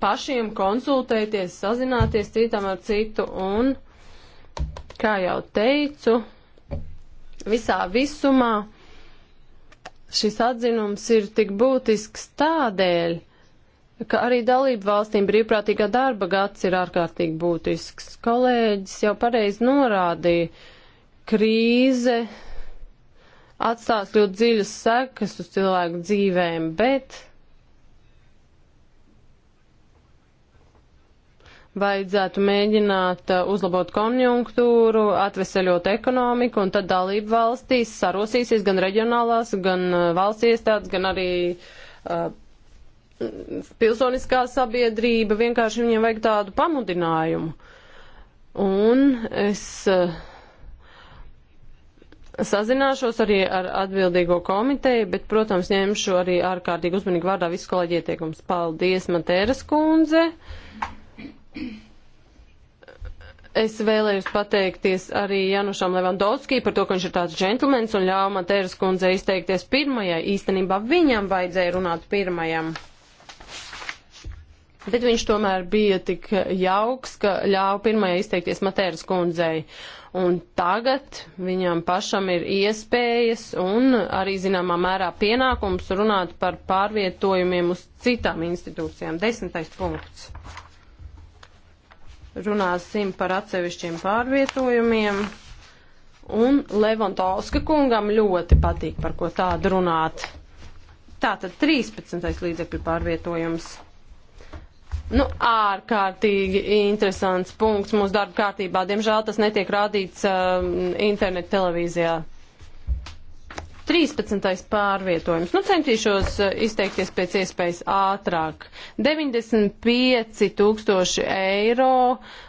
pašiem konsultēties, sazināties citam ar citu un Kā jau teicu, visā visumā šis atzinums ir tik būtisks tādēļ, ka arī dalību valstīm brīvprātīgā darba gads ir ārkārtīgi būtisks. Kolēģis jau pareizi norādīja, krīze atstās ļoti dziļas sekas uz cilvēku dzīvēm, bet vajadzētu mēģināt uh, uzlabot konjunktūru, atveseļot ekonomiku, un tad dalību valstīs sarosīsies gan reģionālās, gan uh, valsts iestādes, gan arī uh, pilsoniskā sabiedrība. Vienkārši viņiem vajag tādu pamudinājumu. Un es. Uh, Sazināšos arī ar atbildīgo komiteju, bet, protams, ņemšu arī ārkārtīgi uzmanīgi vārdā visu kolēģi ieteikums. Paldies, Matēras kundze! Uh, Es vēlējos pateikties arī Janušam Levandovskij par to, ka viņš ir tāds džentlmenis un ļāva Matēras kundze izteikties pirmajai. Īstenībā viņam vajadzēja runāt pirmajam. Bet viņš tomēr bija tik jauks, ka ļāva pirmajai izteikties Matēras kundzei. Un tagad viņam pašam ir iespējas un arī zināmā mērā pienākums runāt par pārvietojumiem uz citām institūcijām. Desmitais punkts runāsim par atsevišķiem pārvietojumiem. Un Levantovska kungam ļoti patīk par ko tādu runāt. Tātad 13. līdzekļu pārvietojums. Nu, ārkārtīgi interesants punkts mūsu darba kārtībā. Diemžēl tas netiek rādīts uh, um, internet televīzijā. 13. pārvietojums. Nu, centīšos eh, izteikties pēc iespējas ātrāk. 95 tūkstoši eiro,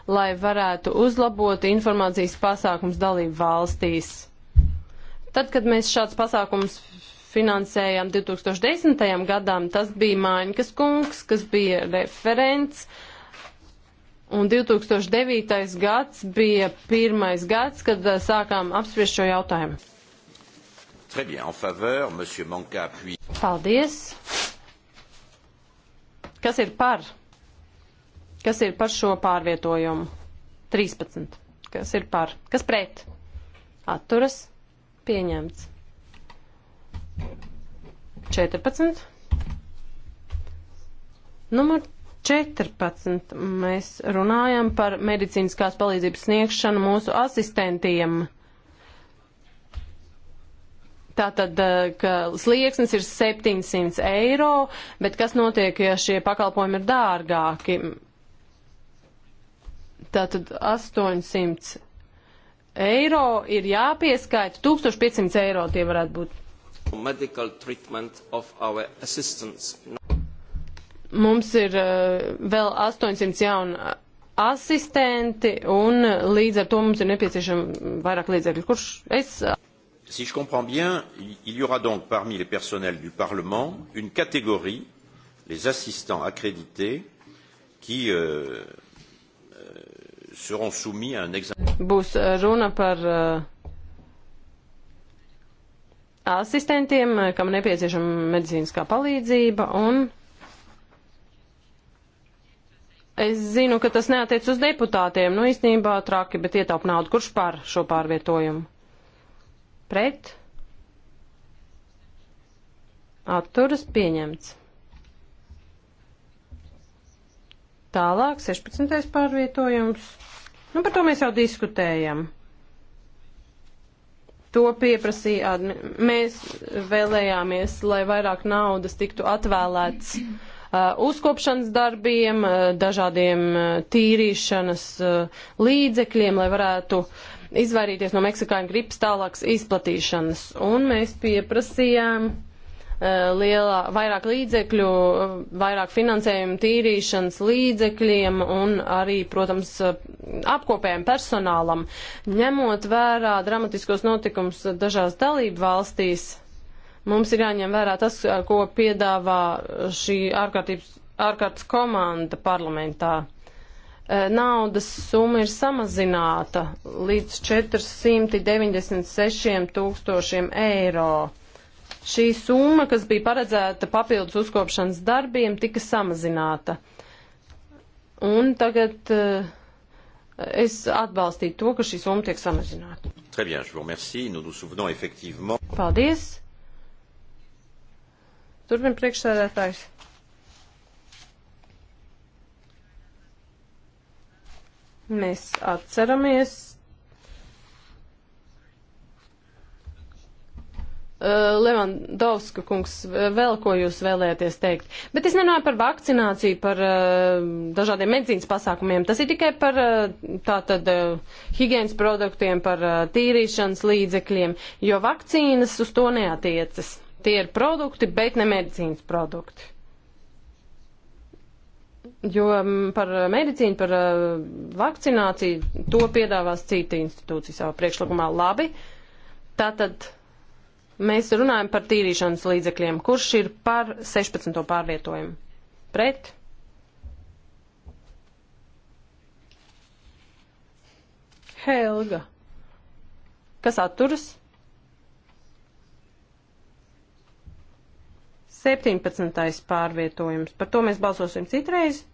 lai varētu uzlabot informācijas pasākums dalību valstīs. Tad, kad mēs šāds pasākums finansējām 2010. gadām, tas bija Māņkas kungs, kas bija referents. Un 2009. gads bija pirmais gads, kad eh, sākām apspriest šo jautājumu. Très bien, en faveur, monsieur Manka appuie. Paldies. Kas ir par? Kas ir par šo pārvietojumu? 13. Kas ir par? Kas pret? Atturas. Pieņemts. 14. Numur 14. Mēs runājam par medicīniskās palīdzības sniegšanu mūsu asistentiem. Uh, Tātad, eh, ka slieksnis ir 700 eiro, bet kas notiek, ja šie pakalpojumi ir dārgāki? Tātad 800 eiro ir jāpieskaita, 1500 eiro tie varētu būt. Mums ir eh, vēl 800 jauna asistenti un līdz ar to mums ir nepieciešama vairāk līdzekļu. Kurš es? si je comprends bien, il y aura donc parmi les personnels du Parlement une catégorie, les assistants accrédités, qui euh, euh seront soumis à un examen. Būs euh, runa par uh, asistentiem, kam nepieciešama medicīniskā palīdzība un Es zinu, ka tas neatiec uz deputātiem, nu īstenībā traki, bet ietaup naudu, kurš pār šo pārvietojumu pret, atturas pieņemts. Tālāk, 16. pārvietojums. Nu, par to mēs jau diskutējam. To pieprasīja, mēs vēlējāmies, lai vairāk naudas tiktu atvēlēts uh, uzkopšanas darbiem, uh, dažādiem uh, tīrīšanas uh, līdzekļiem, lai varētu uh, izvairīties no meksikāņu gripas tālākas izplatīšanas. Un mēs pieprasījām eh, lielā, vairāk līdzekļu, eh, vairāk finansējumu tīrīšanas līdzekļiem un arī, protams, eh, apkopējiem personālam, ņemot vērā dramatiskos notikums dažās dalību valstīs. Mums ir jāņem vērā tas, ko piedāvā šī ārkārtības, ārkārtas komanda parlamentā. Eh, naudas summa ir samazināta līdz 496 tūkstošiem eiro. Šī summa, kas bija paredzēta papildus uzkopšanas darbiem, tika samazināta. Un tagad uh, es atbalstītu to, ka šī summa tiek samazināta. Très bien, je vous remercie. Nous nous souvenons effectivement. Paldies. Turpin priekšsēdētājs. Mēs atceramies Levandovska kungs, vēl ko jūs vēlēties teikt. Bet es nerunāju par vakcināciju, par uh, dažādiem medicīnas pasākumiem. Tas ir tikai par uh, tātad uh, higienas produktiem, par uh, tīrīšanas līdzekļiem, jo vakcīnas uz to neatiecas. Tie ir produkti, bet ne medicīnas produkti. Jo mm, par eh, medicīnu, par eh, vakcināciju to piedāvās cita institūcija savā priekšlikumā. Labi, tātad mēs runājam par tīrīšanas līdzekļiem. Kurš ir par 16. pārvietojumu? Pret? Helga. Kas atturas? 17. pārvietojums. Par to mēs balsosim citreiz.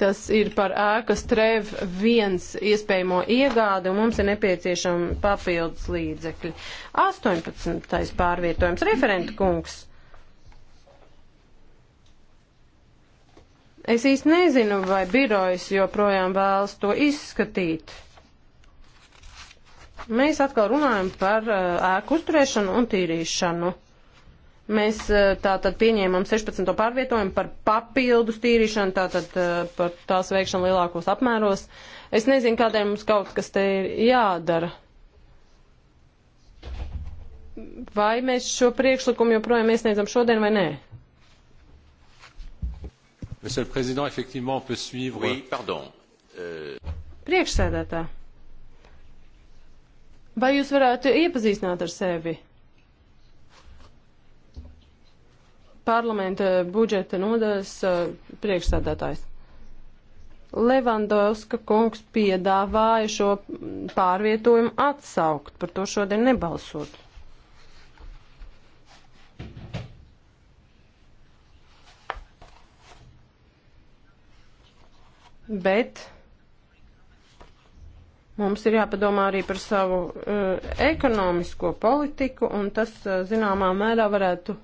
Tas ir par ēkas trev viens iespējamo iegādi, un mums ir nepieciešama papildus līdzekļi. 18. pārvietojums referenta kungs. Es īsti nezinu, vai birojas joprojām vēlas to izskatīt. Mēs atkal runājam par uh, ēku uzturēšanu un tīrīšanu. Mēs eh, tātad pieņēmām 16. pārvietojumu par papildus tīrīšanu, tātad eh, par tās veikšanu lielākos apmēros. Es nezinu, kādēļ mums kaut kas te ir jādara. Vai mēs šo priekšlikumu joprojām iesniedzam šodien vai nē? Monsieur le Président, effectivement, on peut suivre. Oui, pardon. Euh... Priekšsēdētā. Vai jūs varētu iepazīstināt ar sevi? parlamenta budžeta nodaļas uh, priekšsādātājs. Levandovska kungs piedāvāja šo pārvietojumu atsaukt, par to šodien nebalsot. Bet mums ir jāpadomā arī par savu uh, ekonomisko politiku, un tas, uh, zināmā mērā, varētu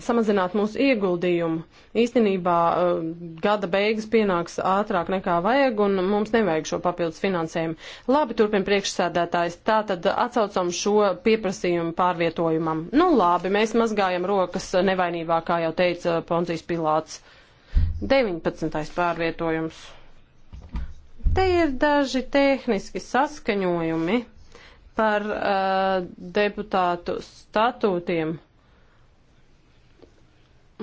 samazināt mūsu ieguldījumu. Īstenībā eh, gada beigas pienāks ātrāk nekā vajag, un mums nevajag šo papildus finansējumu. Labi, turpin priekšsēdētājs. Tā tad atsaucam šo pieprasījumu pārvietojumam. Nu labi, mēs mazgājam rokas nevainībā, kā jau teica Poncijas Pilāts. 19. pārvietojums. Te ir daži tehniski saskaņojumi par uh, deputātu statūtiem. Uh,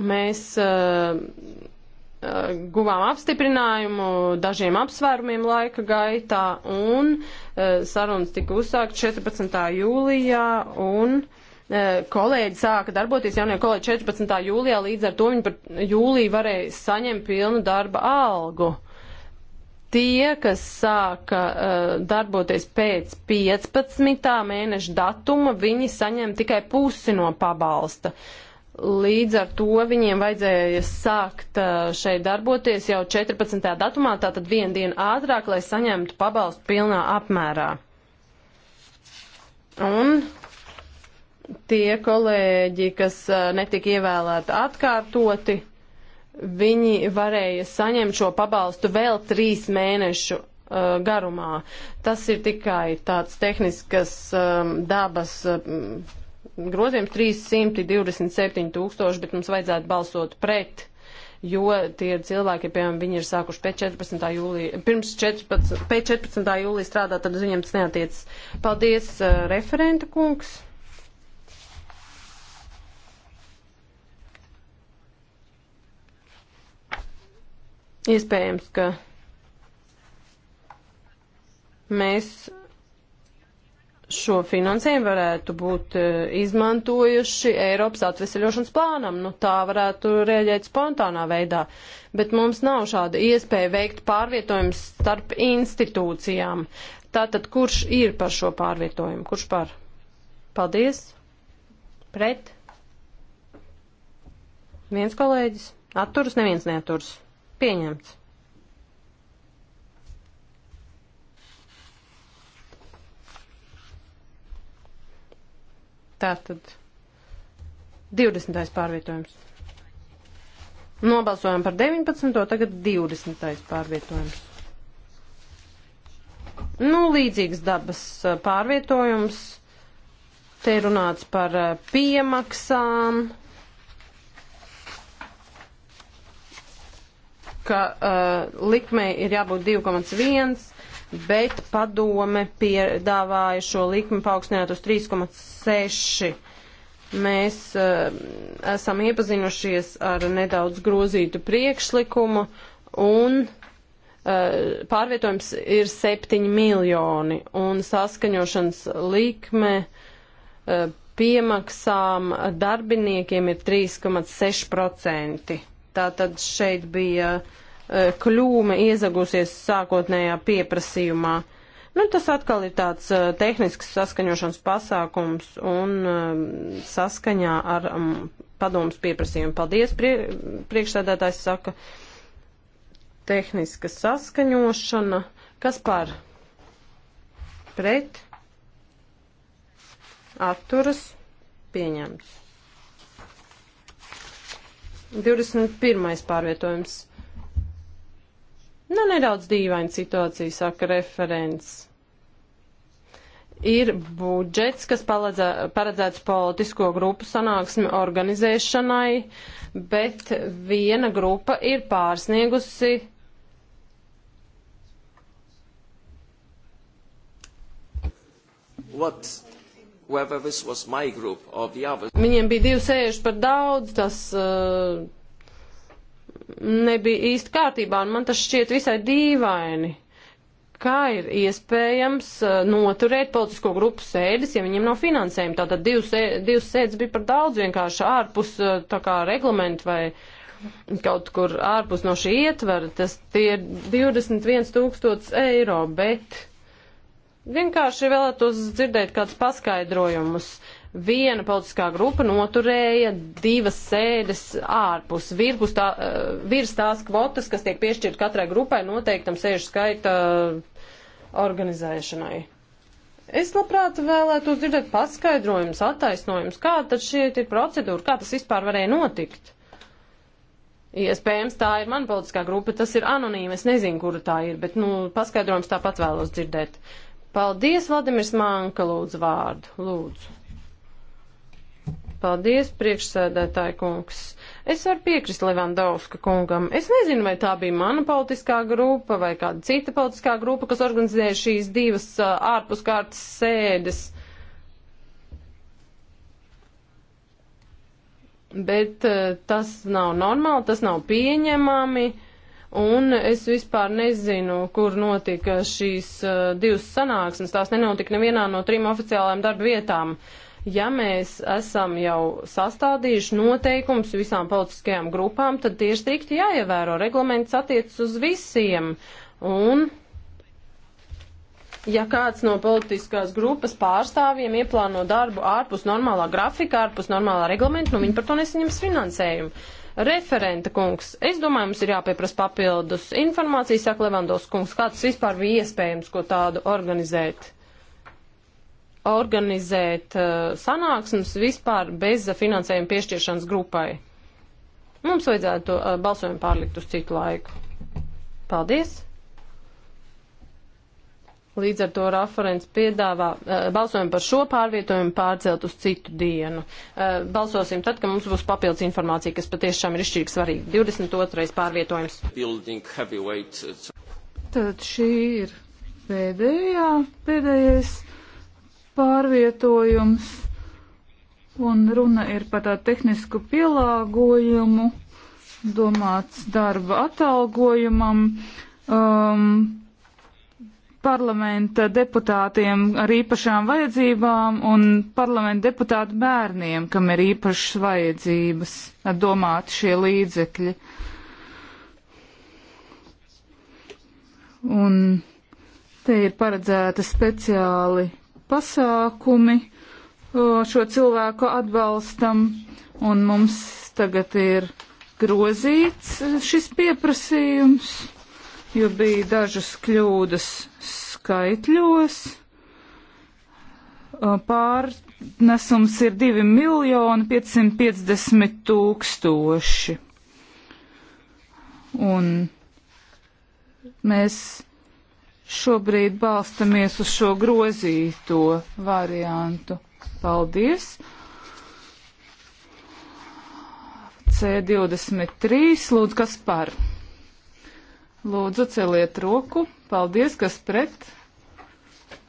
mēs uh, uh, guvām apstiprinājumu dažiem apsvērumiem laika gaitā, un uh, sarunas tika uzsākt 14. jūlijā, un uh, kolēģi sāka darboties, jaunie kolēģi 14. jūlijā, līdz ar to viņi par jūliju varēja saņemt pilnu darba algu. Tie, kas sāka uh, darboties pēc 15. mēneša datuma, viņi saņem tikai pusi no pabalsta. Uh, Līdz ar to viņiem vajadzēja sākt šeit darboties jau 14. datumā, tātad vienu dienu ātrāk, lai saņemtu pabalstu pilnā apmērā. Un tie kolēģi, kas netika ievēlēti atkārtoti, viņi varēja saņemt šo pabalstu vēl trīs mēnešu garumā. Tas ir tikai tāds tehniskas dabas grozījums 327 tūkstoši, bet mums vajadzētu balsot pret, jo tie ir cilvēki, piemēram, viņi ir sākuši pēc 14. jūlija, pirms 14, pēc 14. jūlija strādāt, tad uz viņiem tas neatiec. Paldies, uh, referenta kungs. Iespējams, ka mēs šo finansējumu varētu būt e, izmantojuši Eiropas atveseļošanas plānam. Nu, tā varētu rēģēt spontānā veidā, bet mums nav šāda iespēja veikt pārvietojumus starp institūcijām. Tātad, kurš ir par šo pārvietojumu? Kurš par? Paldies. Pret. Viens kolēģis. Atturs, neviens neaturs. Pieņemts. Tātad 20. pārvietojums. Nobalsojam par 19. tagad 20. pārvietojums. Nu, līdzīgs dabas pārvietojums. Te ir runāts par piemaksām, ka uh, likmei ir jābūt 2,1 bet padome piedāvāja šo likmi paaugstināt uz 3,6. Mēs uh, esam iepazinušies ar nedaudz grozītu priekšlikumu un uh, pārvietojums ir 7 miljoni un saskaņošanas likme uh, piemaksām darbiniekiem ir 3,6%. Tātad šeit bija uh, E, kļūme iezagusies sākotnējā pieprasījumā. Nu, tas atkal ir tāds uh, tehnisks saskaņošanas pasākums un uh, saskaņā ar um, padomus pieprasījumu. Paldies, prie, priekšsēdētājs saka, tehniska saskaņošana. Kas par? Pret? Atturas? Pieņemts. 21. pārvietojums Nu, nedaudz dīvaina situācija, saka referents. Ir budžets, kas paledzē, paredzēts politisko grupu sanāksmi organizēšanai, bet viena grupa ir pārsniegusi what whether this was my group or the others. Viņiem bija divi sēžu par daudz, tas uh, nebija īsti kārtībā, un man tas šķiet visai dīvaini. Kā ir iespējams uh, noturēt politisko grupu sēdes, ja viņiem nav finansējumi? Tātad divas, divas sēdes bija par daudz vienkārši ārpus uh, tā kā reglamentu vai kaut kur ārpus no šī ietvera. Tas tie ir 21 tūkstots eiro, bet vienkārši vēlētos dzirdēt kāds paskaidrojumus. Uh, viena politiskā grupa noturēja divas sēdes ārpus virgus tā, eh, virs tās kvotas, kas tiek piešķirt katrai grupai noteiktam sēžu skaita eh, organizēšanai. Es labprāt vēlētos dzirdēt paskaidrojumus, attaisnojumus, kā tad šeit ir procedūra, kā tas vispār varēja notikt. Iespējams, tā ir mana politiskā grupa, tas ir anonīma, es nezinu, kura tā ir, bet, nu, paskaidrojums tāpat vēlos dzirdēt. Paldies, Vladimirs Manka, lūdzu vārdu, lūdzu. Paldies, priekšsēdētāji kungs. Es varu piekrist Levandauska kungam. Es nezinu, vai tā bija mana politiskā grupa vai kāda cita politiskā grupa, kas organizēja šīs divas uh, ārpuskārtas sēdes. Bet uh, tas nav normāli, tas nav pieņemami. Un es vispār nezinu, kur notika šīs uh, divas sanāksmes. Tās nenotika nevienā no trim oficiālajām darba vietām. Uh, ja mēs esam jau sastādījuši noteikums visām politiskajām grupām, tad tie ir strikti jāievēro. Reglaments attiecas uz visiem. Un, ja kāds no politiskās grupas pārstāvjiem ieplāno darbu ārpus normālā grafika, ārpus normālā reglamenta, nu viņi par to nesaņems finansējumu. Referenta kungs, es domāju, mums ir jāpieprasa papildus informācija, saka Levandos kungs, kāds vispār bija iespējams, ko tādu organizēt organizēt uh, sanāksmes vispār bez finansējuma piešķiršanas grupai. Mums vajadzētu uh, balsojumu pārlikt uz citu laiku. Paldies! Līdz ar to referents piedāvā uh, balsojumu par šo pārvietojumu pārcelt uz citu dienu. Uh, balsosim tad, kad mums būs papildus informācija, kas patiešām ir izšķirīgi svarīga. 22. pārvietojums. Uh, tad šī ir pēdējā, pēdējais pārvietojums, un runa ir par tādu tehnisku pielāgojumu, domāts darba atalgojumam. Um, parlamenta deputātiem ar īpašām vajadzībām un parlamenta deputātu bērniem, kam ir īpašas vajadzības, domāti šie līdzekļi. Un te ir paredzēta speciāli pasākumi šo cilvēku atbalstam, un mums tagad ir grozīts šis pieprasījums, jo bija dažas kļūdas skaitļos. Pārnesums ir 2 miljoni 550 tūkstoši. Un mēs šobrīd balstamies uz šo grozīto variantu. Paldies! C23, lūdzu, kas par? Lūdzu, celiet roku. Paldies, kas pret?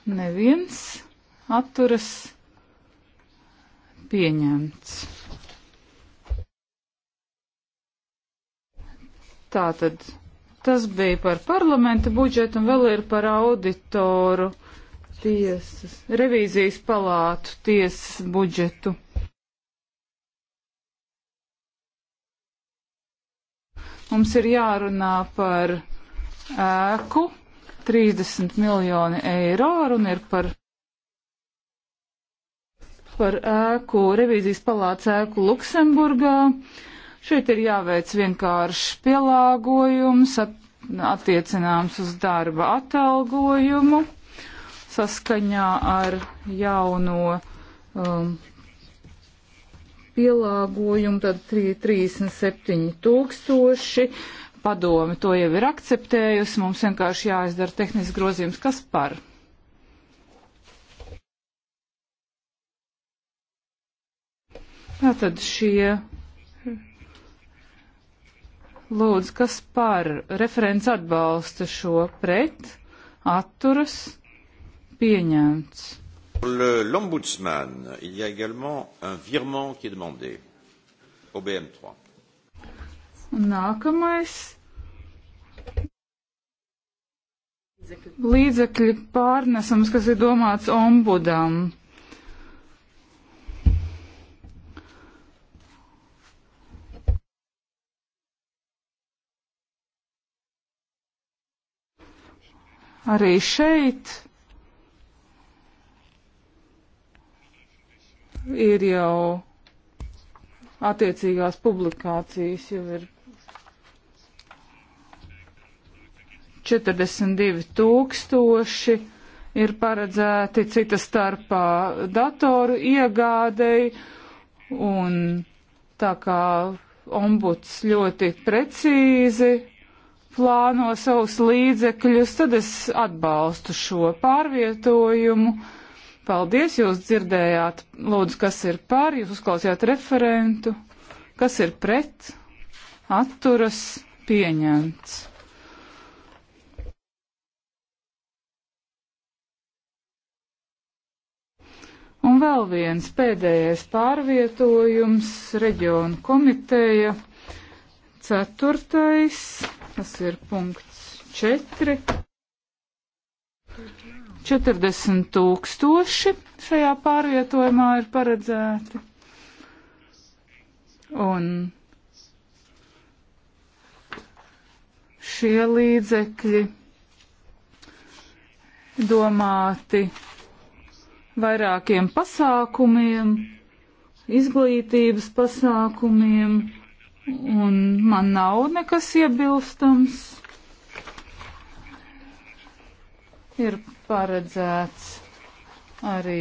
Neviens atturas pieņemts. Tātad Tas bija par parlamenta budžetu un vēl ir par auditoru tiesas, revīzijas palātu tiesas budžetu. Mums ir jārunā par ēku 30 miljoni eiro, runa ir par par ēku, revīzijas palāca ēku Luksemburgā. Šeit ir jāveic vienkāršs pielāgojums at, attiecināms uz darba atalgojumu saskaņā ar jauno um, pielāgojumu, tad 37 tūkstoši. Padomi to jau ir akceptējusi, mums vienkārši jāizdara tehnisks grozījums, kas par. Tātad šie Lūdzu, kas par referents atbalsta šo pret, atturas, pieņemts. L'ombudsman, il y a également un virement qui est demandé au BM3. Nākamais. Līdzekļu pārnesums, kas ir domāts ombudam. arī šeit ir jau attiecīgās publikācijas, jau ir 42 tūkstoši ir paredzēti cita starpā datoru iegādei, un tā kā ombuds ļoti precīzi plāno savus līdzekļus, tad es atbalstu šo pārvietojumu. Paldies, jūs dzirdējāt, lūdzu, kas ir par, jūs uzklausījāt referentu, kas ir pret, atturas, pieņemts. Un vēl viens pēdējais pārvietojums - reģionu komiteja. Ceturtais Tas ir punkts 4. 40 tūkstoši šajā pārvietojumā ir paredzēti. Un šie līdzekļi domāti vairākiem pasākumiem, izglītības pasākumiem Un man nav nekas iebilstams. Ir paredzēts arī.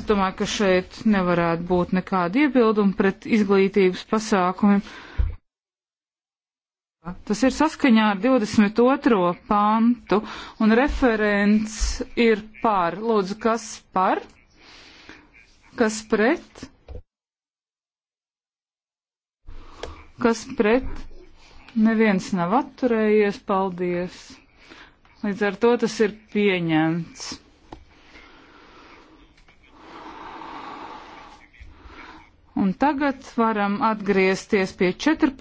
Es domāju, ka šeit nevarētu būt nekāda iebilduma pret izglītības pasākumiem. Tas ir saskaņā ar 22. pantu, un referents ir par. Lūdzu, kas par? Kas pret? kas pret, neviens nav atturējies, paldies. Līdz ar to tas ir pieņemts. Un tagad varam atgriezties pie 14.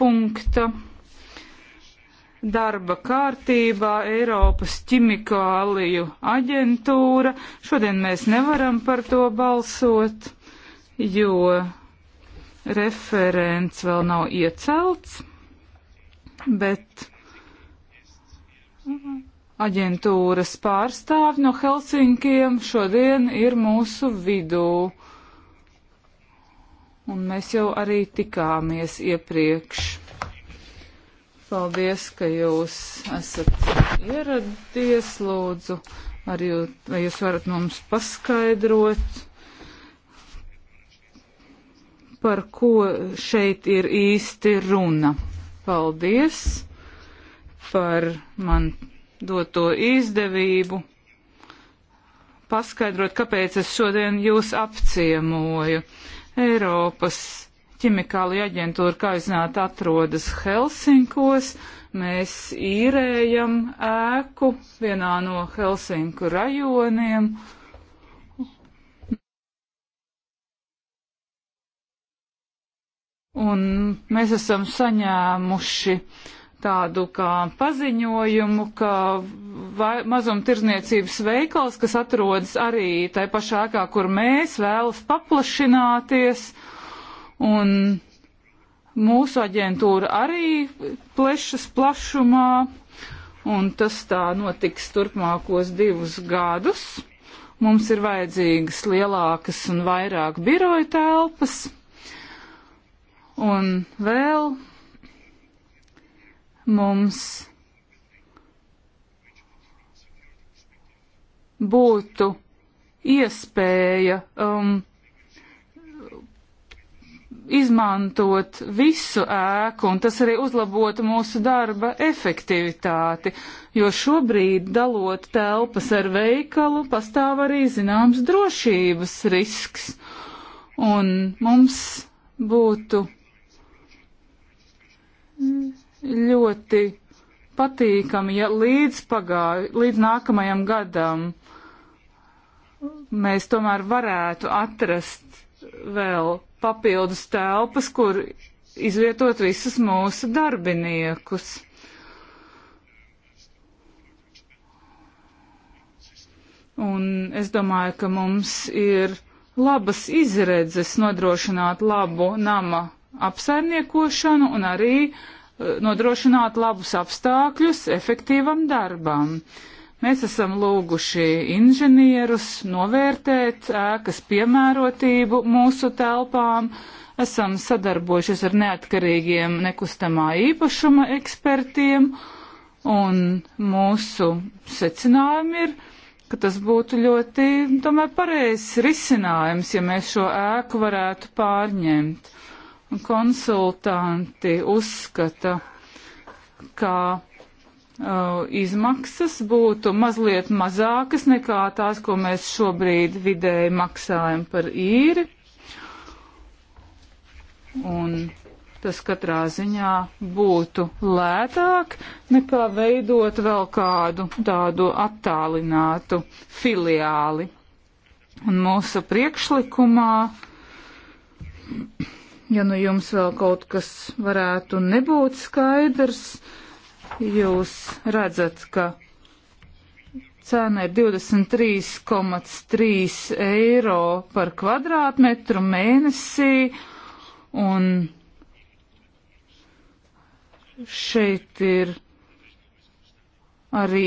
punkta darba kārtībā Eiropas ķimikāliju aģentūra. Šodien mēs nevaram par to balsot, jo Referents vēl nav iecelts, bet aģentūras pārstāvi no Helsinkiem šodien ir mūsu vidū. Un mēs jau arī tikāmies iepriekš. Paldies, ka jūs esat ieradies, lūdzu. Arī vai jūs varat mums paskaidrot? par ko šeit ir īsti runa. Paldies par man doto izdevību paskaidrot, kāpēc es šodien jūs apciemoju. Eiropas ķimikālija aģentūra, kā jūs zināt, atrodas Helsinkos. Mēs īrējam ēku vienā no Helsinku rajoniem. Uh, Un mēs esam saņēmuši tādu kā paziņojumu, ka mazumtirzniecības veikals, kas atrodas arī tai pašā ēkā, kur mēs vēlas paplašināties, un mūsu aģentūra arī plešas plašumā, un tas tā notiks turpmākos divus gadus. Mums ir vajadzīgas lielākas un vairāk biroja telpas Un vēl mums būtu iespēja um, izmantot visu ēku, un tas arī uzlabotu mūsu darba efektivitāti, jo šobrīd dalot telpas ar veikalu pastāv arī zināms drošības risks, un mums būtu ļoti patīkami, ja līdz, pagā, līdz nākamajam gadam mēs tomēr varētu atrast vēl papildus telpas, kur izvietot visus mūsu darbiniekus. Un es domāju, ka mums ir labas izredzes nodrošināt labu nama apsaimniekošanu un arī eh, nodrošināt labus apstākļus efektīvam darbam. Mēs esam lūguši inženierus novērtēt ēkas piemērotību mūsu telpām, esam sadarbojušies ar neatkarīgiem nekustamā īpašuma ekspertiem, un mūsu secinājumi ir, ka tas būtu ļoti, tomēr, pareizs risinājums, ja mēs šo ēku varētu pārņemt konsultanti uzskata, ka uh, izmaksas būtu mazliet mazākas nekā tās, ko mēs šobrīd vidēji maksājam par īri. Un tas katrā ziņā būtu lētāk nekā veidot vēl kādu tādu attālinātu filiāli. Un mūsu priekšlikumā Ja nu jums vēl kaut kas varētu nebūt skaidrs, jūs redzat, ka cena ir 23,3 eiro par kvadrātmetru mēnesī, un šeit ir arī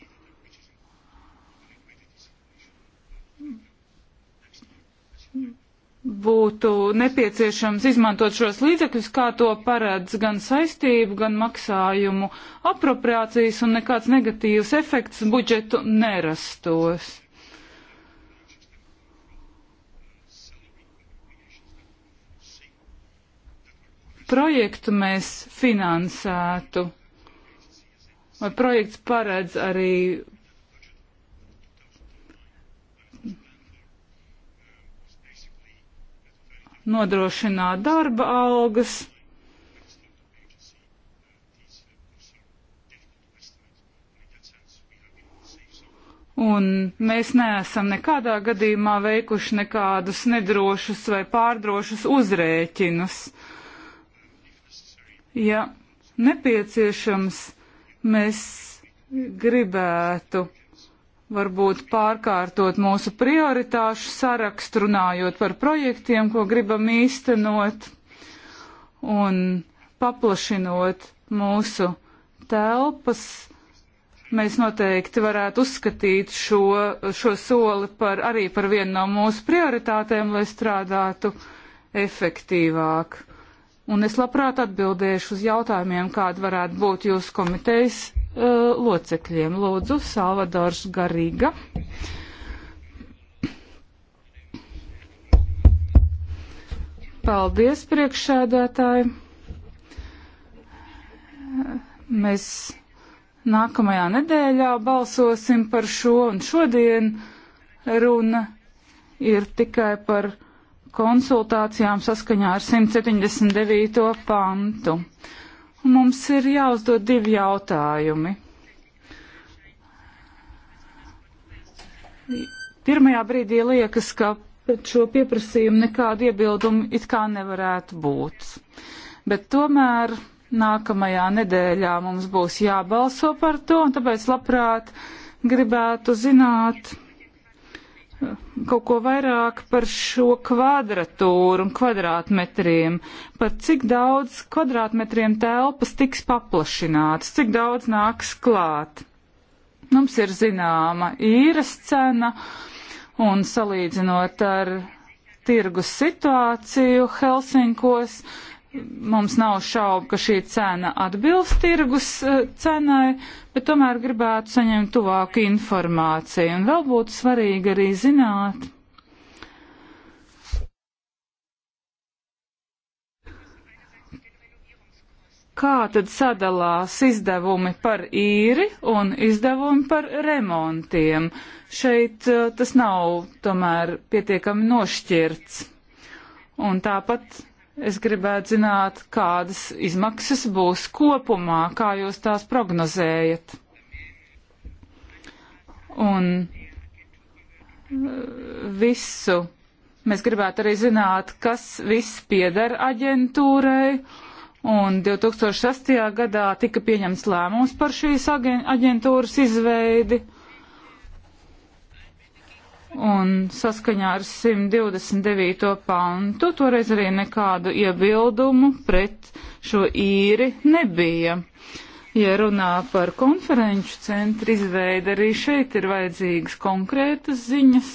būtu nepieciešams izmantot šos līdzekļus, kā to paredz gan saistību, gan maksājumu apropriācijas, un nekāds negatīvs efekts budžetu nerastos. Projektu mēs finansētu, vai projekts paredz arī nodrošināt darba algas. Un mēs neesam nekādā gadījumā veikuši nekādus nedrošus vai pārdrošus uzrēķinus. Ja nepieciešams, mēs gribētu varbūt pārkārtot mūsu prioritāšu sarakstu, runājot par projektiem, ko gribam īstenot, un paplašinot mūsu telpas, mēs noteikti varētu uzskatīt šo, šo soli par, arī par vienu no mūsu prioritātēm, lai strādātu efektīvāk. Un es labprāt atbildēšu uz jautājumiem, kāda varētu būt jūsu komitejas uh, locekļiem. Lūdzu, Salvadors Garīga. Paldies, priekšsēdētāji. Mēs nākamajā nedēļā balsosim par šo, un šodien runa ir tikai par konsultācijām saskaņā ar 179. pantu. Mums ir jāuzdod divi jautājumi. Pirmajā brīdī liekas, ka pret šo pieprasījumu nekādu iebildumu it kā nevarētu būt. Bet tomēr nākamajā nedēļā mums būs jābalso par to, un tāpēc labprāt gribētu zināt, kaut ko vairāk par šo kvadratūru un kvadrātmetriem, par cik daudz kvadrātmetriem telpas tiks paplašināts, cik daudz nāks klāt. Mums ir zināma īres cena un salīdzinot ar tirgus situāciju Helsinkos, uh, mums nav šaubu, ka šī cena atbilst tirgus eh, cenai, bet tomēr gribētu saņemt tuvāku informāciju. Un vēl būtu svarīgi arī zināt, kā tad sadalās izdevumi par īri un izdevumi par remontiem. Šeit eh, tas nav tomēr pietiekami nošķirts. Un tāpat Es gribētu zināt, kādas izmaksas būs kopumā, kā jūs tās prognozējat. Un eh, visu mēs gribētu arī zināt, kas viss piedara aģentūrai. Un 2006. gadā tika pieņemts lēmums par šīs aģentūras izveidi un saskaņā ar 129. pantu toreiz arī nekādu iebildumu pret šo īri nebija. Ja runā par konferenču centru izveidu, arī šeit ir vajadzīgas konkrētas ziņas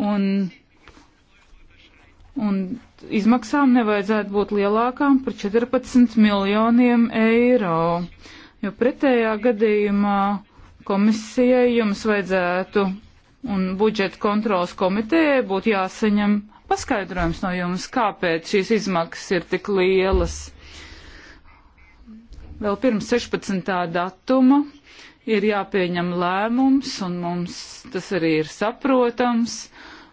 un, un izmaksām nevajadzētu būt lielākām par 14 miljoniem eiro, jo pretējā gadījumā komisijai jums vajadzētu un budžeta kontrolas komitejai būtu jāsaņem paskaidrojums no jums, kāpēc šīs izmaksas ir tik lielas. Vēl pirms 16. datuma ir jāpieņem lēmums, un mums tas arī ir saprotams.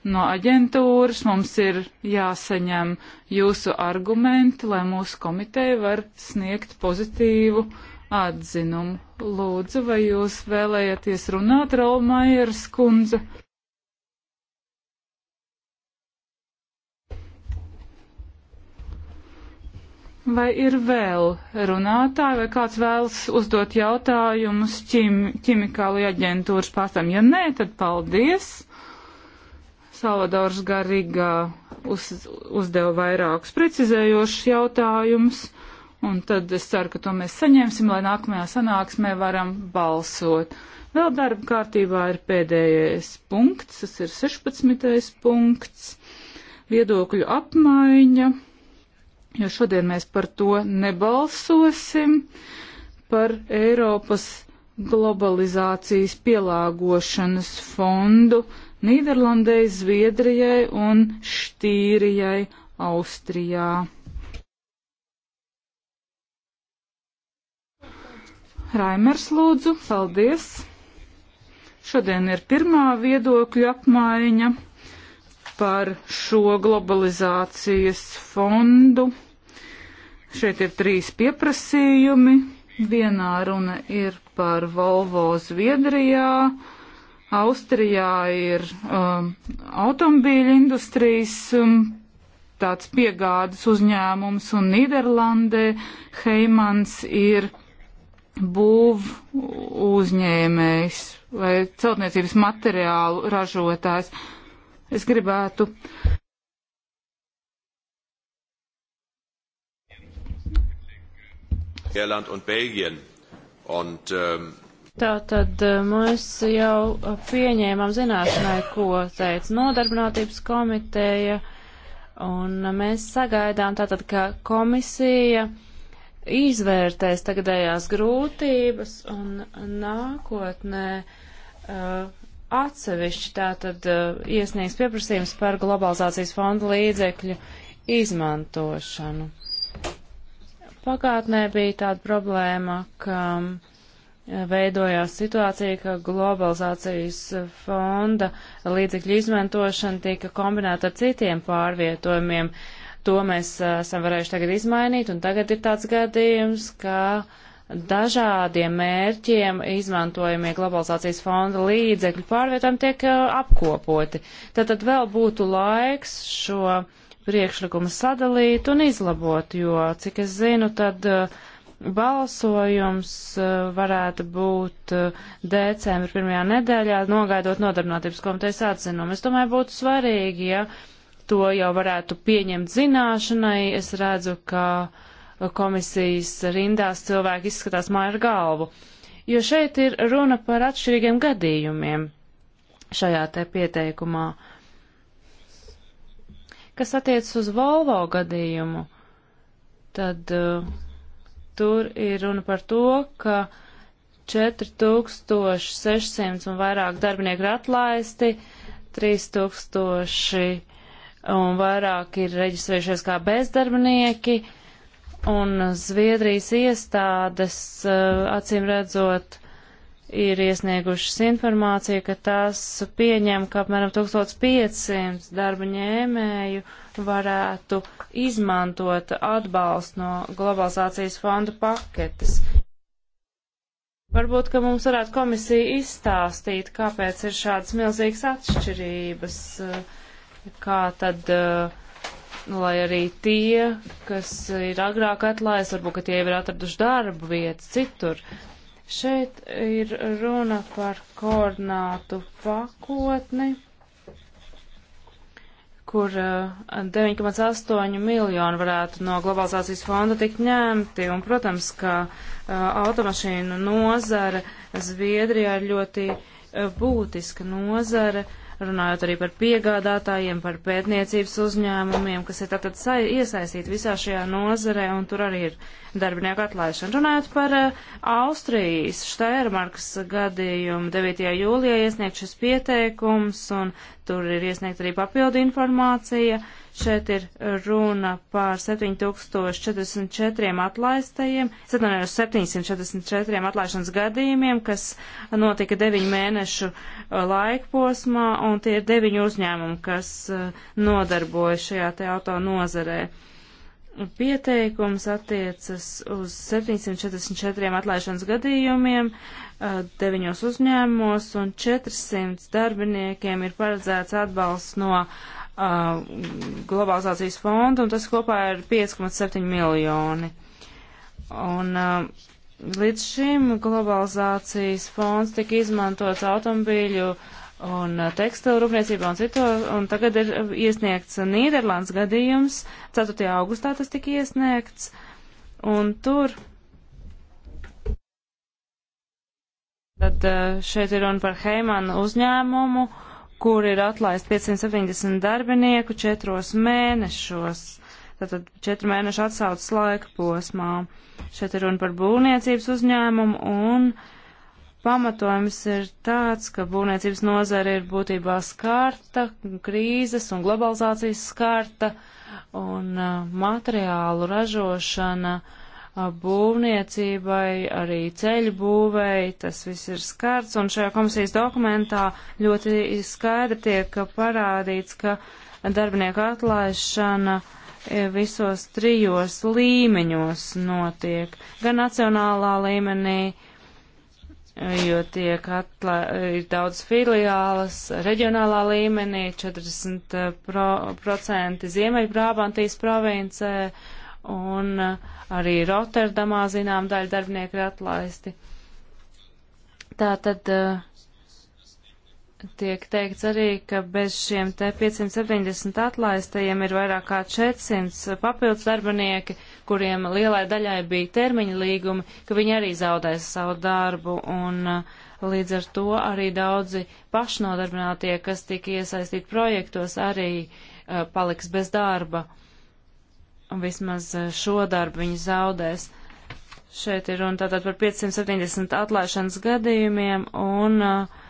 No aģentūras mums ir jāsaņem jūsu argumenti, lai mūsu komiteja var sniegt pozitīvu atzinumu. Lūdzu, vai jūs vēlējaties runāt, Raumajers kundze? Vai ir vēl runātāji, vai kāds vēlas uzdot jautājumus ķim, ķimikālija aģentūras pārstāvjiem? Ja nē, tad paldies! Salvadors Garīga uz, uzdeva vairākus precizējošus jautājumus. Un tad es ceru, ka to mēs saņemsim, lai nākamajā sanāksmē varam balsot. Vēl darba kārtībā ir pēdējais punkts, tas ir 16. punkts, viedokļu apmaiņa, jo šodien mēs par to nebalsosim, par Eiropas globalizācijas pielāgošanas fondu Nīderlandē, Zviedrijai un Štīrijai Austrijā. Raimers lūdzu, paldies. Šodien ir pirmā viedokļa apmaiņa par šo globalizācijas fondu. Šeit ir trīs pieprasījumi. Vienā runa ir par Volvo Zviedrijā. Austrijā ir um, automobīļu industrijas um, tāds piegādes uzņēmums un Nīderlandē Heimans ir būv uzņēmējs vai celtniecības materiālu ražotājs. Es gribētu. Irland un Beļģien. Und, um... Tātad äh, mēs jau pieņēmām zināšanai, ko teica nodarbinātības komiteja, un mēs sagaidām tātad, ka komisija uh, izvērtēs tagadējās grūtības un nākotnē uh, atsevišķi tātad uh, iesniegs pieprasījums par globalizācijas fonda līdzekļu izmantošanu. Pagātnē bija tāda problēma, ka um, veidojās situācija, ka globalizācijas fonda līdzekļu izmantošana tika kombinēta ar citiem pārvietojumiem. Uh, To mēs esam varējuši tagad izmainīt, un tagad ir tāds gadījums, ka dažādiem mērķiem izmantojamie globalizācijas fonda līdzekļu pārvietojumi tiek apkopoti. Tātad vēl būtu laiks šo priekšlikumu sadalīt un izlabot, jo, cik es zinu, tad balsojums varētu būt decembra pirmajā nedēļā, nogaidot nodarbinātības komitejas atzinumu. Es domāju, būtu svarīgi, ja to jau varētu pieņemt zināšanai. Es redzu, ka komisijas rindās cilvēki izskatās māju ar galvu, jo šeit ir runa par atšķirīgiem gadījumiem šajā te pieteikumā. Kas attiecas uz Volvo gadījumu, tad uh, tur ir runa par to, ka 4600 un vairāk darbinieku ir atlaisti, 3000 un vairāk ir reģistrējušies kā bezdarbnieki, un Zviedrijas iestādes, eh, acīm redzot, ir iesniegušas informāciju, ka tās pieņem, ka apmēram 1500 darba ņēmēju varētu izmantot atbalstu no globalizācijas fonda paketes. Varbūt, ka mums varētu komisija izstāstīt, kāpēc ir šādas milzīgas atšķirības uh, kā tad, eh, nu, lai arī tie, kas ir agrāk atlaists, varbūt, ka tie jau ir atraduši darbu vietas citur. Šeit ir runa par koordinātu pakotni, kur 9,8 eh, miljoni varētu no globalizācijas fonda tikt ņemti. Un, protams, ka eh, automašīnu nozara Zviedrijā ir ļoti būtiska nozara. Uh, runājot arī par piegādātājiem, par pētniecības uzņēmumiem, kas ir tātad iesaistīti visā šajā nozarē, un tur arī ir darbinieku atlaišana. Runājot par uh, Austrijas Štairmarkas gadījumu, 9. jūlijā iesniegts šis pieteikums, un tur ir iesniegta arī papildu informācija. Šeit ir runa par 7044 atlaistajiem, 744 atlaišanas gadījumiem, kas notika 9 mēnešu uh, laikposmā, un tie ir 9 uzņēmumi, kas uh, nodarbojas šajā te auto nozarē. Uh, Pieteikums attiecas uz 744 atlaišanas gadījumiem, 9 uzņēmumos un 400 darbiniekiem ir paredzēts atbalsts no globalizācijas fonda, un tas kopā ir 5,7 miljoni. Un līdz šim globalizācijas fonds tika izmantots automobīļu uh, un uh, tekstilu rūpniecībā un cito, un tagad ir uh, iesniegts Nīderlands gadījums, 4. augustā tas tika iesniegts, un tur. Tad uh, šeit ir runa par Heimanu uzņēmumu, kur ir atlaist 570 darbinieku četros mēnešos. Tātad četru mēnešu atsaucas laika posmā. Šeit ir runa par būvniecības uzņēmumu un uh, Pamatojums ir tāds, ka būvniecības nozara ir būtībā skarta, krīzes un globalizācijas skarta, un uh, materiālu ražošana uh, būvniecībai, arī ceļu būvei, tas viss ir skarts, un šajā komisijas dokumentā ļoti skaidri tiek parādīts, ka darbinieku atlaišana uh, visos trijos līmeņos notiek, gan nacionālā līmenī, uh, jo tiek atlā, ir daudz filiālas reģionālā līmenī, 40% eh, Ziemeļbrābantīs provincē, un eh, arī Rotterdamā zinām daļa darbinieku ir atlaisti. Tā tad eh, tiek teikts arī, ka bez šiem te 570 atlaistajiem ir vairāk kā 400 papildus darbinieki, kuriem lielai daļai bija termiņa līgumi, ka viņi arī zaudēs savu darbu un uh, līdz ar to arī daudzi pašnodarbinātie, kas tika iesaistīti projektos, arī uh, paliks bez darba. Vismaz uh, šo darbu viņi zaudēs. Šeit ir runa tātad par 570 atlaišanas gadījumiem un uh,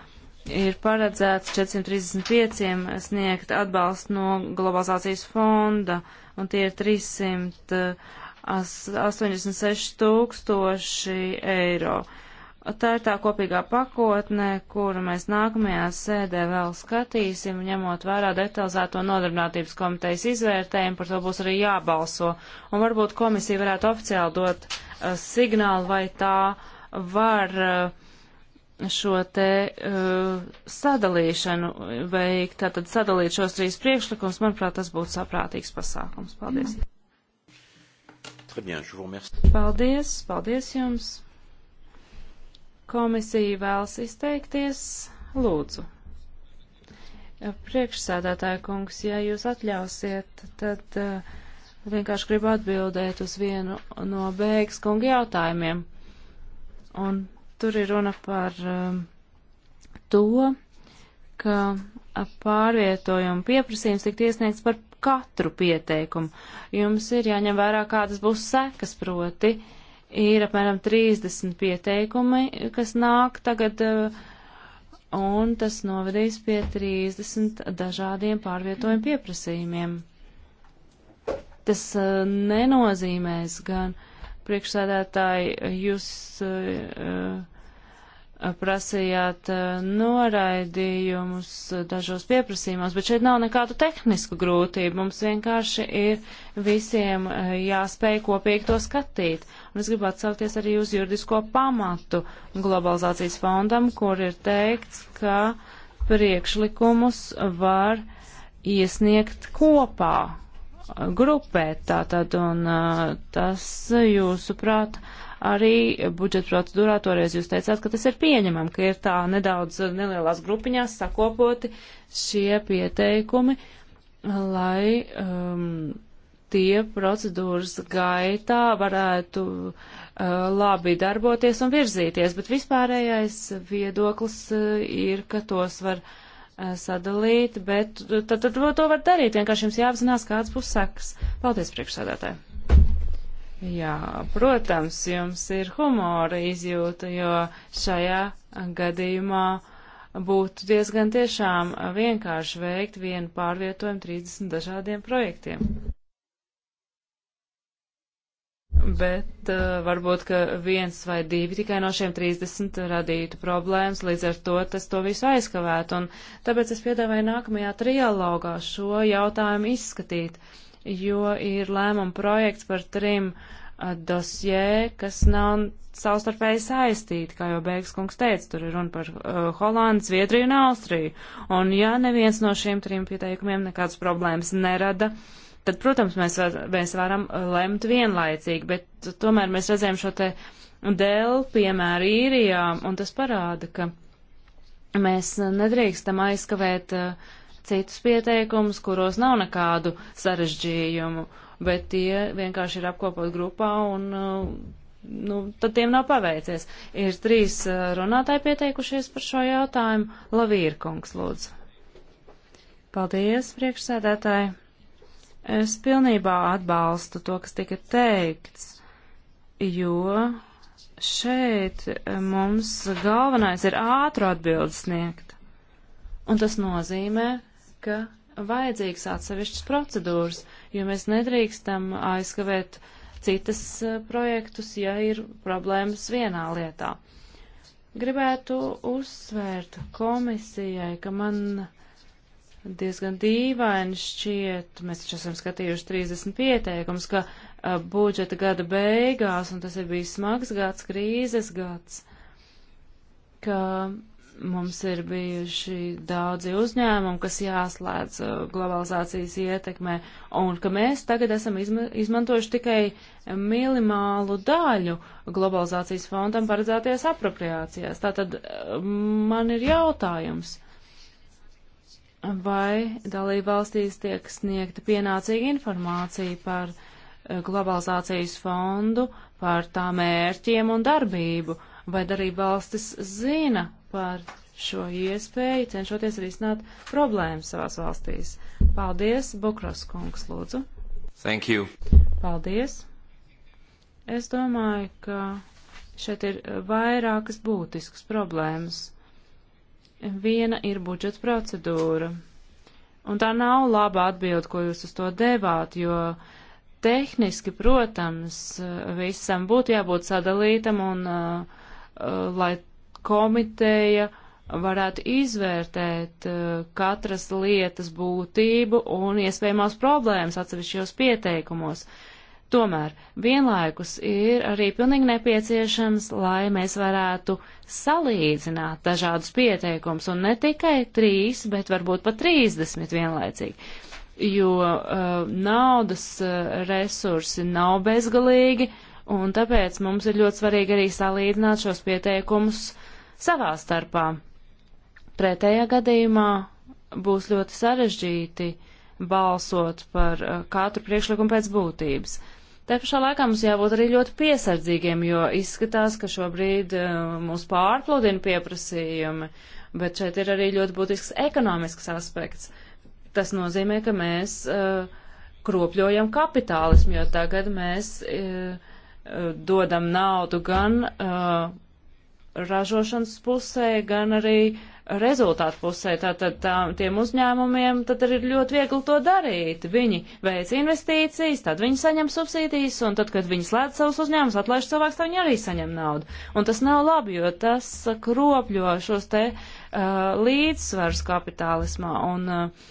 ir paredzēts 435 sniegt atbalstu no globalizācijas fonda, un tie ir 300 86 tūkstoši eiro. Tā ir tā kopīgā pakotne, kuru mēs nākamajā sēdē vēl skatīsim, ņemot vērā detalizēto nodarbinātības komitejas izvērtējumu, par to būs arī jābalso. Un varbūt komisija varētu oficiāli dot uh, signālu, vai tā var uh, šo te uh, sadalīšanu veikt, tātad sadalīt šos trīs priekšlikumus, manuprāt, tas būtu saprātīgs pasākums. Paldies. Mm. Très bien, je vous remercie. Paldies, paldies jums. Komisija vēlas izteikties. Lūdzu. Priekšsēdētāja kungs, ja jūs atļausiet, tad uh, vienkārši gribu atbildēt uz vienu no beigas kunga jautājumiem. Un tur ir runa par uh, to, ka pārvietojumu pieprasījums tika iesniegts par katru pieteikumu. Jums ir jāņem vērā, kādas būs sekas proti. Ir apmēram 30 pieteikumi, kas nāk tagad, eh, un tas novedīs pie 30 dažādiem pārvietojumu pieprasījumiem. Tas eh, nenozīmēs gan priekšsēdētāji, jūs. Uh, prasījāt eh, noraidījumus dažos pieprasījumos, bet šeit nav nekādu tehnisku grūtību. Mums vienkārši ir visiem eh, jāspēj kopīgi to skatīt. Un es gribu atsaukties arī uz juridisko pamatu globalizācijas fondam, kur ir teikts, ka priekšlikumus var iesniegt kopā, eh, grupēt tātad, un tas jūsuprāt arī budžeta procedūrā toreiz jūs teicāt, ka tas ir pieņemam, ka ir tā nedaudz eh, nelielās grupiņās sakopoti šie pieteikumi, lai um, tie procedūras gaitā varētu uh, labi darboties un virzīties, bet vispārējais viedoklis uh, ir, ka tos var uh, sadalīt, bet tad, tad to var darīt. Vienkārši jums jāapzinās, kāds būs sekas. Paldies, priekšsēdētāji! Jā, protams, jums ir humora izjūta, jo šajā gadījumā būtu diezgan tiešām vienkārši veikt vienu pārvietojumu 30 dažādiem projektiem. Bet uh, varbūt, ka viens vai divi tikai no šiem 30 radītu problēmas, līdz ar to tas to visu aizkavētu. Un tāpēc es piedāvāju nākamajā trialogā šo jautājumu izskatīt. Uh, jo ir lēmuma projekts par trim dosjē, kas nav savstarpēji saistīti, kā jau Beigas kungs teica, tur ir runa par uh, Holandu, Zviedriju un Austriju. Un ja neviens no šiem trim pieteikumiem nekādas problēmas nerada, tad, protams, mēs, var, mēs varam lemt vienlaicīgi, bet tomēr mēs redzējām šo te dēlu piemēru īrijā, un tas parāda, ka mēs nedrīkstam aizkavēt uh, citus pieteikumus, kuros nav nekādu sarežģījumu, bet tie vienkārši ir apkopot grupā un uh, nu, tad tiem nav paveicies. Ir trīs uh, runātāji pieteikušies par šo jautājumu. Lavīrkungs, lūdzu. Paldies, priekšsēdētāji. Es pilnībā atbalstu to, kas tika teikts, jo šeit eh, mums galvenais ir ātru atbildes sniegt. Un tas nozīmē, ka vajadzīgs atsevišķas procedūras, jo mēs nedrīkstam aizkavēt citas eh, projektus, ja ir problēmas vienā lietā. Gribētu uzsvērt komisijai, ka man diezgan dīvaini šķiet, mēs taču esam skatījuši 30 pieteikums, ka a, eh, budžeta gada beigās, un tas ir bijis smags gads, krīzes gads, ka Mums ir bijuši daudzi uzņēmumi, kas jāslēdz uh, globalizācijas ietekmē, un ka mēs tagad esam izma izmantojuši tikai minimālu daļu globalizācijas fondam paredzētajās apropriācijās. Tātad uh, man ir jautājums, vai dalībvalstīs tiek sniegta pienācīga informācija par uh, globalizācijas fondu, par tā mērķiem un darbību, vai darība valstis zina par šo iespēju, cenšoties risināt problēmas savās valstīs. Paldies, Bukros kungs, lūdzu. Thank you. Paldies. Es domāju, ka šeit ir vairākas būtiskas problēmas. Viena ir budžeta procedūra. Un tā nav laba atbilde, ko jūs uz to devāt, jo tehniski, protams, visam būtu jābūt sadalītam un uh, uh lai komiteja varētu izvērtēt eh, katras lietas būtību un iespējamās problēmas atsevišķos pieteikumos. Tomēr vienlaikus ir arī pilnīgi nepieciešams, lai mēs varētu salīdzināt dažādus pieteikumus, un ne tikai trīs, bet varbūt pat trīsdesmit vienlaicīgi. Jo uh, naudas uh, resursi nav bezgalīgi, un tāpēc mums ir ļoti svarīgi arī salīdzināt šos pieteikumus savā starpā. Pretējā gadījumā būs ļoti sarežģīti balsot par uh, katru priekšlikumu pēc būtības. Te pašā laikā mums jābūt arī ļoti piesardzīgiem, jo izskatās, ka šobrīd uh, mūs pārpludina pieprasījumi, bet šeit ir arī ļoti būtisks ekonomisks aspekts. Tas nozīmē, ka mēs uh, kropļojam kapitālismu, jo tagad mēs uh, uh dodam naudu gan uh, ražošanas pusē, gan arī rezultātu pusē. Tātad tā, tiem uzņēmumiem tad ir ļoti viegli to darīt. Viņi veic investīcijas, tad viņi saņem subsīdijas, un tad, kad viņi slēdz savus uzņēmumus, atlaiž cilvēks, tad viņi arī saņem naudu. Un tas nav labi, jo tas uh, kropļo šos te uh, līdzsvars kapitālismā. Un uh,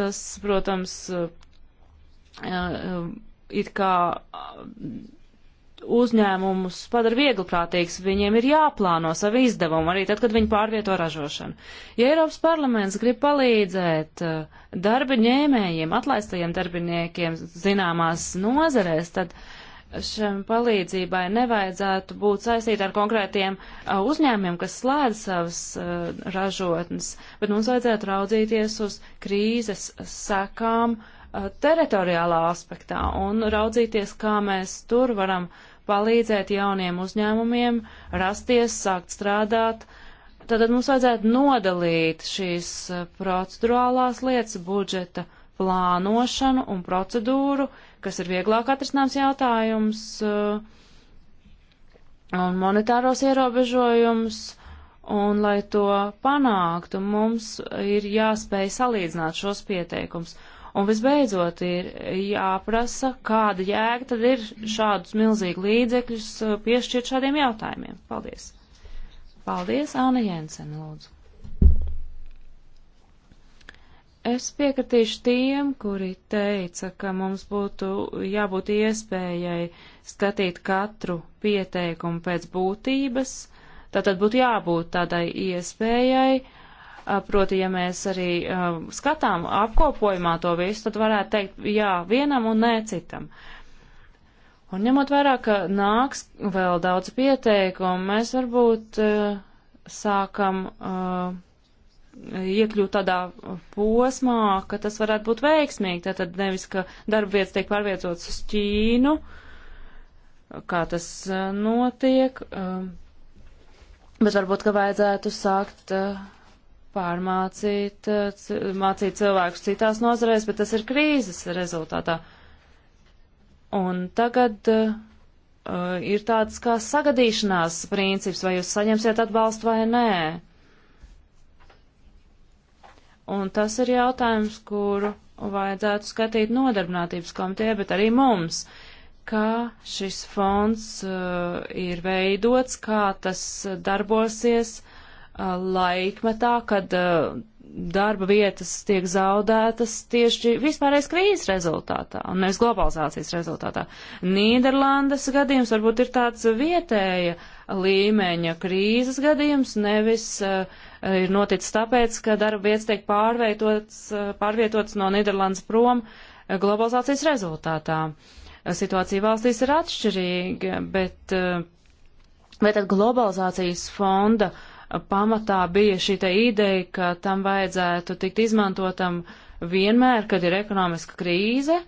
tas, protams, uh, uh, it kā. Uh, uzņēmumus padara vieglprātīgs, viņiem ir jāplāno savu izdevumu arī tad, kad viņi pārvieto ražošanu. Ja Eiropas parlaments grib palīdzēt eh, darba ņēmējiem, atlaistajiem darbiniekiem zināmās nozarēs, tad šiem palīdzībai nevajadzētu būt saistīti ar konkrētiem eh, uzņēmiem, kas slēdz savas eh, ražotnes, bet mums vajadzētu raudzīties uz krīzes sakām, uh, Uh, teritoriālā aspektā un raudzīties, kā mēs tur varam palīdzēt jauniem uzņēmumiem rasties, sākt strādāt. Tātad mums vajadzētu nodalīt šīs uh, procedurālās lietas, budžeta plānošanu un procedūru, kas ir vieglāk atrisināms jautājums, uh, un monetāros ierobežojums, un lai to panāktu, mums ir jāspēj salīdzināt šos pieteikums. Un visbeidzot ir jāprasa, kāda jēga tad ir šādus milzīgu līdzekļus uh, piešķirt šādiem jautājumiem. Paldies. Paldies, Āna Jensen, lūdzu. Es piekritīšu tiem, kuri teica, ka mums būtu jābūt iespējai skatīt katru pieteikumu pēc būtības. Tātad būtu jābūt tādai iespējai Proti, ja mēs arī skatām apkopojumā to visu, tad varētu teikt jā vienam un nē citam. Un ņemot vērā, ka nāks vēl daudz pieteikumu, mēs varbūt sākam iekļūt tādā posmā, ka tas varētu būt veiksmīgi. Tātad nevis, ka darba vietas tiek pārvietotas uz Ķīnu, kā tas notiek, bet varbūt, ka vajadzētu sākt pārmācīt, eh, mācīt cilvēkus citās nozarēs, bet tas ir krīzes rezultātā. Un tagad uh, ir tāds kā sagadīšanās princips, vai jūs saņemsiet atbalstu vai nē. Un tas ir jautājums, kuru vajadzētu skatīt nodarbinātības komitē, bet arī mums, kā šis fonds uh, ir veidots, kā tas darbosies, uh, laikmetā, kad darba vietas tiek zaudētas tieši vispārējais krīzes rezultātā un nevis globalizācijas rezultātā. Nīderlandes gadījums varbūt ir tāds vietēja līmeņa krīzes gadījums, nevis uh, ir noticis tāpēc, ka darba vietas tiek pārvietotas, uh, pārvietotas no Nīderlandes prom globalizācijas rezultātā. Situācija valstīs ir atšķirīga, bet, uh, bet globalizācijas fonda uh, pamatā bija šī ideja, ka tam vajadzētu tikt izmantotam vienmēr, kad ir ekonomiska krīze,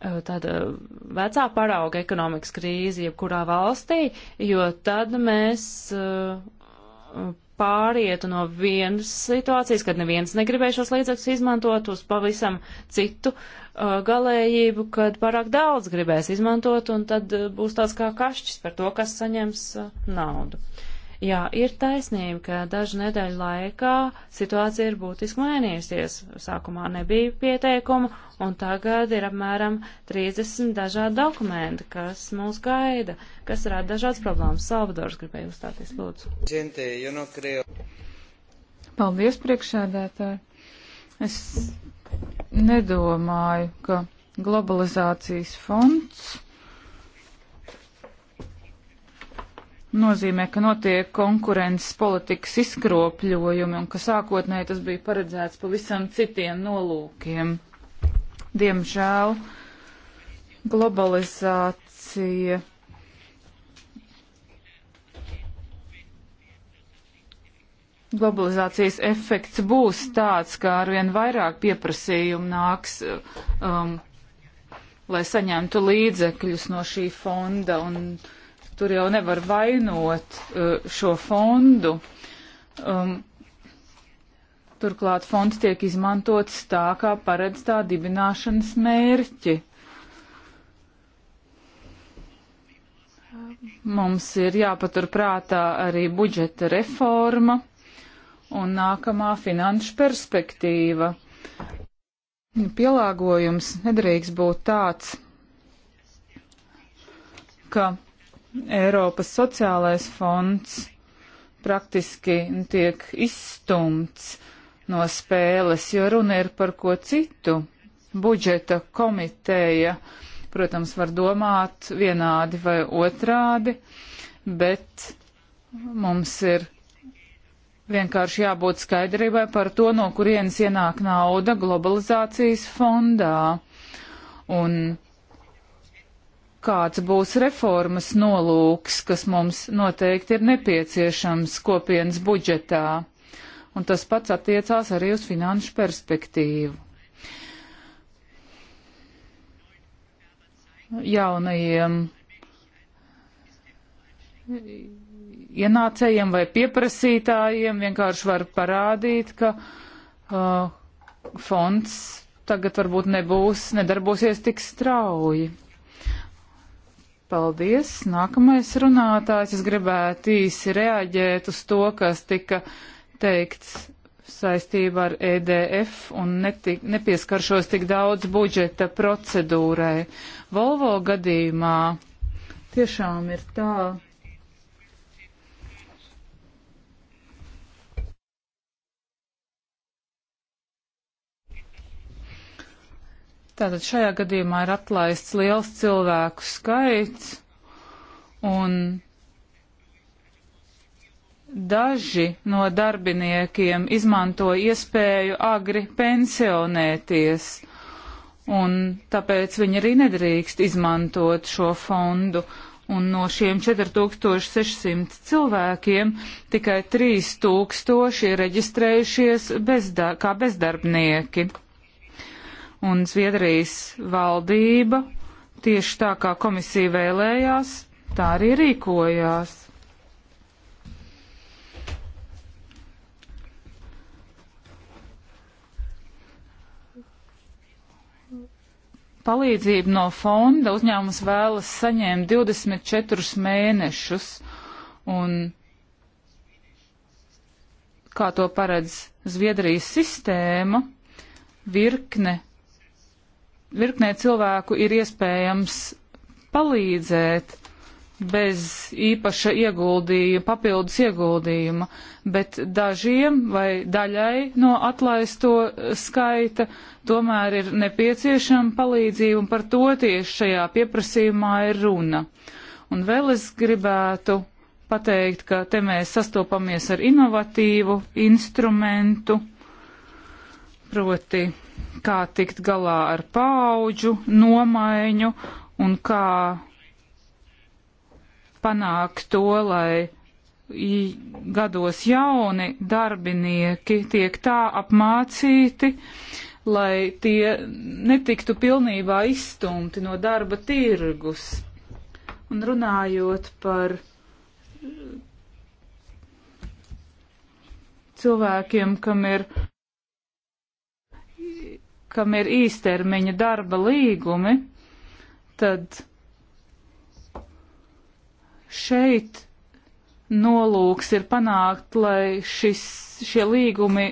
eh, tāda eh, vecā parauga ekonomikas krīze jebkurā valstī, jo tad mēs eh, pārietu no vienas situācijas, kad neviens negribēja šos līdzekļus izmantot, uz pavisam citu uh, galējību, kad pārāk daudz gribēs izmantot, un tad būs tāds kā kašķis par to, kas saņems uh, naudu. Jā, ir taisnība, ka dažu nedēļu laikā situācija ir būtiski mainījusies. Sākumā nebija pieteikumu, un tagad ir apmēram 30 dažādi dokumenti, kas mūs gaida, kas rada dažādas problēmas. Salvadors gribēja uzstāties, lūdzu. Paldies, priekšsēdētāji. Es nedomāju, ka globalizācijas fonds nozīmē, ka notiek konkurences politikas izkropļojumi un ka sākotnēji tas bija paredzēts pavisam citiem nolūkiem. Diemžēl globalizācija. Globalizācijas efekts būs tāds, ka arvien vairāk pieprasījumu nāks um, lai saņemtu līdzekļus no šī fonda, un tur jau nevar vainot uh, šo fondu. Um, turklāt fonds tiek izmantots tā, kā paredz tā dibināšanas mērķi. Mums ir jāpaturprātā arī budžeta reforma un nākamā finanšu perspektīva. Pielāgojums nedrīkst būt tāds, ka Eiropas sociālais fonds praktiski tiek izstumts no spēles, jo runa ir par ko citu. Budžeta komiteja, protams, var domāt vienādi vai otrādi, bet mums ir vienkārši jābūt skaidrībai par to, no kurienes ienāk nauda globalizācijas fondā. Un kāds būs reformas nolūks, kas mums noteikti ir nepieciešams kopienas budžetā. Un tas pats attiecās arī uz finanšu perspektīvu. Jaunajiem ienācējiem vai pieprasītājiem vienkārši var parādīt, ka uh, fonds tagad varbūt nebūs, nedarbosies tik strauji. Paldies. Nākamais runātājs. Es gribētu īsi reaģēt uz to, kas tika teikts saistībā ar EDF un netik, nepieskaršos tik daudz budžeta procedūrai. Volvo gadījumā tiešām ir tā, Tātad šajā gadījumā ir atlaists liels cilvēku skaits un daži no darbiniekiem izmanto iespēju agri pensionēties un tāpēc viņi arī nedrīkst izmantot šo fondu. Un no šiem 4600 cilvēkiem tikai 3000 ir reģistrējušies bezda kā bezdarbnieki un Zviedrijas valdība tieši tā, kā komisija vēlējās, tā arī rīkojās. palīdzību no fonda uzņēmums vēlas saņemt 24 mēnešus, un kā to paredz Zviedrijas sistēma, virkne virknē cilvēku ir iespējams palīdzēt bez īpaša ieguldījuma, papildus ieguldījuma, bet dažiem vai daļai no atlaisto skaita tomēr ir nepieciešama palīdzība, un par to tieši šajā pieprasījumā ir runa. Un vēl es gribētu pateikt, ka te mēs sastopamies ar inovatīvu instrumentu, proti kā tikt galā ar paauģu nomaiņu un kā panākt to, lai gados jauni darbinieki tiek tā apmācīti, lai tie netiktu pilnībā izstumti no darba tirgus. Un runājot par cilvēkiem, kam ir uh, kam ir īstermiņa darba līgumi, tad šeit nolūks ir panākt, lai šis, šie līgumi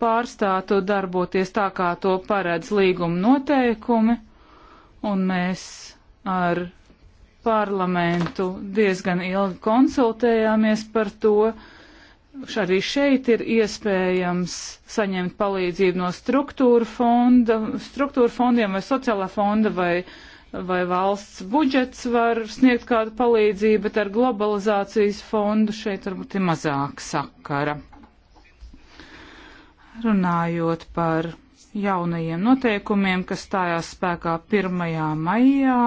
pārstātu darboties tā, kā to paredz līguma noteikumi, un mēs ar parlamentu diezgan ilgi konsultējāmies par to, uh, Arī šeit ir iespējams saņemt palīdzību no struktūra, fonda, struktūra fondiem vai sociālā fonda vai, vai valsts budžets var sniegt kādu palīdzību, bet ar globalizācijas fondu šeit varbūt ir mazāk sakara. Runājot par jaunajiem noteikumiem, kas stājās spēkā 1. maijā,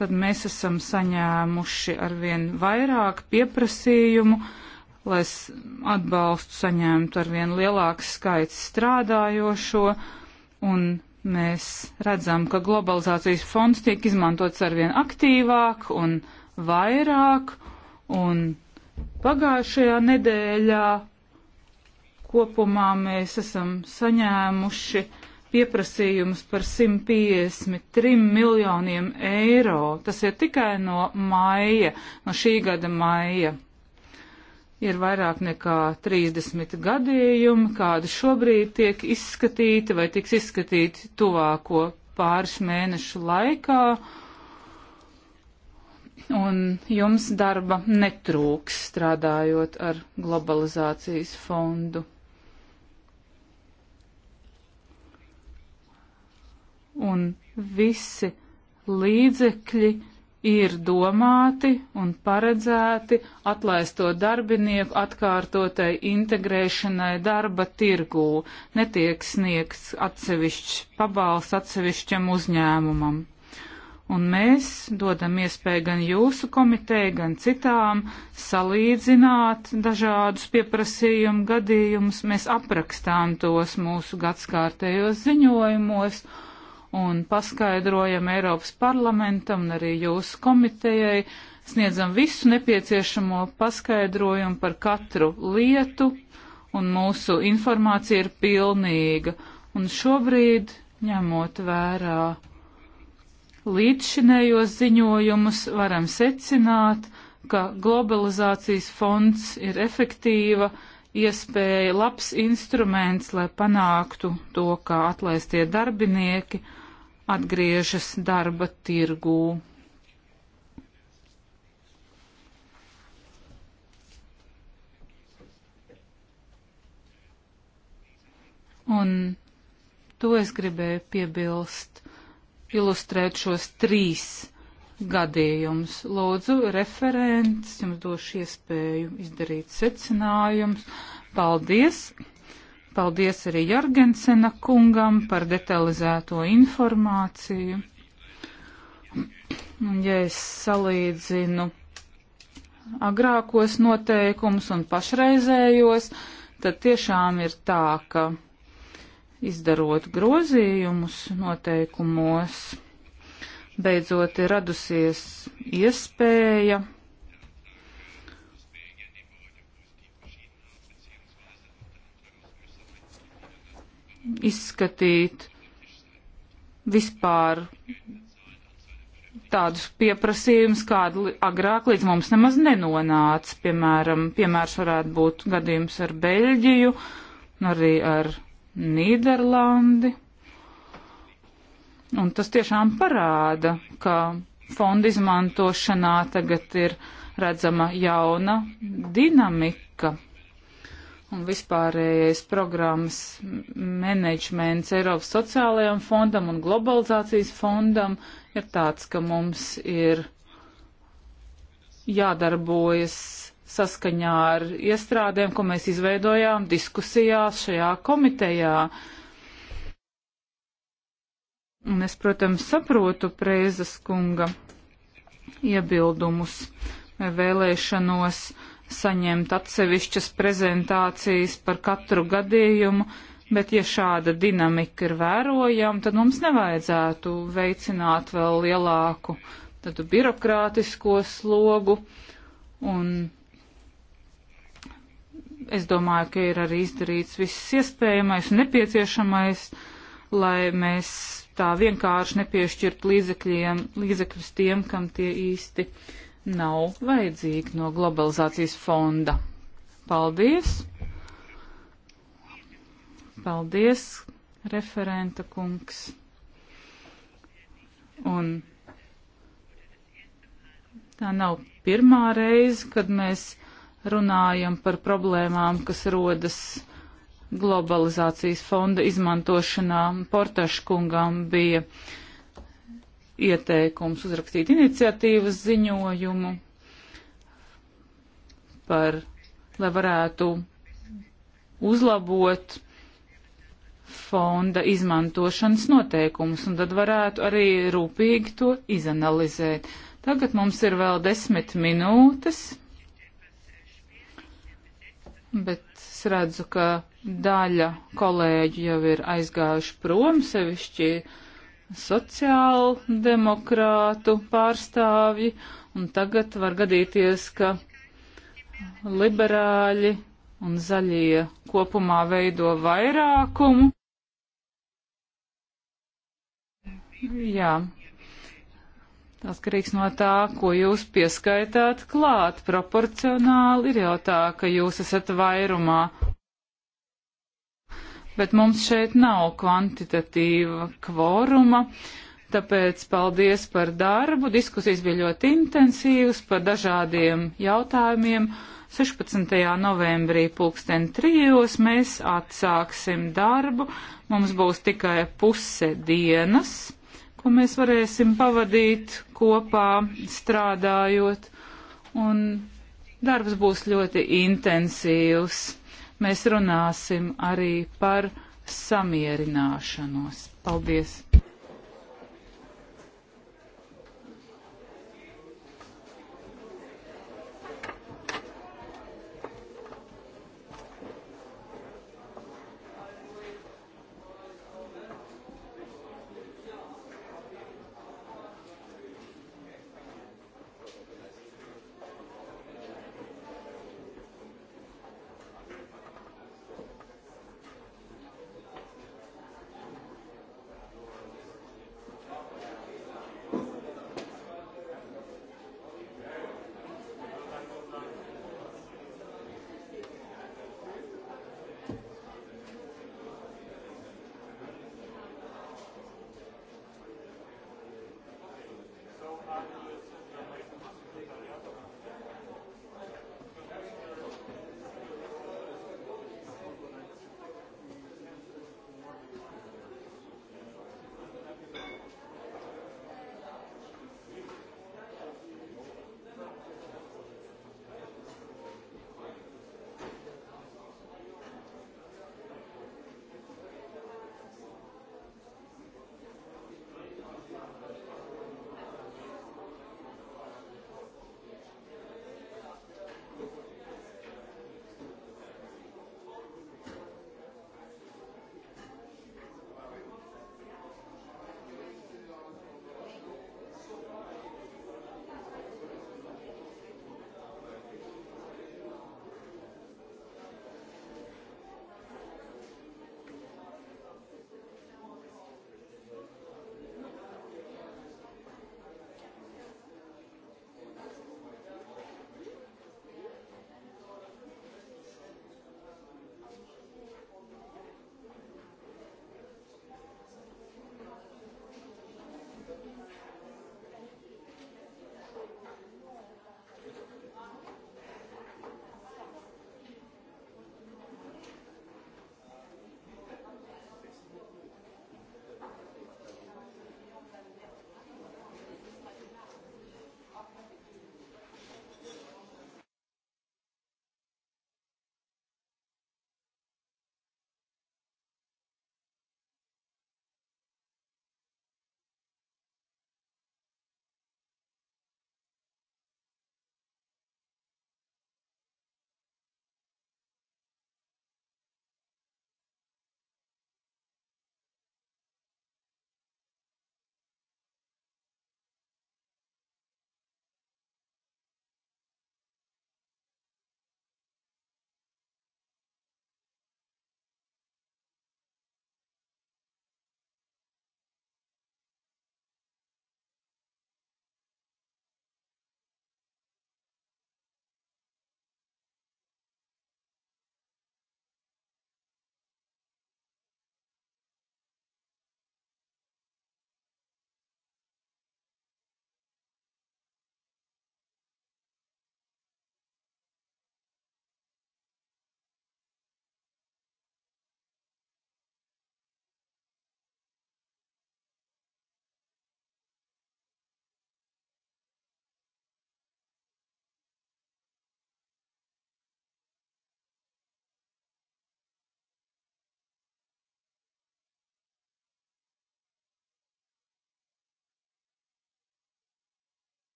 tad mēs esam saņēmuši arvien vairāk pieprasījumu lai atbalstu saņemtu ar vien lielāks skaits strādājošo, un mēs redzam, ka globalizācijas fonds tiek izmantots ar vien aktīvāk un vairāk, un pagājušajā nedēļā kopumā mēs esam saņēmuši pieprasījums par 153 miljoniem eiro. Tas ir tikai no maija, no šī gada maija ir vairāk nekā 30 gadījumi, kādi šobrīd tiek izskatīti vai tiks izskatīti tuvāko pāris mēnešu laikā. Un jums darba netrūks strādājot ar globalizācijas fondu. Un visi līdzekļi ir domāti un paredzēti atlaisto darbinieku atkārtotai integrēšanai darba tirgū, netiek sniegts atsevišķs pabalsts atsevišķam uzņēmumam. Un mēs dodam iespēju gan jūsu komiteju, gan citām salīdzināt dažādus pieprasījumu gadījumus. Mēs aprakstām tos mūsu gadskārtējos ziņojumos un paskaidrojam Eiropas parlamentam un arī jūsu komitejai, sniedzam visu nepieciešamo paskaidrojumu par katru lietu, un mūsu informācija ir pilnīga. Un šobrīd, ņemot vērā līdzšinējos ziņojumus, varam secināt, ka globalizācijas fonds ir efektīva iespēja, labs instruments, lai panāktu to, kā atlaistie darbinieki atgriežas darba tirgū. Un to es gribēju piebilst, ilustrēt šos trīs gadījumus. Lūdzu, referents, jums došu iespēju izdarīt secinājumus. Paldies! Paldies arī Jorgensena kungam par detalizēto informāciju. Un, ja es salīdzinu agrākos noteikumus un pašreizējos, tad tiešām ir tā, ka izdarot grozījumus noteikumos, beidzot ir radusies iespēja izskatīt vispār tādus pieprasījumus, kādi agrāk līdz mums nemaz nenonāca. Piemēram, piemērs varētu būt gadījums ar Beļģiju, arī ar Nīderlandi. Un tas tiešām parāda, ka fonda izmantošanā tagad ir redzama jauna dinamika un vispārējais programmas menedžments Eiropas sociālajam fondam un globalizācijas fondam ir tāds, ka mums ir jādarbojas saskaņā ar iestrādēm, ko mēs izveidojām diskusijās šajā komitejā. Un es, protams, saprotu Prēzas kunga iebildumus vai vēlēšanos, uh, saņemt atsevišķas prezentācijas par katru gadījumu, bet ja šāda dinamika ir vērojama, tad mums nevajadzētu veicināt vēl lielāku tādu birokrātisko slogu. Un es domāju, ka ir arī izdarīts viss iespējamais un nepieciešamais, lai mēs tā vienkārši nepiešķirt līdzekļiem, līdzekļus tiem, kam tie īsti ir nav vajadzīgi no globalizācijas fonda. Paldies! Paldies, referenta kungs! Un tā nav pirmā reize, kad mēs runājam par problēmām, kas rodas globalizācijas fonda izmantošanā. Portaškungam bija uh, ieteikums uzrakstīt iniciatīvas ziņojumu par, lai varētu uzlabot fonda izmantošanas noteikumus, un tad varētu arī rūpīgi to izanalizēt. Tagad mums ir vēl desmit minūtes, bet es redzu, ka daļa kolēģi jau ir aizgājuši prom sevišķi sociālu demokrātu pārstāvji, un tagad var gadīties, ka liberāļi un zaļie kopumā veido vairākumu. Jā, tas karīgs no tā, ko jūs pieskaitāt klāt. Proporcionāli ir jau tā, ka jūs esat vairumā bet mums šeit nav kvantitatīva kvoruma. Tāpēc paldies par darbu. Diskusijas bija ļoti intensīvas par dažādiem jautājumiem. 16. novembrī pulksten trijos mēs atsāksim darbu. Mums būs tikai puse dienas, ko mēs varēsim pavadīt kopā strādājot. Un darbs būs ļoti intensīvs mēs runāsim arī par samierināšanos. Paldies!